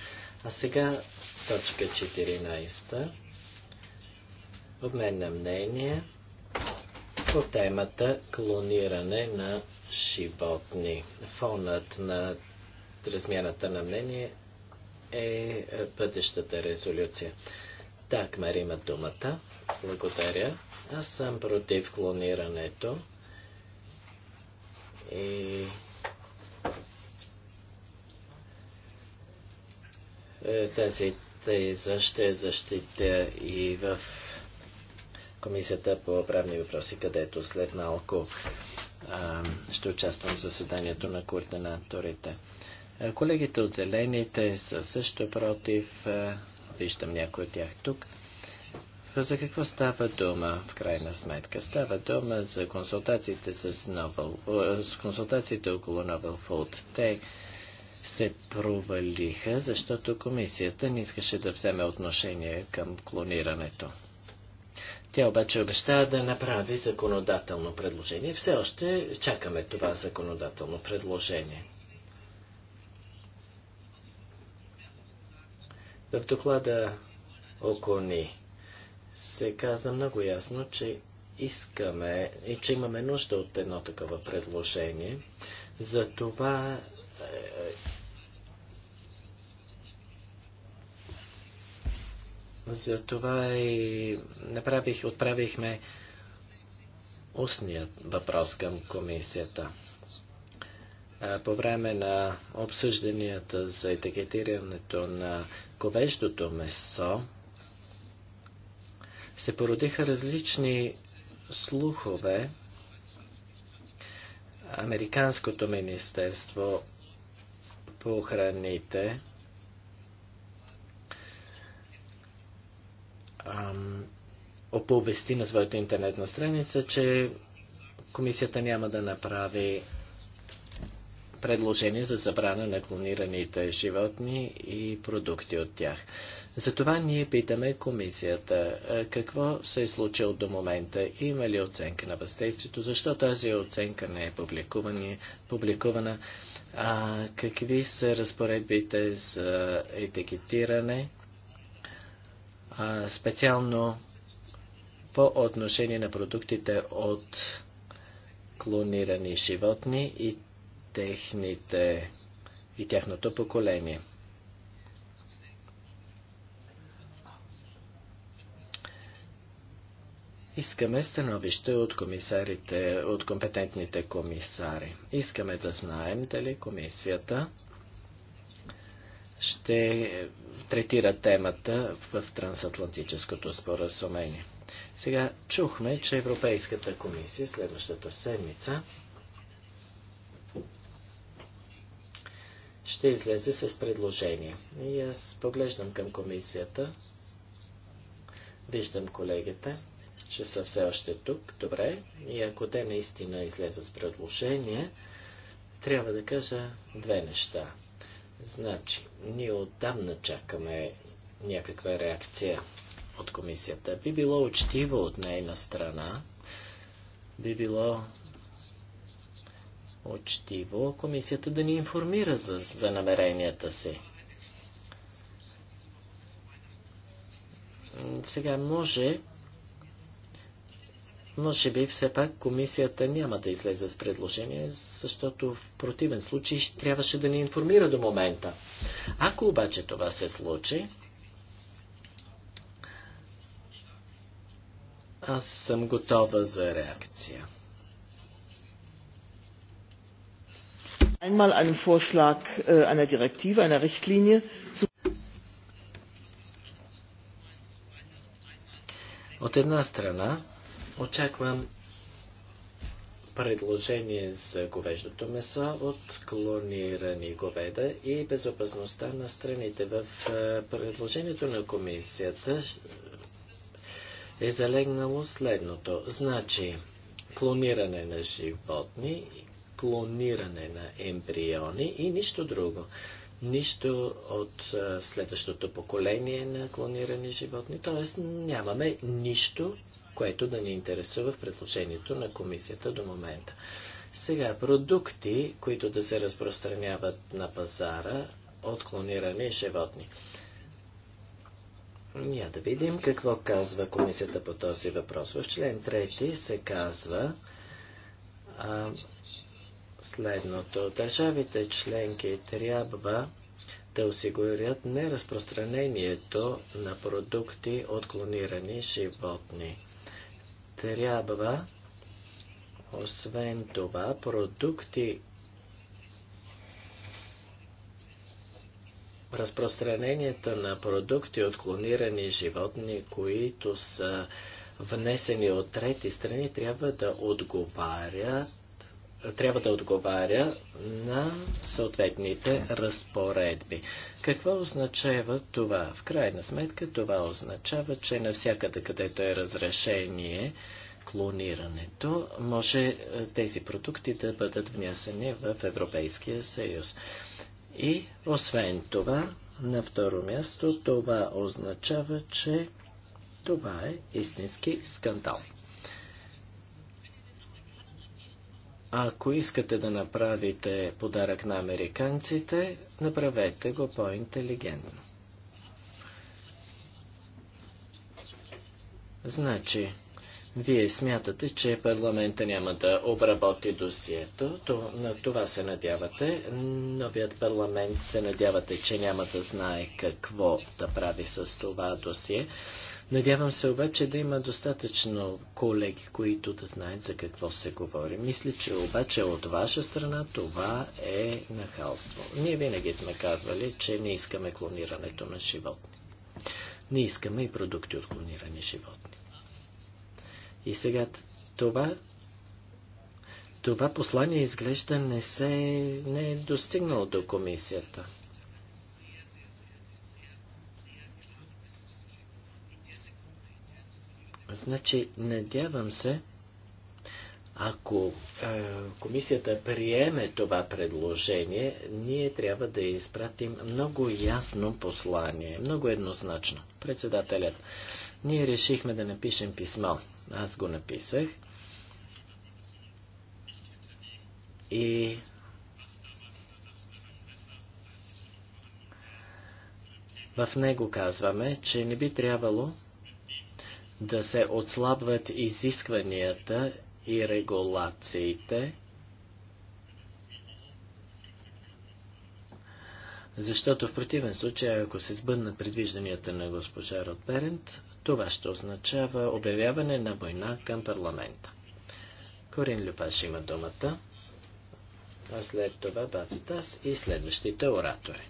А сега точка 14. Обмен на мнение по темата клониране на животни. Фонът на размяната на мнение е бъдещата резолюция. Так, Мар има думата. Благодаря. Аз съм против клонирането. И... Е, тази теза ще защитя и в Комисията по правни въпроси, където след малко а, ще участвам в заседанието на координаторите. Колегите от Зелените са също против. Виждам някой от тях тук. За какво става дума, в крайна сметка? Става дума за консултациите, с Novel, с консултациите около Novel Food. Те се провалиха, защото комисията не искаше да вземе отношение към клонирането. Тя обаче обеща да направи законодателно предложение. Все още чакаме това законодателно предложение. В доклада Окони се каза много ясно, че искаме и че имаме нужда от едно такова предложение. За това Затова и направих, отправихме устният въпрос към комисията. По време на обсъжданията за етикетирането на ковещото месо се породиха различни слухове. Американското министерство по храните ам, оповести на своята интернетна страница, че комисията няма да направи предложение за забрана на клонираните животни и продукти от тях. Затова ние питаме комисията какво се е случило до момента, има ли оценка на въздействието, защо тази оценка не е публикувана, а, какви са разпоредбите за етикетиране специално по отношение на продуктите от клонирани животни и техните и тяхното поколение. Искаме становище от комисарите, от компетентните комисари. Искаме да знаем дали комисията ще третира темата в трансатлантическото споразумение. Сега чухме, че Европейската комисия следващата седмица ще излезе с предложение. И аз поглеждам към комисията, виждам колегите, че са все още тук, добре, и ако те наистина излезат с предложение, трябва да кажа две неща. Значи, ние отдавна чакаме някаква реакция от комисията. Би било учтиво от нейна страна, би било учтиво комисията да ни информира за, за намеренията си. Сега може може би все пак комисията няма да излезе с предложение, защото в противен случай трябваше да ни информира до момента. Ако обаче това се случи, аз съм готова за реакция. Einmal einen Vorschlag äh, einer Direktive, einer Richtlinie zu От една страна, Очаквам предложение за говеждото месо от клонирани говеда и безопасността на страните. В предложението на комисията е залегнало следното. Значи, клониране на животни, клониране на ембриони и нищо друго. Нищо от следващото поколение на клонирани животни. Т.е. нямаме нищо което да ни интересува в предложението на комисията до момента. Сега, продукти, които да се разпространяват на пазара от клонирани животни. Ня да видим какво казва комисията по този въпрос. В член 3 се казва а, следното. Държавите членки трябва да осигурят неразпространението на продукти от клонирани животни трябва, освен това, продукти, разпространението на продукти от клонирани животни, които са внесени от трети страни, трябва да отговарят трябва да отговаря на съответните разпоредби. Какво означава това? В крайна сметка това означава, че навсякъде където е разрешение, клонирането, може е, тези продукти да бъдат внесени в Европейския съюз. И освен това, на второ място, това означава, че това е истински скандал. Ако искате да направите подарък на американците, направете го по-интелигентно. Значи, вие смятате, че парламента няма да обработи досието, то, на това се надявате. Новият парламент се надявате, че няма да знае какво да прави с това досие. Надявам се обаче да има достатъчно колеги, които да знаят за какво се говори. Мисля, че обаче от ваша страна това е нахалство. Ние винаги сме казвали, че не искаме клонирането на животни. Не искаме и продукти от клонирани животни. И сега това, това послание изглежда не, се, не е достигнало до комисията. Значи, надявам се, ако е, комисията приеме това предложение, ние трябва да изпратим много ясно послание, много еднозначно. Председателят, ние решихме да напишем писмо. Аз го написах. И в него казваме, че не би трябвало да се отслабват изискванията и регулациите, защото в противен случай, ако се сбъднат предвижданията на госпожа Ротберент, това ще означава обявяване на война към парламента. Корин Люпаш има думата, а след това Бацитас и следващите оратори.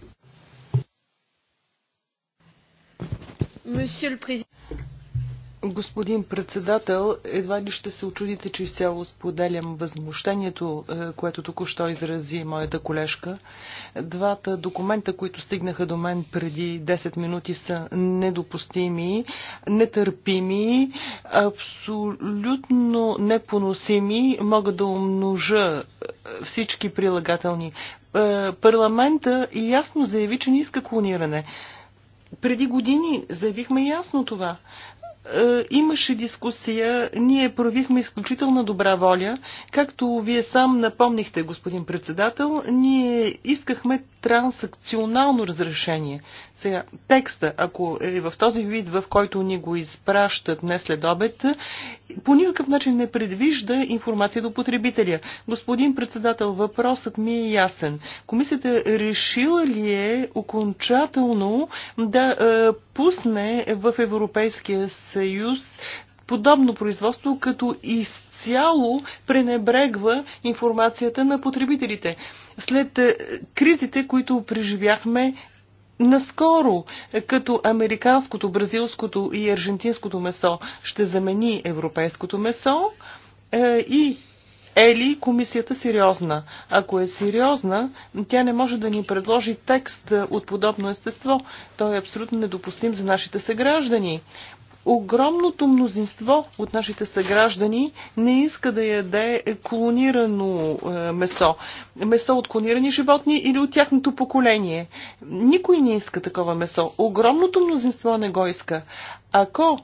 Господин председател, едва ли ще се очудите, че изцяло споделям възмущението, е, което току-що изрази моята колежка. Двата документа, които стигнаха до мен преди 10 минути са недопустими, нетърпими, абсолютно непоносими. Мога да умножа е, всички прилагателни. Е, парламента ясно заяви, че не иска клониране. Преди години заявихме ясно това. Е, имаше дискусия, ние проявихме изключителна добра воля. Както вие сам напомнихте, господин председател, ние искахме трансакционално разрешение. Сега, текста, ако е в този вид, в който ни го изпращат днес след обед, по никакъв начин не предвижда информация до потребителя. Господин председател, въпросът ми е ясен. Комисията решила ли е окончателно да е, пусне в Европейския съюз съюз подобно производство, като изцяло пренебрегва информацията на потребителите. След е, кризите, които преживяхме наскоро, като американското, бразилското и аржентинското месо ще замени европейското месо е, и е ли комисията сериозна? Ако е сериозна, тя не може да ни предложи текст от подобно естество. Той е абсолютно недопустим за нашите съграждани огромното мнозинство от нашите съграждани не иска да яде клонирано е, месо. Месо от клонирани животни или от тяхното поколение. Никой не иска такова месо. Огромното мнозинство не го иска. Ако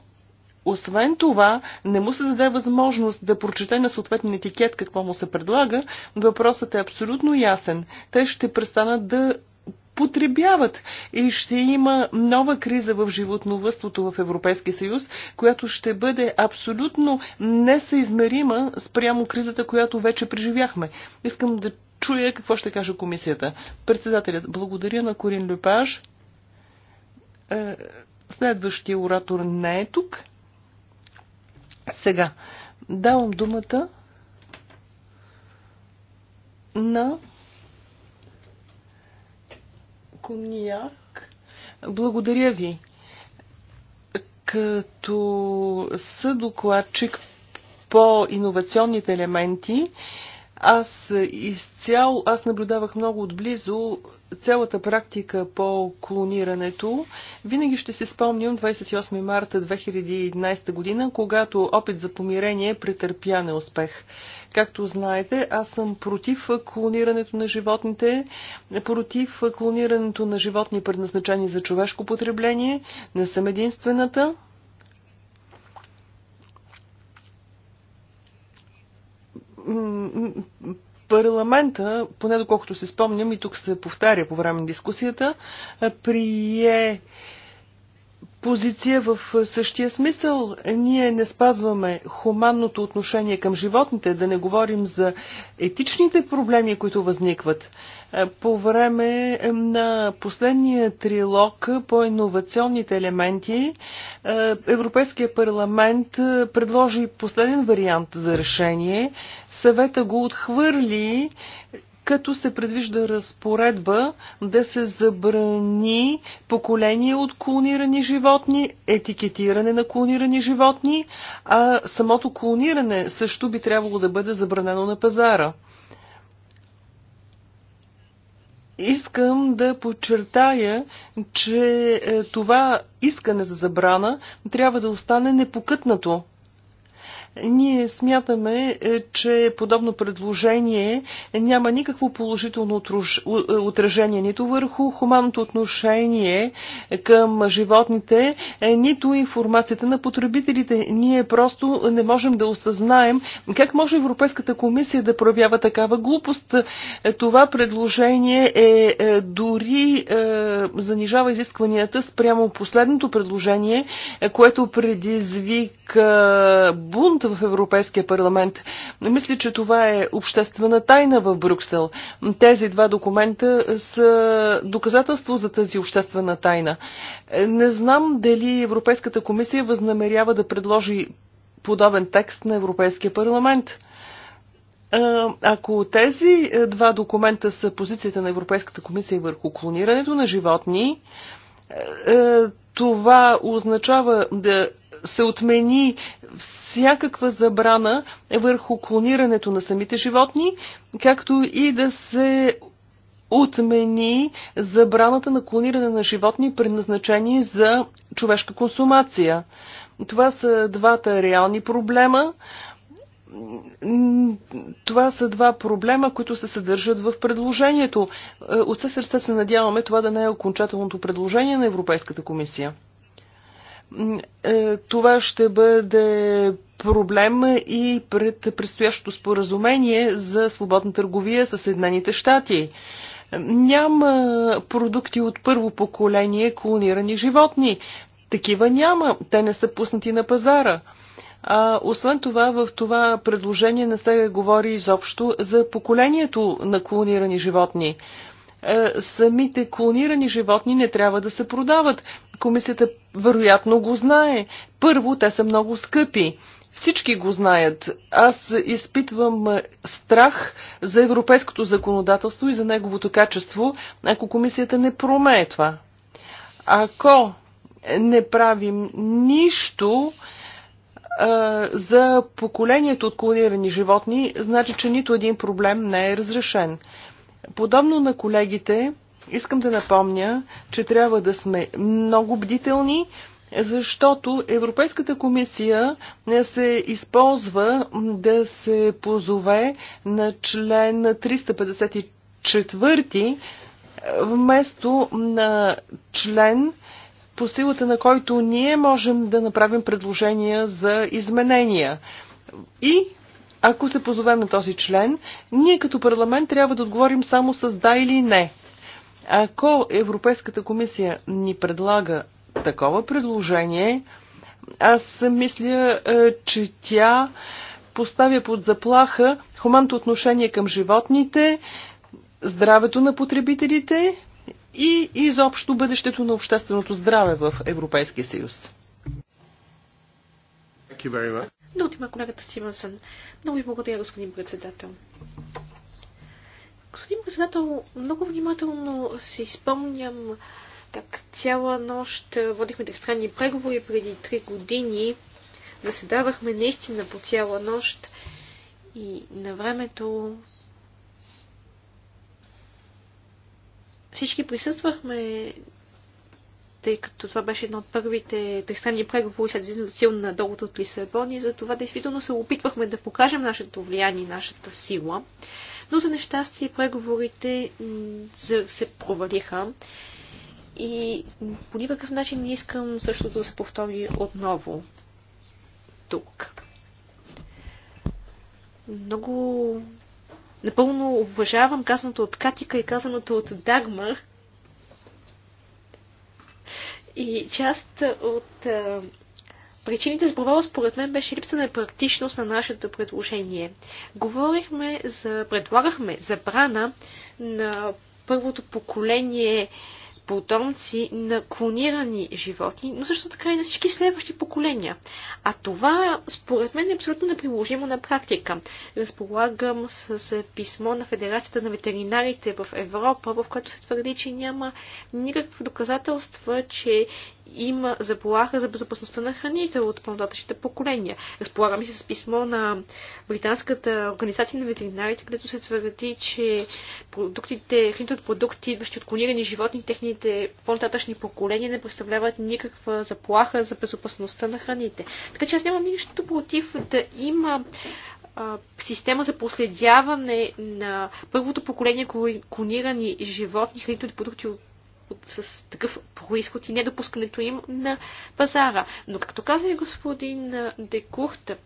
освен това, не му се даде възможност да прочете на съответен етикет какво му се предлага, въпросът е абсолютно ясен. Те ще престанат да потребяват. И ще има нова криза в животновътството в Европейския съюз, която ще бъде абсолютно несъизмерима спрямо кризата, която вече преживяхме. Искам да чуя какво ще каже комисията. Председателят, благодаря на Корин Люпаж. Е, следващия оратор не е тук. Сега давам думата на Коньяк. Благодаря ви. Като съдокладчик по иновационните елементи, аз изцяло, аз наблюдавах много отблизо цялата практика по клонирането. Винаги ще се спомням 28 марта 2011 година, когато опит за помирение претърпя неуспех. Както знаете, аз съм против клонирането на животните, против клонирането на животни предназначени за човешко потребление. Не съм единствената. парламента, поне доколкото се спомням, и тук се повтаря по време на дискусията, прие позиция в същия смисъл. Ние не спазваме хуманното отношение към животните, да не говорим за етичните проблеми, които възникват. По време на последния трилог по иновационните елементи Европейския парламент предложи последен вариант за решение. Съвета го отхвърли като се предвижда разпоредба да се забрани поколение от клонирани животни, етикетиране на клонирани животни, а самото клониране също би трябвало да бъде забранено на пазара. Искам да подчертая, че е, това искане за забрана трябва да остане непокътнато ние смятаме, е, че подобно предложение няма никакво положително е, отражение нито върху хуманното отношение към животните, е, нито информацията на потребителите. Ние просто не можем да осъзнаем как може Европейската комисия да проявява такава глупост. Това предложение е дори занижава изискванията спрямо последното предложение, което предизвика бунт в Европейския парламент. Мисля, че това е обществена тайна в Брюксел. Тези два документа са доказателство за тази обществена тайна. Не знам дали Европейската комисия възнамерява да предложи подобен текст на Европейския парламент. Ако тези е, два документа са позицията на Европейската комисия върху клонирането на животни, е, е, това означава да се отмени всякаква забрана върху клонирането на самите животни, както и да се отмени забраната на клониране на животни, предназначени за човешка консумация. Това са двата реални проблема. Това са два проблема, които се съдържат в предложението. От все сърце се надяваме това да не е окончателното предложение на Европейската комисия. Е, това ще бъде проблем и пред предстоящото споразумение за свободна търговия с Съединените щати. Няма продукти от първо поколение клонирани животни. Такива няма. Те не са пуснати на пазара. А, освен това, в това предложение не се говори изобщо за поколението на клонирани животни. Е, самите клонирани животни не трябва да се продават. Комисията вероятно го знае. Първо, те са много скъпи. Всички го знаят. Аз изпитвам е, страх за европейското законодателство и за неговото качество, ако комисията не промее това. Ако не правим нищо а, е, за поколението от клонирани животни, значи, че нито един проблем не е разрешен. Подобно на колегите, искам да напомня, че трябва да сме много бдителни, защото Европейската комисия не се използва да се позове на член 354 вместо на член по силата на който ние можем да направим предложения за изменения. И ако се позовем на този член, ние като парламент трябва да отговорим само с да или не. Ако Европейската комисия ни предлага такова предложение, аз мисля, е, че тя поставя под заплаха хуманното отношение към животните, здравето на потребителите и изобщо бъдещето на общественото здраве в Европейския съюз. Да отима колегата Стивенсън. Много ви благодаря, господин председател. Господин председател, много внимателно се изпомням как цяла нощ водихме тристранни преговори преди три години. Заседавахме наистина по цяла нощ и на времето всички присъствахме тъй като това беше едно от първите тристранни преговори след сил на договор от Лисабон и за това действително се опитвахме да покажем нашето влияние, нашата сила. Но за нещастие преговорите се провалиха и по никакъв начин не искам същото да се повтори отново тук. Много напълно уважавам казаното от Катика и казаното от Дагмар, и част от а, причините за провала според мен беше липса на практичност на нашето предложение. Говорихме за, предлагахме забрана на първото поколение а, потомци на клонирани животни, но също така и на всички следващи поколения. А това, според мен, е абсолютно неприложимо на практика. Разполагам с писмо на Федерацията на ветеринарите в Европа, в което се твърди, че няма никакво доказателства, че има заплаха за безопасността на храните от по-нататъчните поколения. Разполагаме се с писмо на Британската организация на ветеринарите, където се твърди, че продуктите, храните от продукти, идващи от клонирани животни, техните по-нататъчни поколения не представляват никаква заплаха за безопасността на храните. Така че аз нямам нищо против да има система за последяване на първото поколение клонирани животни, хранителни продукти от с такъв происход и недопускането им на пазара. Но както каза и господин Декурт,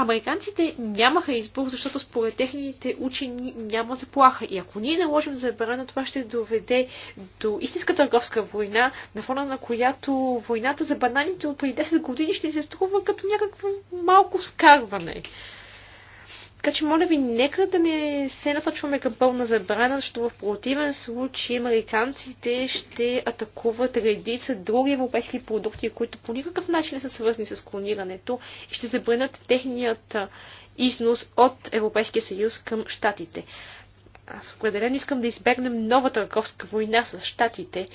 Американците нямаха избор, защото според техните учени няма заплаха. И ако ние наложим забрана, това ще доведе до истинска търговска война, на фона на която войната за бананите от преди 10 години ще се струва като някакво малко скарване. Така че, моля ви, нека да не се насочваме към пълна забрана, защото в противен случай американците ще атакуват редица други европейски продукти, които по никакъв начин не са свързани с клонирането и ще забранят техният износ от Европейския съюз към щатите. Аз определено искам да избегнем нова търговска война с щатите,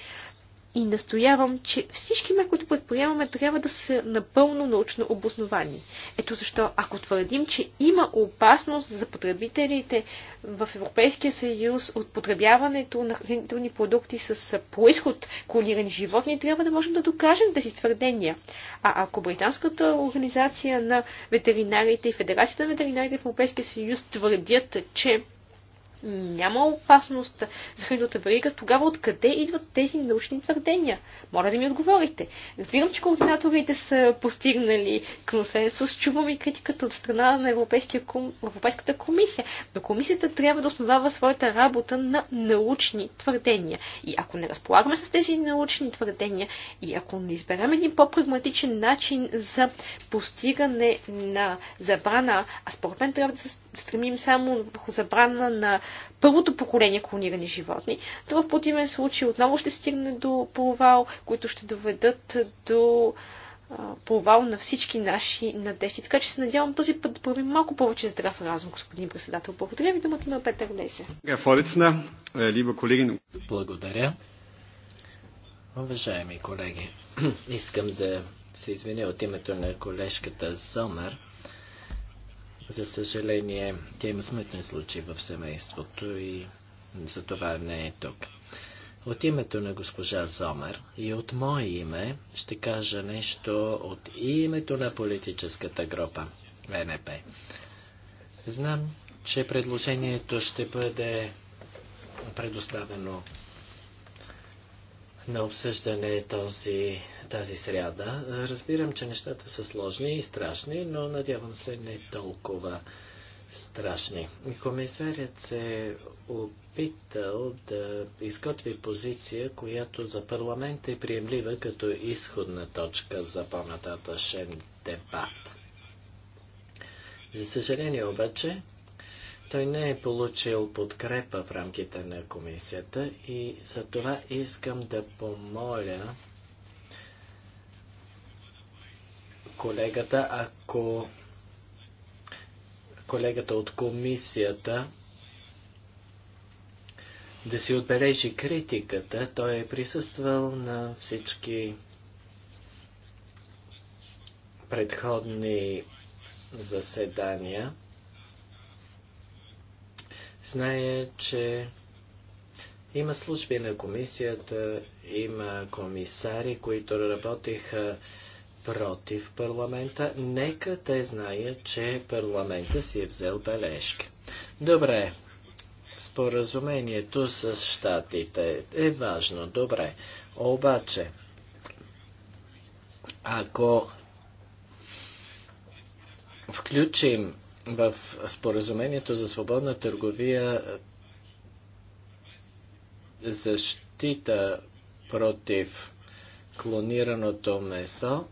и настоявам, че всички мерки, които предприемаме, трябва да са напълно научно обосновани. Ето защо, ако твърдим, че има опасност за потребителите в Европейския съюз от потребяването на хранителни продукти с происход клонирани животни, трябва да можем да докажем тези твърдения. А ако Британската организация на ветеринарите и Федерацията на ветеринарите в Европейския съюз твърдят, че няма опасност за хранителната верига, тогава откъде идват тези научни твърдения? Моля да ми отговорите. Разбирам, че координаторите са постигнали консенсус, чувам и критиката от страна на Европейската комисия, но комисията трябва да основава своята работа на научни твърдения. И ако не разполагаме с тези научни твърдения и ако не изберем един по-прагматичен начин за постигане на забрана, а според мен трябва да се стремим само върху забрана на първото поколение клонирани животни, то в противен случай отново ще стигне до провал, които ще доведат до провал на всички наши надежди. Така че се надявам този път да правим малко повече здрав разум, господин председател. Благодаря ви, думата има Петър Лесе. Е, Благодаря. Уважаеми колеги, <clears throat> искам да се извиня от името на колежката Зомер, за съжаление, тя има смътни случаи в семейството и за това не е тук. От името на госпожа Зомер и от мое име ще кажа нещо от името на политическата група ВНП. Знам, че предложението ще бъде предоставено на обсъждане този тази сряда. Разбирам, че нещата са сложни и страшни, но надявам се не толкова страшни. Комисарят се опитал да изготви позиция, която за парламент е приемлива като изходна точка за по-нататъчен дебат. За съжаление обаче, той не е получил подкрепа в рамките на комисията и за това искам да помоля колегата, ако колегата от комисията да си отбележи критиката. Той е присъствал на всички предходни заседания. Знае, че има служби на комисията, има комисари, които работиха против парламента, нека те знаят, че парламента си е взел бележки. Добре, споразумението с щатите е важно, добре. Обаче, ако включим в споразумението за свободна търговия защита против клонираното месо,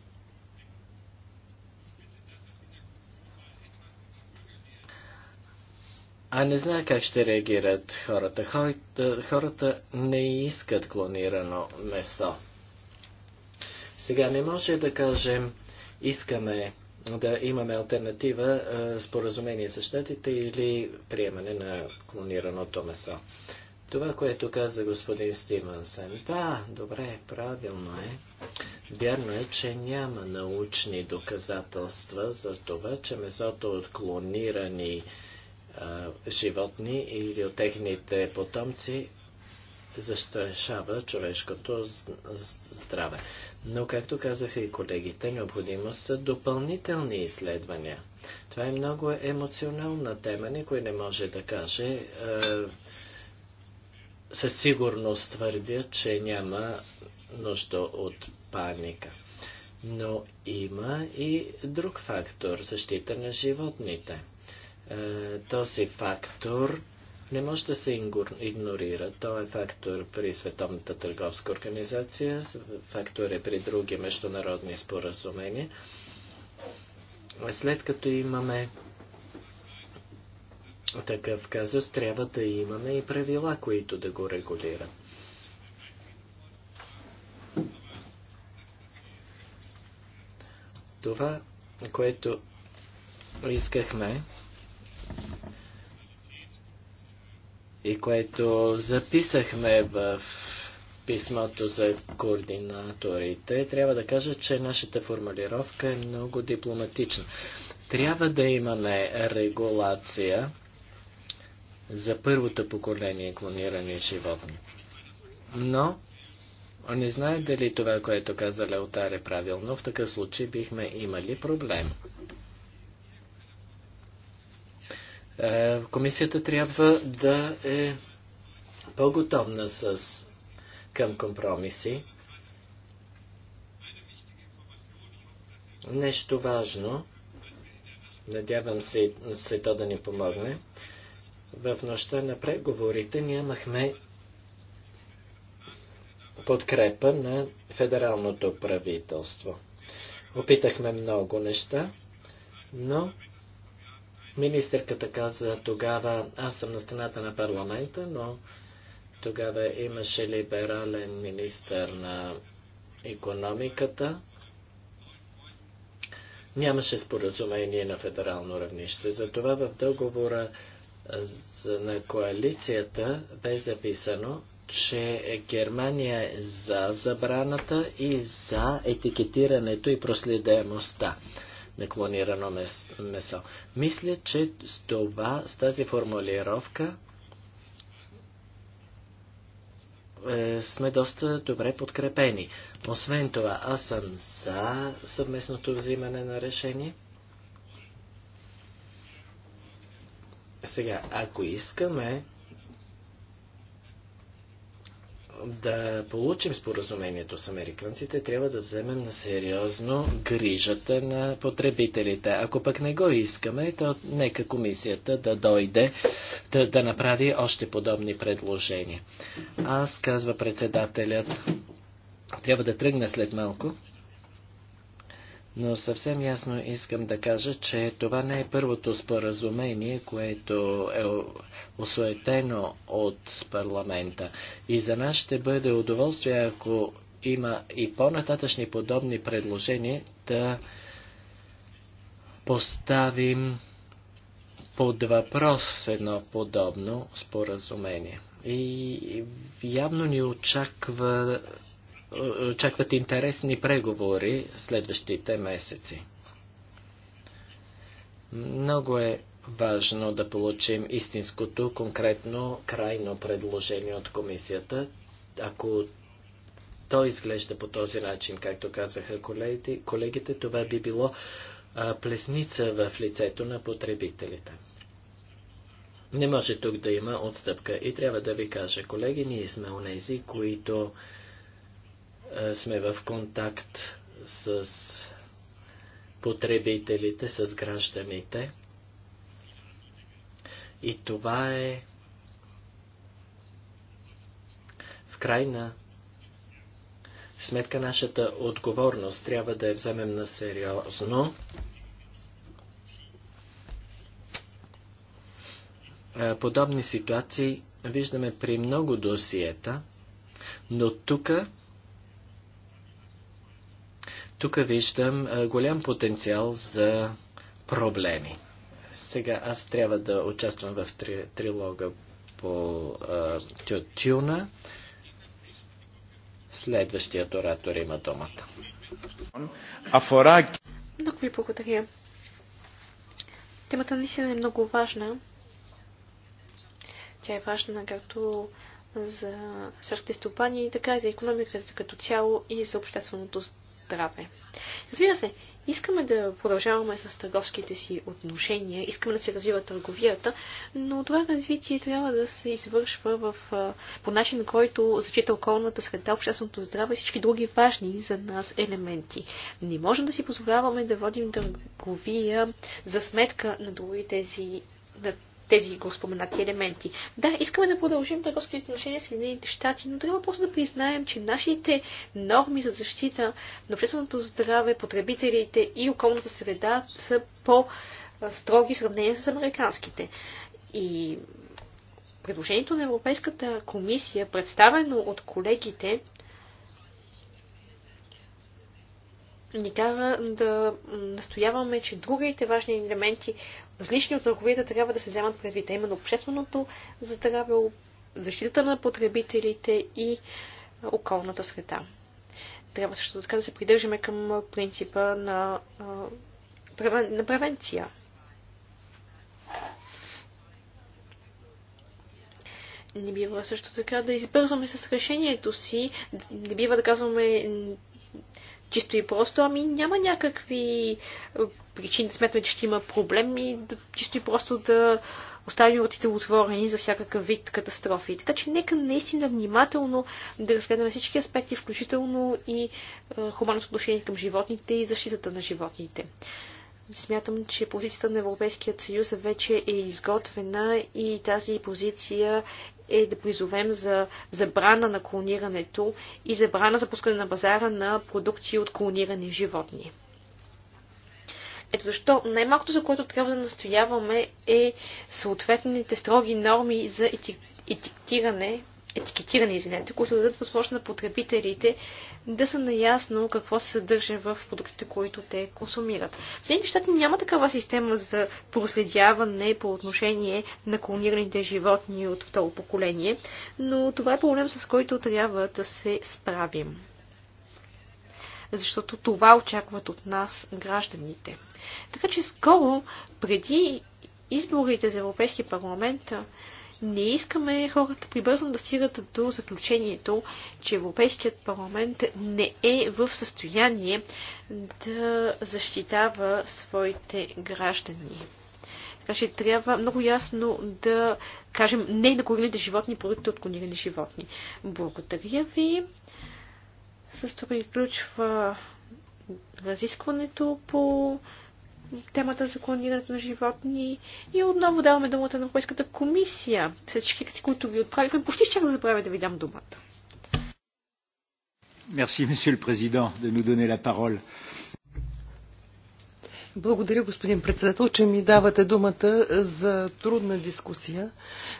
а не знае как ще реагират хората. Хората, е, хората не искат клонирано месо. Сега не може да кажем, искаме да имаме альтернатива е, споразумение с щатите или приемане на клонираното месо. Това, което каза господин Стивенсън, да, добре, правилно е. Вярно е, че няма научни доказателства за това, че месото от клонирани животни или от техните потомци застрашава човешкото здраве. Но, както казаха и колегите, необходимо са допълнителни изследвания. Това е много емоционална тема. Никой не може да каже. със сигурност твърдя, че няма нужда от паника. Но има и друг фактор защита на животните. Е, този фактор не може да се игнорира. Той е фактор при Световната търговска организация, фактор е при други международни споразумения. След като имаме такъв казус, трябва да имаме и правила, които да го регулират. Това, което искахме и което записахме в писмото за координаторите, трябва да кажа, че нашата формулировка е много дипломатична. Трябва да имаме регулация за първото поколение клонирани животни. Но не знае дали това, което каза Леотар е правилно. В такъв случай бихме имали проблем. Е, комисията трябва да е по-готовна с, към компромиси. Нещо важно, надявам се, се то да ни помогне, в нощта на преговорите нямахме подкрепа на федералното правителство. Опитахме много неща, но Министърката каза тогава, аз съм на страната на парламента, но тогава имаше либерален министър на економиката. Нямаше споразумение на федерално равнище. Затова в договора на коалицията бе записано, че Германия е за забраната и за етикетирането и проследемостта на клонирано месо. Мисля, че с, това, с тази формулировка е, сме доста добре подкрепени. Освен това, аз съм за съвместното взимане на решение. Сега, ако искаме да получим споразумението с американците, трябва да вземем на сериозно грижата на потребителите. Ако пък не го искаме, то нека комисията да дойде да, да направи още подобни предложения. Аз, казва председателят, трябва да тръгна след малко. Но съвсем ясно искам да кажа, че това не е първото споразумение, което е осуетено от парламента. И за нас ще бъде удоволствие, ако има и по-нататъчни подобни предложения, да поставим под въпрос едно подобно споразумение. И явно ни очаква очакват интересни преговори следващите месеци. Много е важно да получим истинското, конкретно, крайно предложение от комисията. Ако то изглежда по този начин, както казаха колегите, колегите това би било а, плесница в лицето на потребителите. Не може тук да има отстъпка и трябва да ви кажа, колеги, ние сме онези, които е, сме в контакт с потребителите, с гражданите. И това е в крайна сметка нашата отговорност. Трябва да я вземем на сериозно. Е, подобни ситуации виждаме при много досиета, но тук тук виждам голям потенциал за проблеми. Сега аз трябва да участвам в три, трилога по а, Тюна. Следващият оратор има думата. Много ви благодаря. Темата наистина е много важна. Тя е важна както за сърските стопани, така и за економиката като цяло и за общественото здраве. Разбира се, искаме да продължаваме с търговските си отношения, искаме да се развива търговията, но това развитие трябва да се извършва в, по начин, който зачита околната среда, общественото здраве и всички други важни за нас елементи. Не можем да си позволяваме да водим търговия за сметка на други тези на тези го споменати елементи. Да, искаме да продължим търговските отношения с Съединените щати, но трябва просто да признаем, че нашите норми за защита на общественото здраве, потребителите и околната среда са по-строги в сравнение с американските. И предложението на Европейската комисия, представено от колегите, ни кара да настояваме, че другите важни елементи различни от търговията, трябва да се вземат предвид, а именно общественото здраве, защитата на потребителите и околната среда. Трябва също така да се придържаме към принципа на, на превенция. Не бива също така да избързваме с решението си, не бива да казваме чисто и просто, ами няма някакви причини да сметваме, че ще има проблеми, да, чисто и просто да оставим вратите отворени за всякакъв вид катастрофи. Така че нека наистина внимателно да разгледаме всички аспекти, включително и е, хуманното отношение към животните и защитата на животните. Смятам, че позицията на Европейският съюз вече е изготвена и тази позиция е да призовем за забрана на клонирането и забрана за пускане на базара на продукти от клонирани животни. Ето защо най-малкото, за което трябва да настояваме е съответните строги норми за етиктиране етикетиране, извинете, които дадат възможност на потребителите да са наясно какво се съдържа в продуктите, които те консумират. В Съединените щати няма такава система за проследяване по отношение на клонираните животни от второ поколение, но това е проблем, с който трябва да се справим. Защото това очакват от нас гражданите. Така че скоро, преди изборите за Европейски парламент, не искаме хората прибързно да стигат до заключението, че Европейският парламент не е в състояние да защитава своите граждани. Така че трябва много ясно да кажем не на клонираните животни, продукти от клонирани животни. Благодаря ви. С това приключва разискването по темата за клонирането на животни. И отново даваме думата на Европейската комисия. След всички, които ви отправихме, почти ще да забравя да ви дам думата. Merci, Monsieur le Président, de nous donner la parole. Благодаря, господин председател, че ми давате думата за трудна дискусия.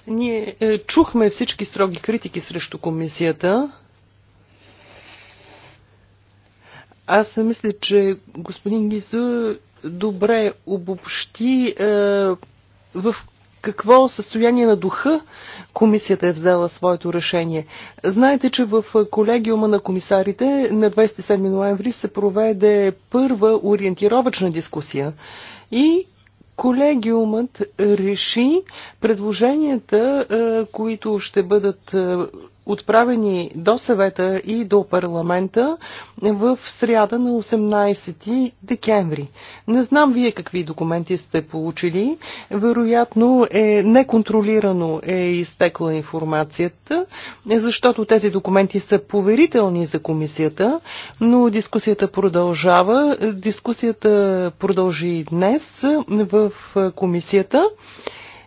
Ние е, чухме всички строги критики срещу комисията. Аз мисля, че господин Гизо добре обобщи е, в какво състояние на духа комисията е взела своето решение. Знаете, че в колегиума на комисарите на 27 ноември се проведе първа ориентировачна дискусия и колегиумът реши предложенията, е, които ще бъдат е, отправени до съвета и до парламента в сряда на 18 декември. Не знам вие какви документи сте получили. Вероятно е неконтролирано е изтекла информацията, защото тези документи са поверителни за комисията, но дискусията продължава. Дискусията продължи днес в комисията.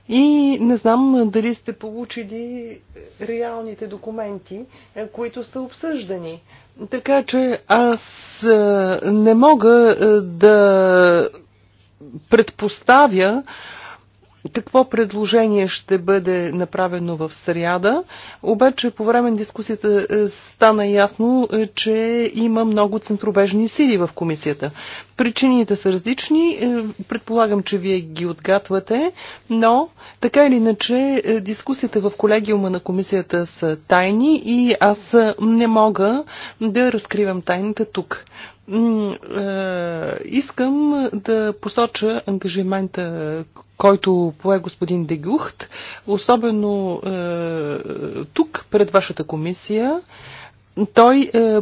И не знам дали сте получили реалните документи, е, които са обсъждани. Така че аз е, не мога е, да предпоставя какво предложение ще бъде направено в сряда. Обаче по време на дискусията е, стана ясно, е, че има много центробежни сили в комисията. Причините са различни, е, предполагам, че вие ги отгатвате, но така или иначе дискусията в колегиума на комисията са тайни и аз не мога да разкривам тайните тук. Е, искам да посоча ангажимента, който пое господин Дегюхт, особено е, тук, пред вашата комисия. Той е,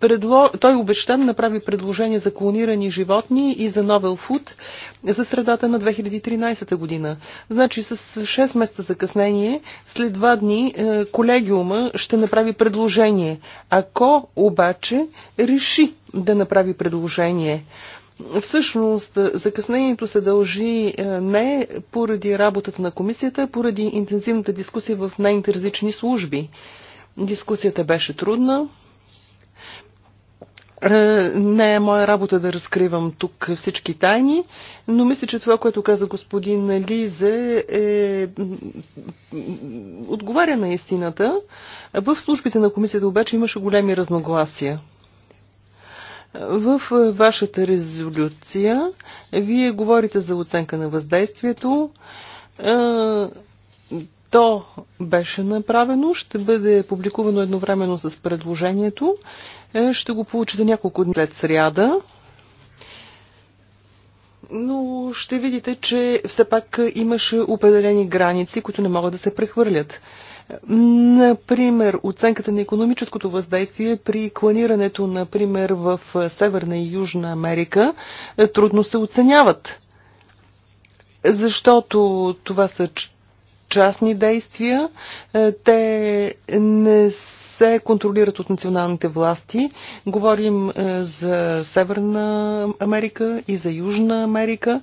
Предло... Той обеща да направи предложение за клонирани животни и за Новел Фуд за средата на 2013 година. Значи с 6 месеца закъснение, след 2 дни е, колегиума ще направи предложение. Ако обаче реши да направи предложение, Всъщност, закъснението се дължи е, не поради работата на комисията, а поради интензивната дискусия в нейните различни служби. Дискусията беше трудна, е, не е моя работа да разкривам тук всички тайни, но мисля, че това, което каза господин Лизе, е... отговаря на истината. В службите на комисията обаче имаше големи разногласия. В вашата резолюция вие говорите за оценка на въздействието. Е, то беше направено, ще бъде публикувано едновременно с предложението. Е, ще го получите няколко дни след сряда. Но ще видите, че все пак имаше определени граници, които не могат да се прехвърлят. Например, оценката на економическото въздействие при кланирането, например, в Северна и Южна Америка, е, трудно се оценяват. Защото това са частни действия, е, те не се контролират от националните власти. Говорим е, за Северна Америка и за Южна Америка.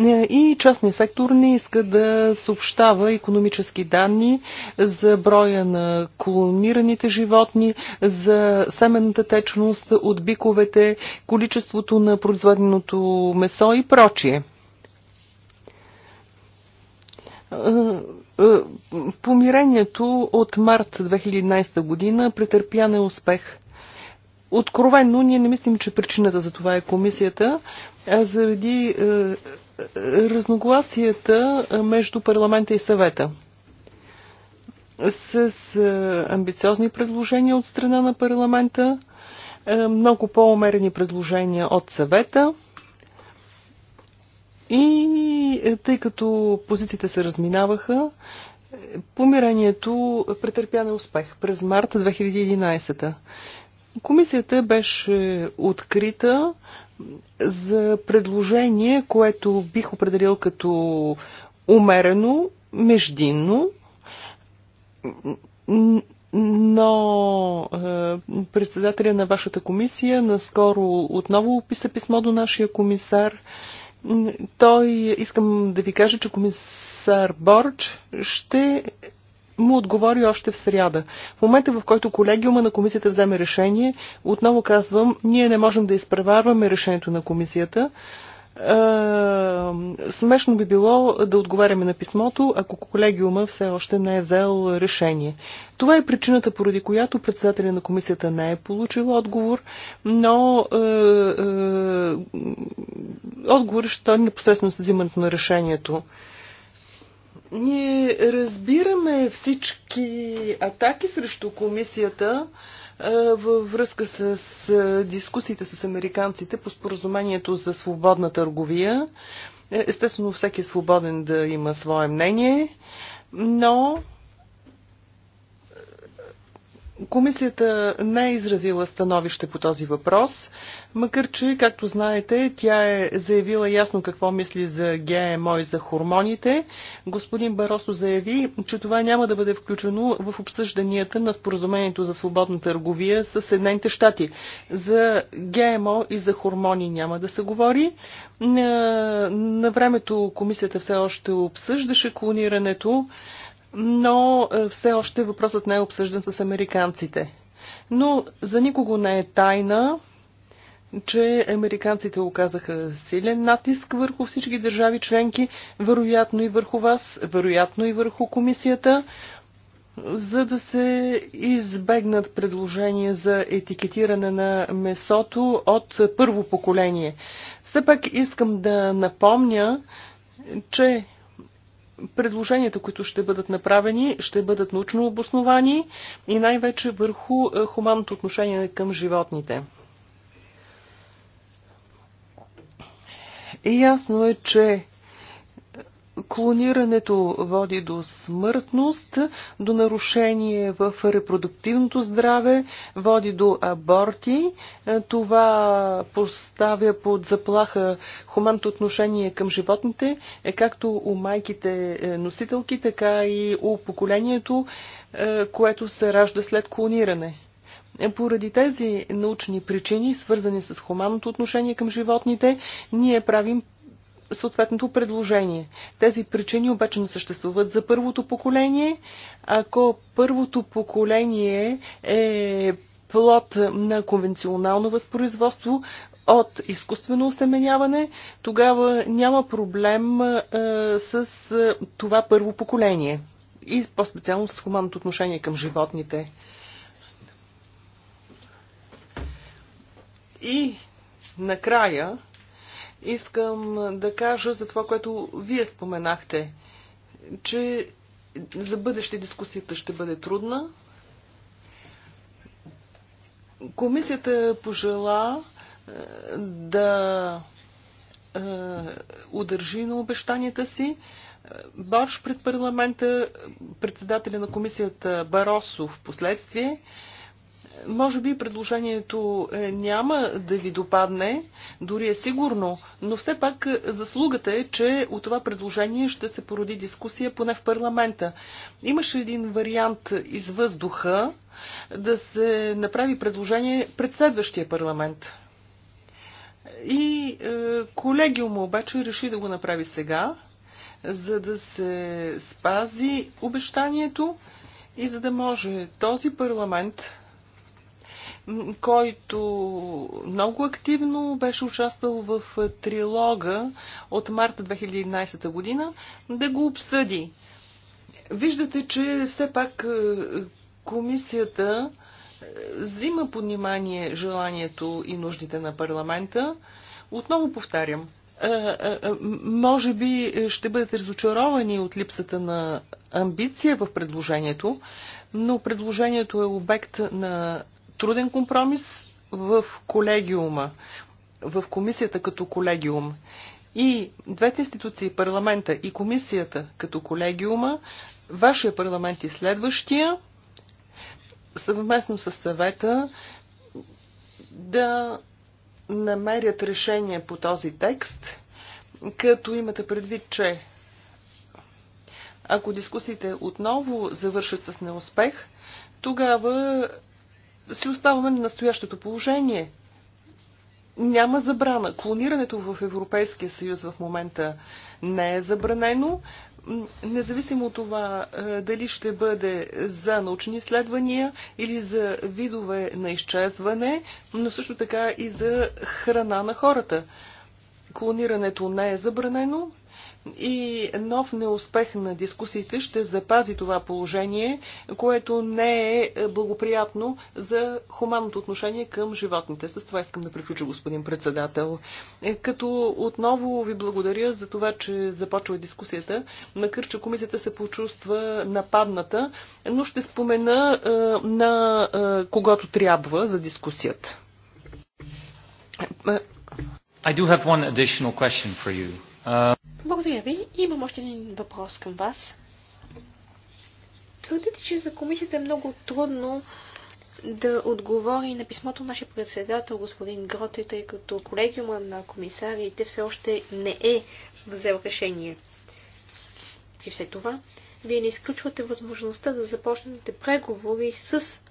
Е, и частния сектор не иска да съобщава економически данни за броя на клонираните животни, за семената течност от биковете, количеството на произведеното месо и прочие е, е, помирението от март 2011 година претърпя неуспех. Откровенно, ние не мислим, че причината за това е комисията, а заради е, е, разногласията между парламента и съвета. С е, амбициозни предложения от страна на парламента, е, много по-умерени предложения от съвета и тъй като позициите се разминаваха, помирението претърпя на успех през март 2011. Комисията беше открита за предложение, което бих определил като умерено, междинно, но е, председателя на вашата комисия наскоро отново описа писмо до нашия комисар. Е, той, искам да ви кажа, че комисар Борч ще му отговори още в сряда. В момента, в който колегиума на комисията вземе решение, отново казвам, ние не можем да изпреварваме решението на комисията. Е, смешно би било да отговаряме на писмото, ако колегиума все още не е взел решение. Това е причината, поради която председателя на комисията не е получил отговор, но е, е, отговор ще е непосредствено с взимането на решението. Ние разбираме всички атаки срещу комисията, във връзка с дискусиите с американците по споразумението за свободна търговия. Е, естествено, всеки е свободен да има свое мнение, но Комисията не е изразила становище по този въпрос, макар че, както знаете, тя е заявила ясно какво мисли за ГМО и за хормоните. Господин Баросо заяви, че това няма да бъде включено в обсъжданията на споразумението за свободна търговия с Съединените щати. За ГМО и за хормони няма да се говори. На, на времето комисията все още обсъждаше клонирането но е, все още въпросът не е обсъждан с американците. Но за никого не е тайна, че американците оказаха силен натиск върху всички държави членки, вероятно и върху вас, вероятно и върху комисията, за да се избегнат предложения за етикетиране на месото от първо поколение. Все пак искам да напомня, че предложенията, които ще бъдат направени, ще бъдат научно обосновани и най-вече върху е, хуманното отношение към животните. И ясно е, че Клонирането води до смъртност, до нарушение в репродуктивното здраве, води до аборти. Е, това поставя под заплаха хуманното отношение към животните, е, както у майките е, носителки, така и у поколението, което се ражда след клониране. Поради тези научни причини, свързани с хуманното отношение към животните, ние правим съответното предложение. Тези причини обаче не съществуват за първото поколение. Ако първото поколение е плод на конвенционално възпроизводство, от изкуствено осеменяване, тогава няма проблем а, с а, това първо поколение и по-специално с хуманното отношение към животните. И накрая искам да кажа за това, което вие споменахте, че за бъдеще дискусията ще бъде трудна. Комисията пожела е, да е, удържи на обещанията си. Барш пред парламента, председателя на комисията Баросо в последствие, може би предложението е, няма да ви допадне, дори е сигурно, но все пак е, заслугата е, че от това предложение ще се породи дискусия поне в парламента. Имаше един вариант из въздуха е, да се направи предложение пред следващия парламент. И е, му обаче реши да го направи сега, за да се спази обещанието и за да може този парламент който много активно беше участвал в е, трилога от марта 2011 година, да го обсъди. Виждате, че все пак е, комисията е, взима под внимание желанието и нуждите на парламента. Отново повтарям, може би ще бъдете разочаровани от липсата на амбиция в предложението, но предложението е обект на труден компромис в колегиума, в комисията като колегиум. И двете институции, парламента и комисията като колегиума, вашия парламент и следващия, съвместно с съвета, да намерят решение по този текст, като имате предвид, че ако дискусиите отново завършат с неуспех, тогава си оставаме на настоящото положение. Няма забрана. Клонирането в Европейския съюз в момента не е забранено. Независимо от това е, дали ще бъде за научни изследвания или за видове на изчезване, но също така и за храна на хората. Клонирането не е забранено, и нов неуспех на дискусиите ще запази това положение, което не е благоприятно за хуманното отношение към животните. С това искам да приключа, господин председател. Е, като отново ви благодаря за това, че започва дискусията, макар че комисията се почувства нападната, но ще спомена е, на е, когото трябва за дискусията. I do have one additional question for you. Uh... Благодаря ви. Имам още един въпрос към вас. Твърдите, че за комисията е много трудно да отговори на писмото на нашия председател, господин Гроте, тъй като колегиума на комисарите все още не е взел решение. При все това, вие не изключвате възможността да започнете преговори с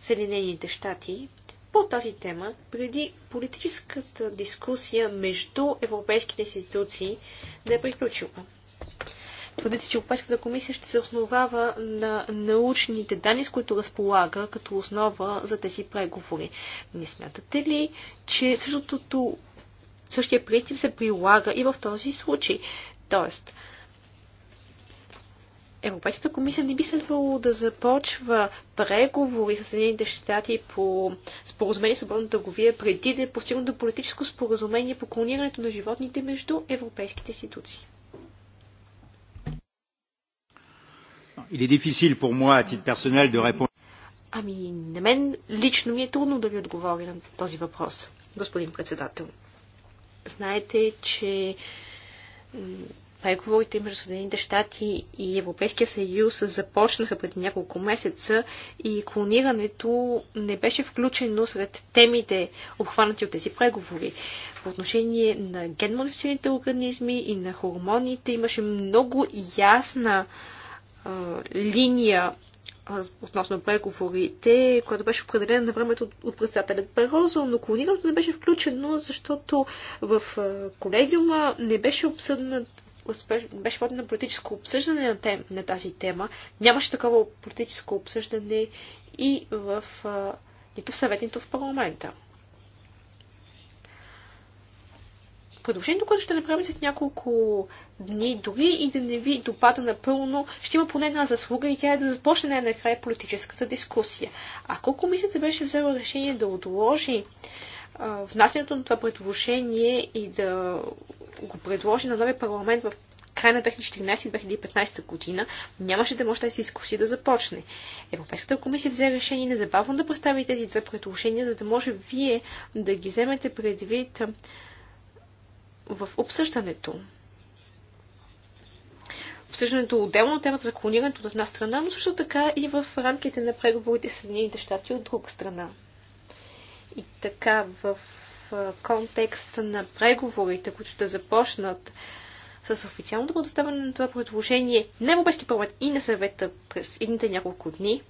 Съединените щати по тази тема, преди политическата дискусия между европейските институции да е приключила. Твърдите, че Европейската комисия ще се основава на научните данни, с които разполага като основа за тези преговори. Не смятате ли, че същото, същия принцип се прилага и в този случай? Тоест, Европейската комисия не би следвало да започва преговори с Съединените щати по споразумение с свободна търговия, преди да е постигнато политическо споразумение по клонирането на животните между европейските институции. Il est difficile pour moi, à titre personnel, de répondre. Ами, на мен лично ми е трудно да ви отговоря на този въпрос, господин председател. Знаете, че Преговорите между Съединените щати и Европейския съюз започнаха преди няколко месеца и клонирането не беше включено сред темите, обхванати от тези преговори. По отношение на генмодифицираните организми и на хормоните имаше много ясна а, линия относно преговорите, която беше определена на времето от, от председателят Барозо, но клонирането не беше включено, защото в колегиума не беше обсъднат успеш, беше водено политическо обсъждане на, тем, на тази тема. Нямаше такова политическо обсъждане и в, а, нито в съвет, нито в парламента. Предложението, което ще направим след няколко дни, дори и да не ви допада напълно, ще има поне една заслуга и тя е да започне най-накрая политическата дискусия. Ако комисията беше взела решение да отложи внасянето на това предложение и да го предложи на новия парламент в края на 2014-2015 година нямаше да може тази се дискусия да започне. Европейската комисия взе решение незабавно да представи тези две предложения, за да може вие да ги вземете предвид в обсъждането. Обсъждането отделно от темата за клонирането от една страна, но също така и в рамките на преговорите с Съединените щати от друга страна. И така, в контекста на преговорите, които ще започнат с официалното предоставяне на това предложение на Европейски парламент и на съвета през едните няколко дни,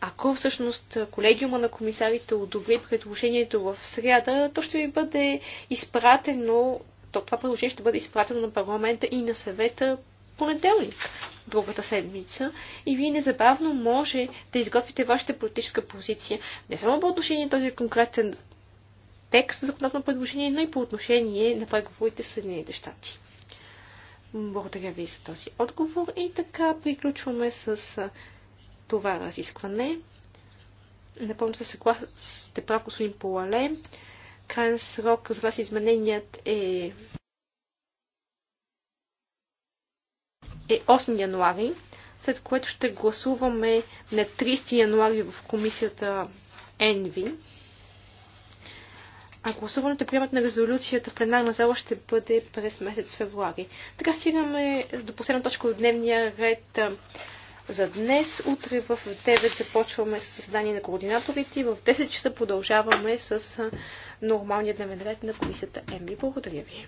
ако всъщност колегиума на комисарите одобри предложението в среда, то ще ви бъде изпратено, то това предложение ще бъде изпратено на парламента и на съвета понеделник другата седмица и вие незабавно може да изготвите вашата политическа позиция не само по отношение на този конкретен текст за законодателно предложение, но и по отношение на преговорите с Съединените щати. Благодаря ви за този отговор и така приключваме с това разискване. Напълно се съгласите прав, господин Полале. Крайен срок за вас измененият е е 8 януари, след което ще гласуваме на 30 януари в комисията ЕНВИ. А гласуването приемат на резолюцията в пленарна зала ще бъде през месец февруари. Така стигаме до последна точка от дневния ред за днес. Утре в 9 започваме с заседание на координаторите и в 10 часа продължаваме с нормалния дневен ред на комисията ЕМИ. Благодаря ви.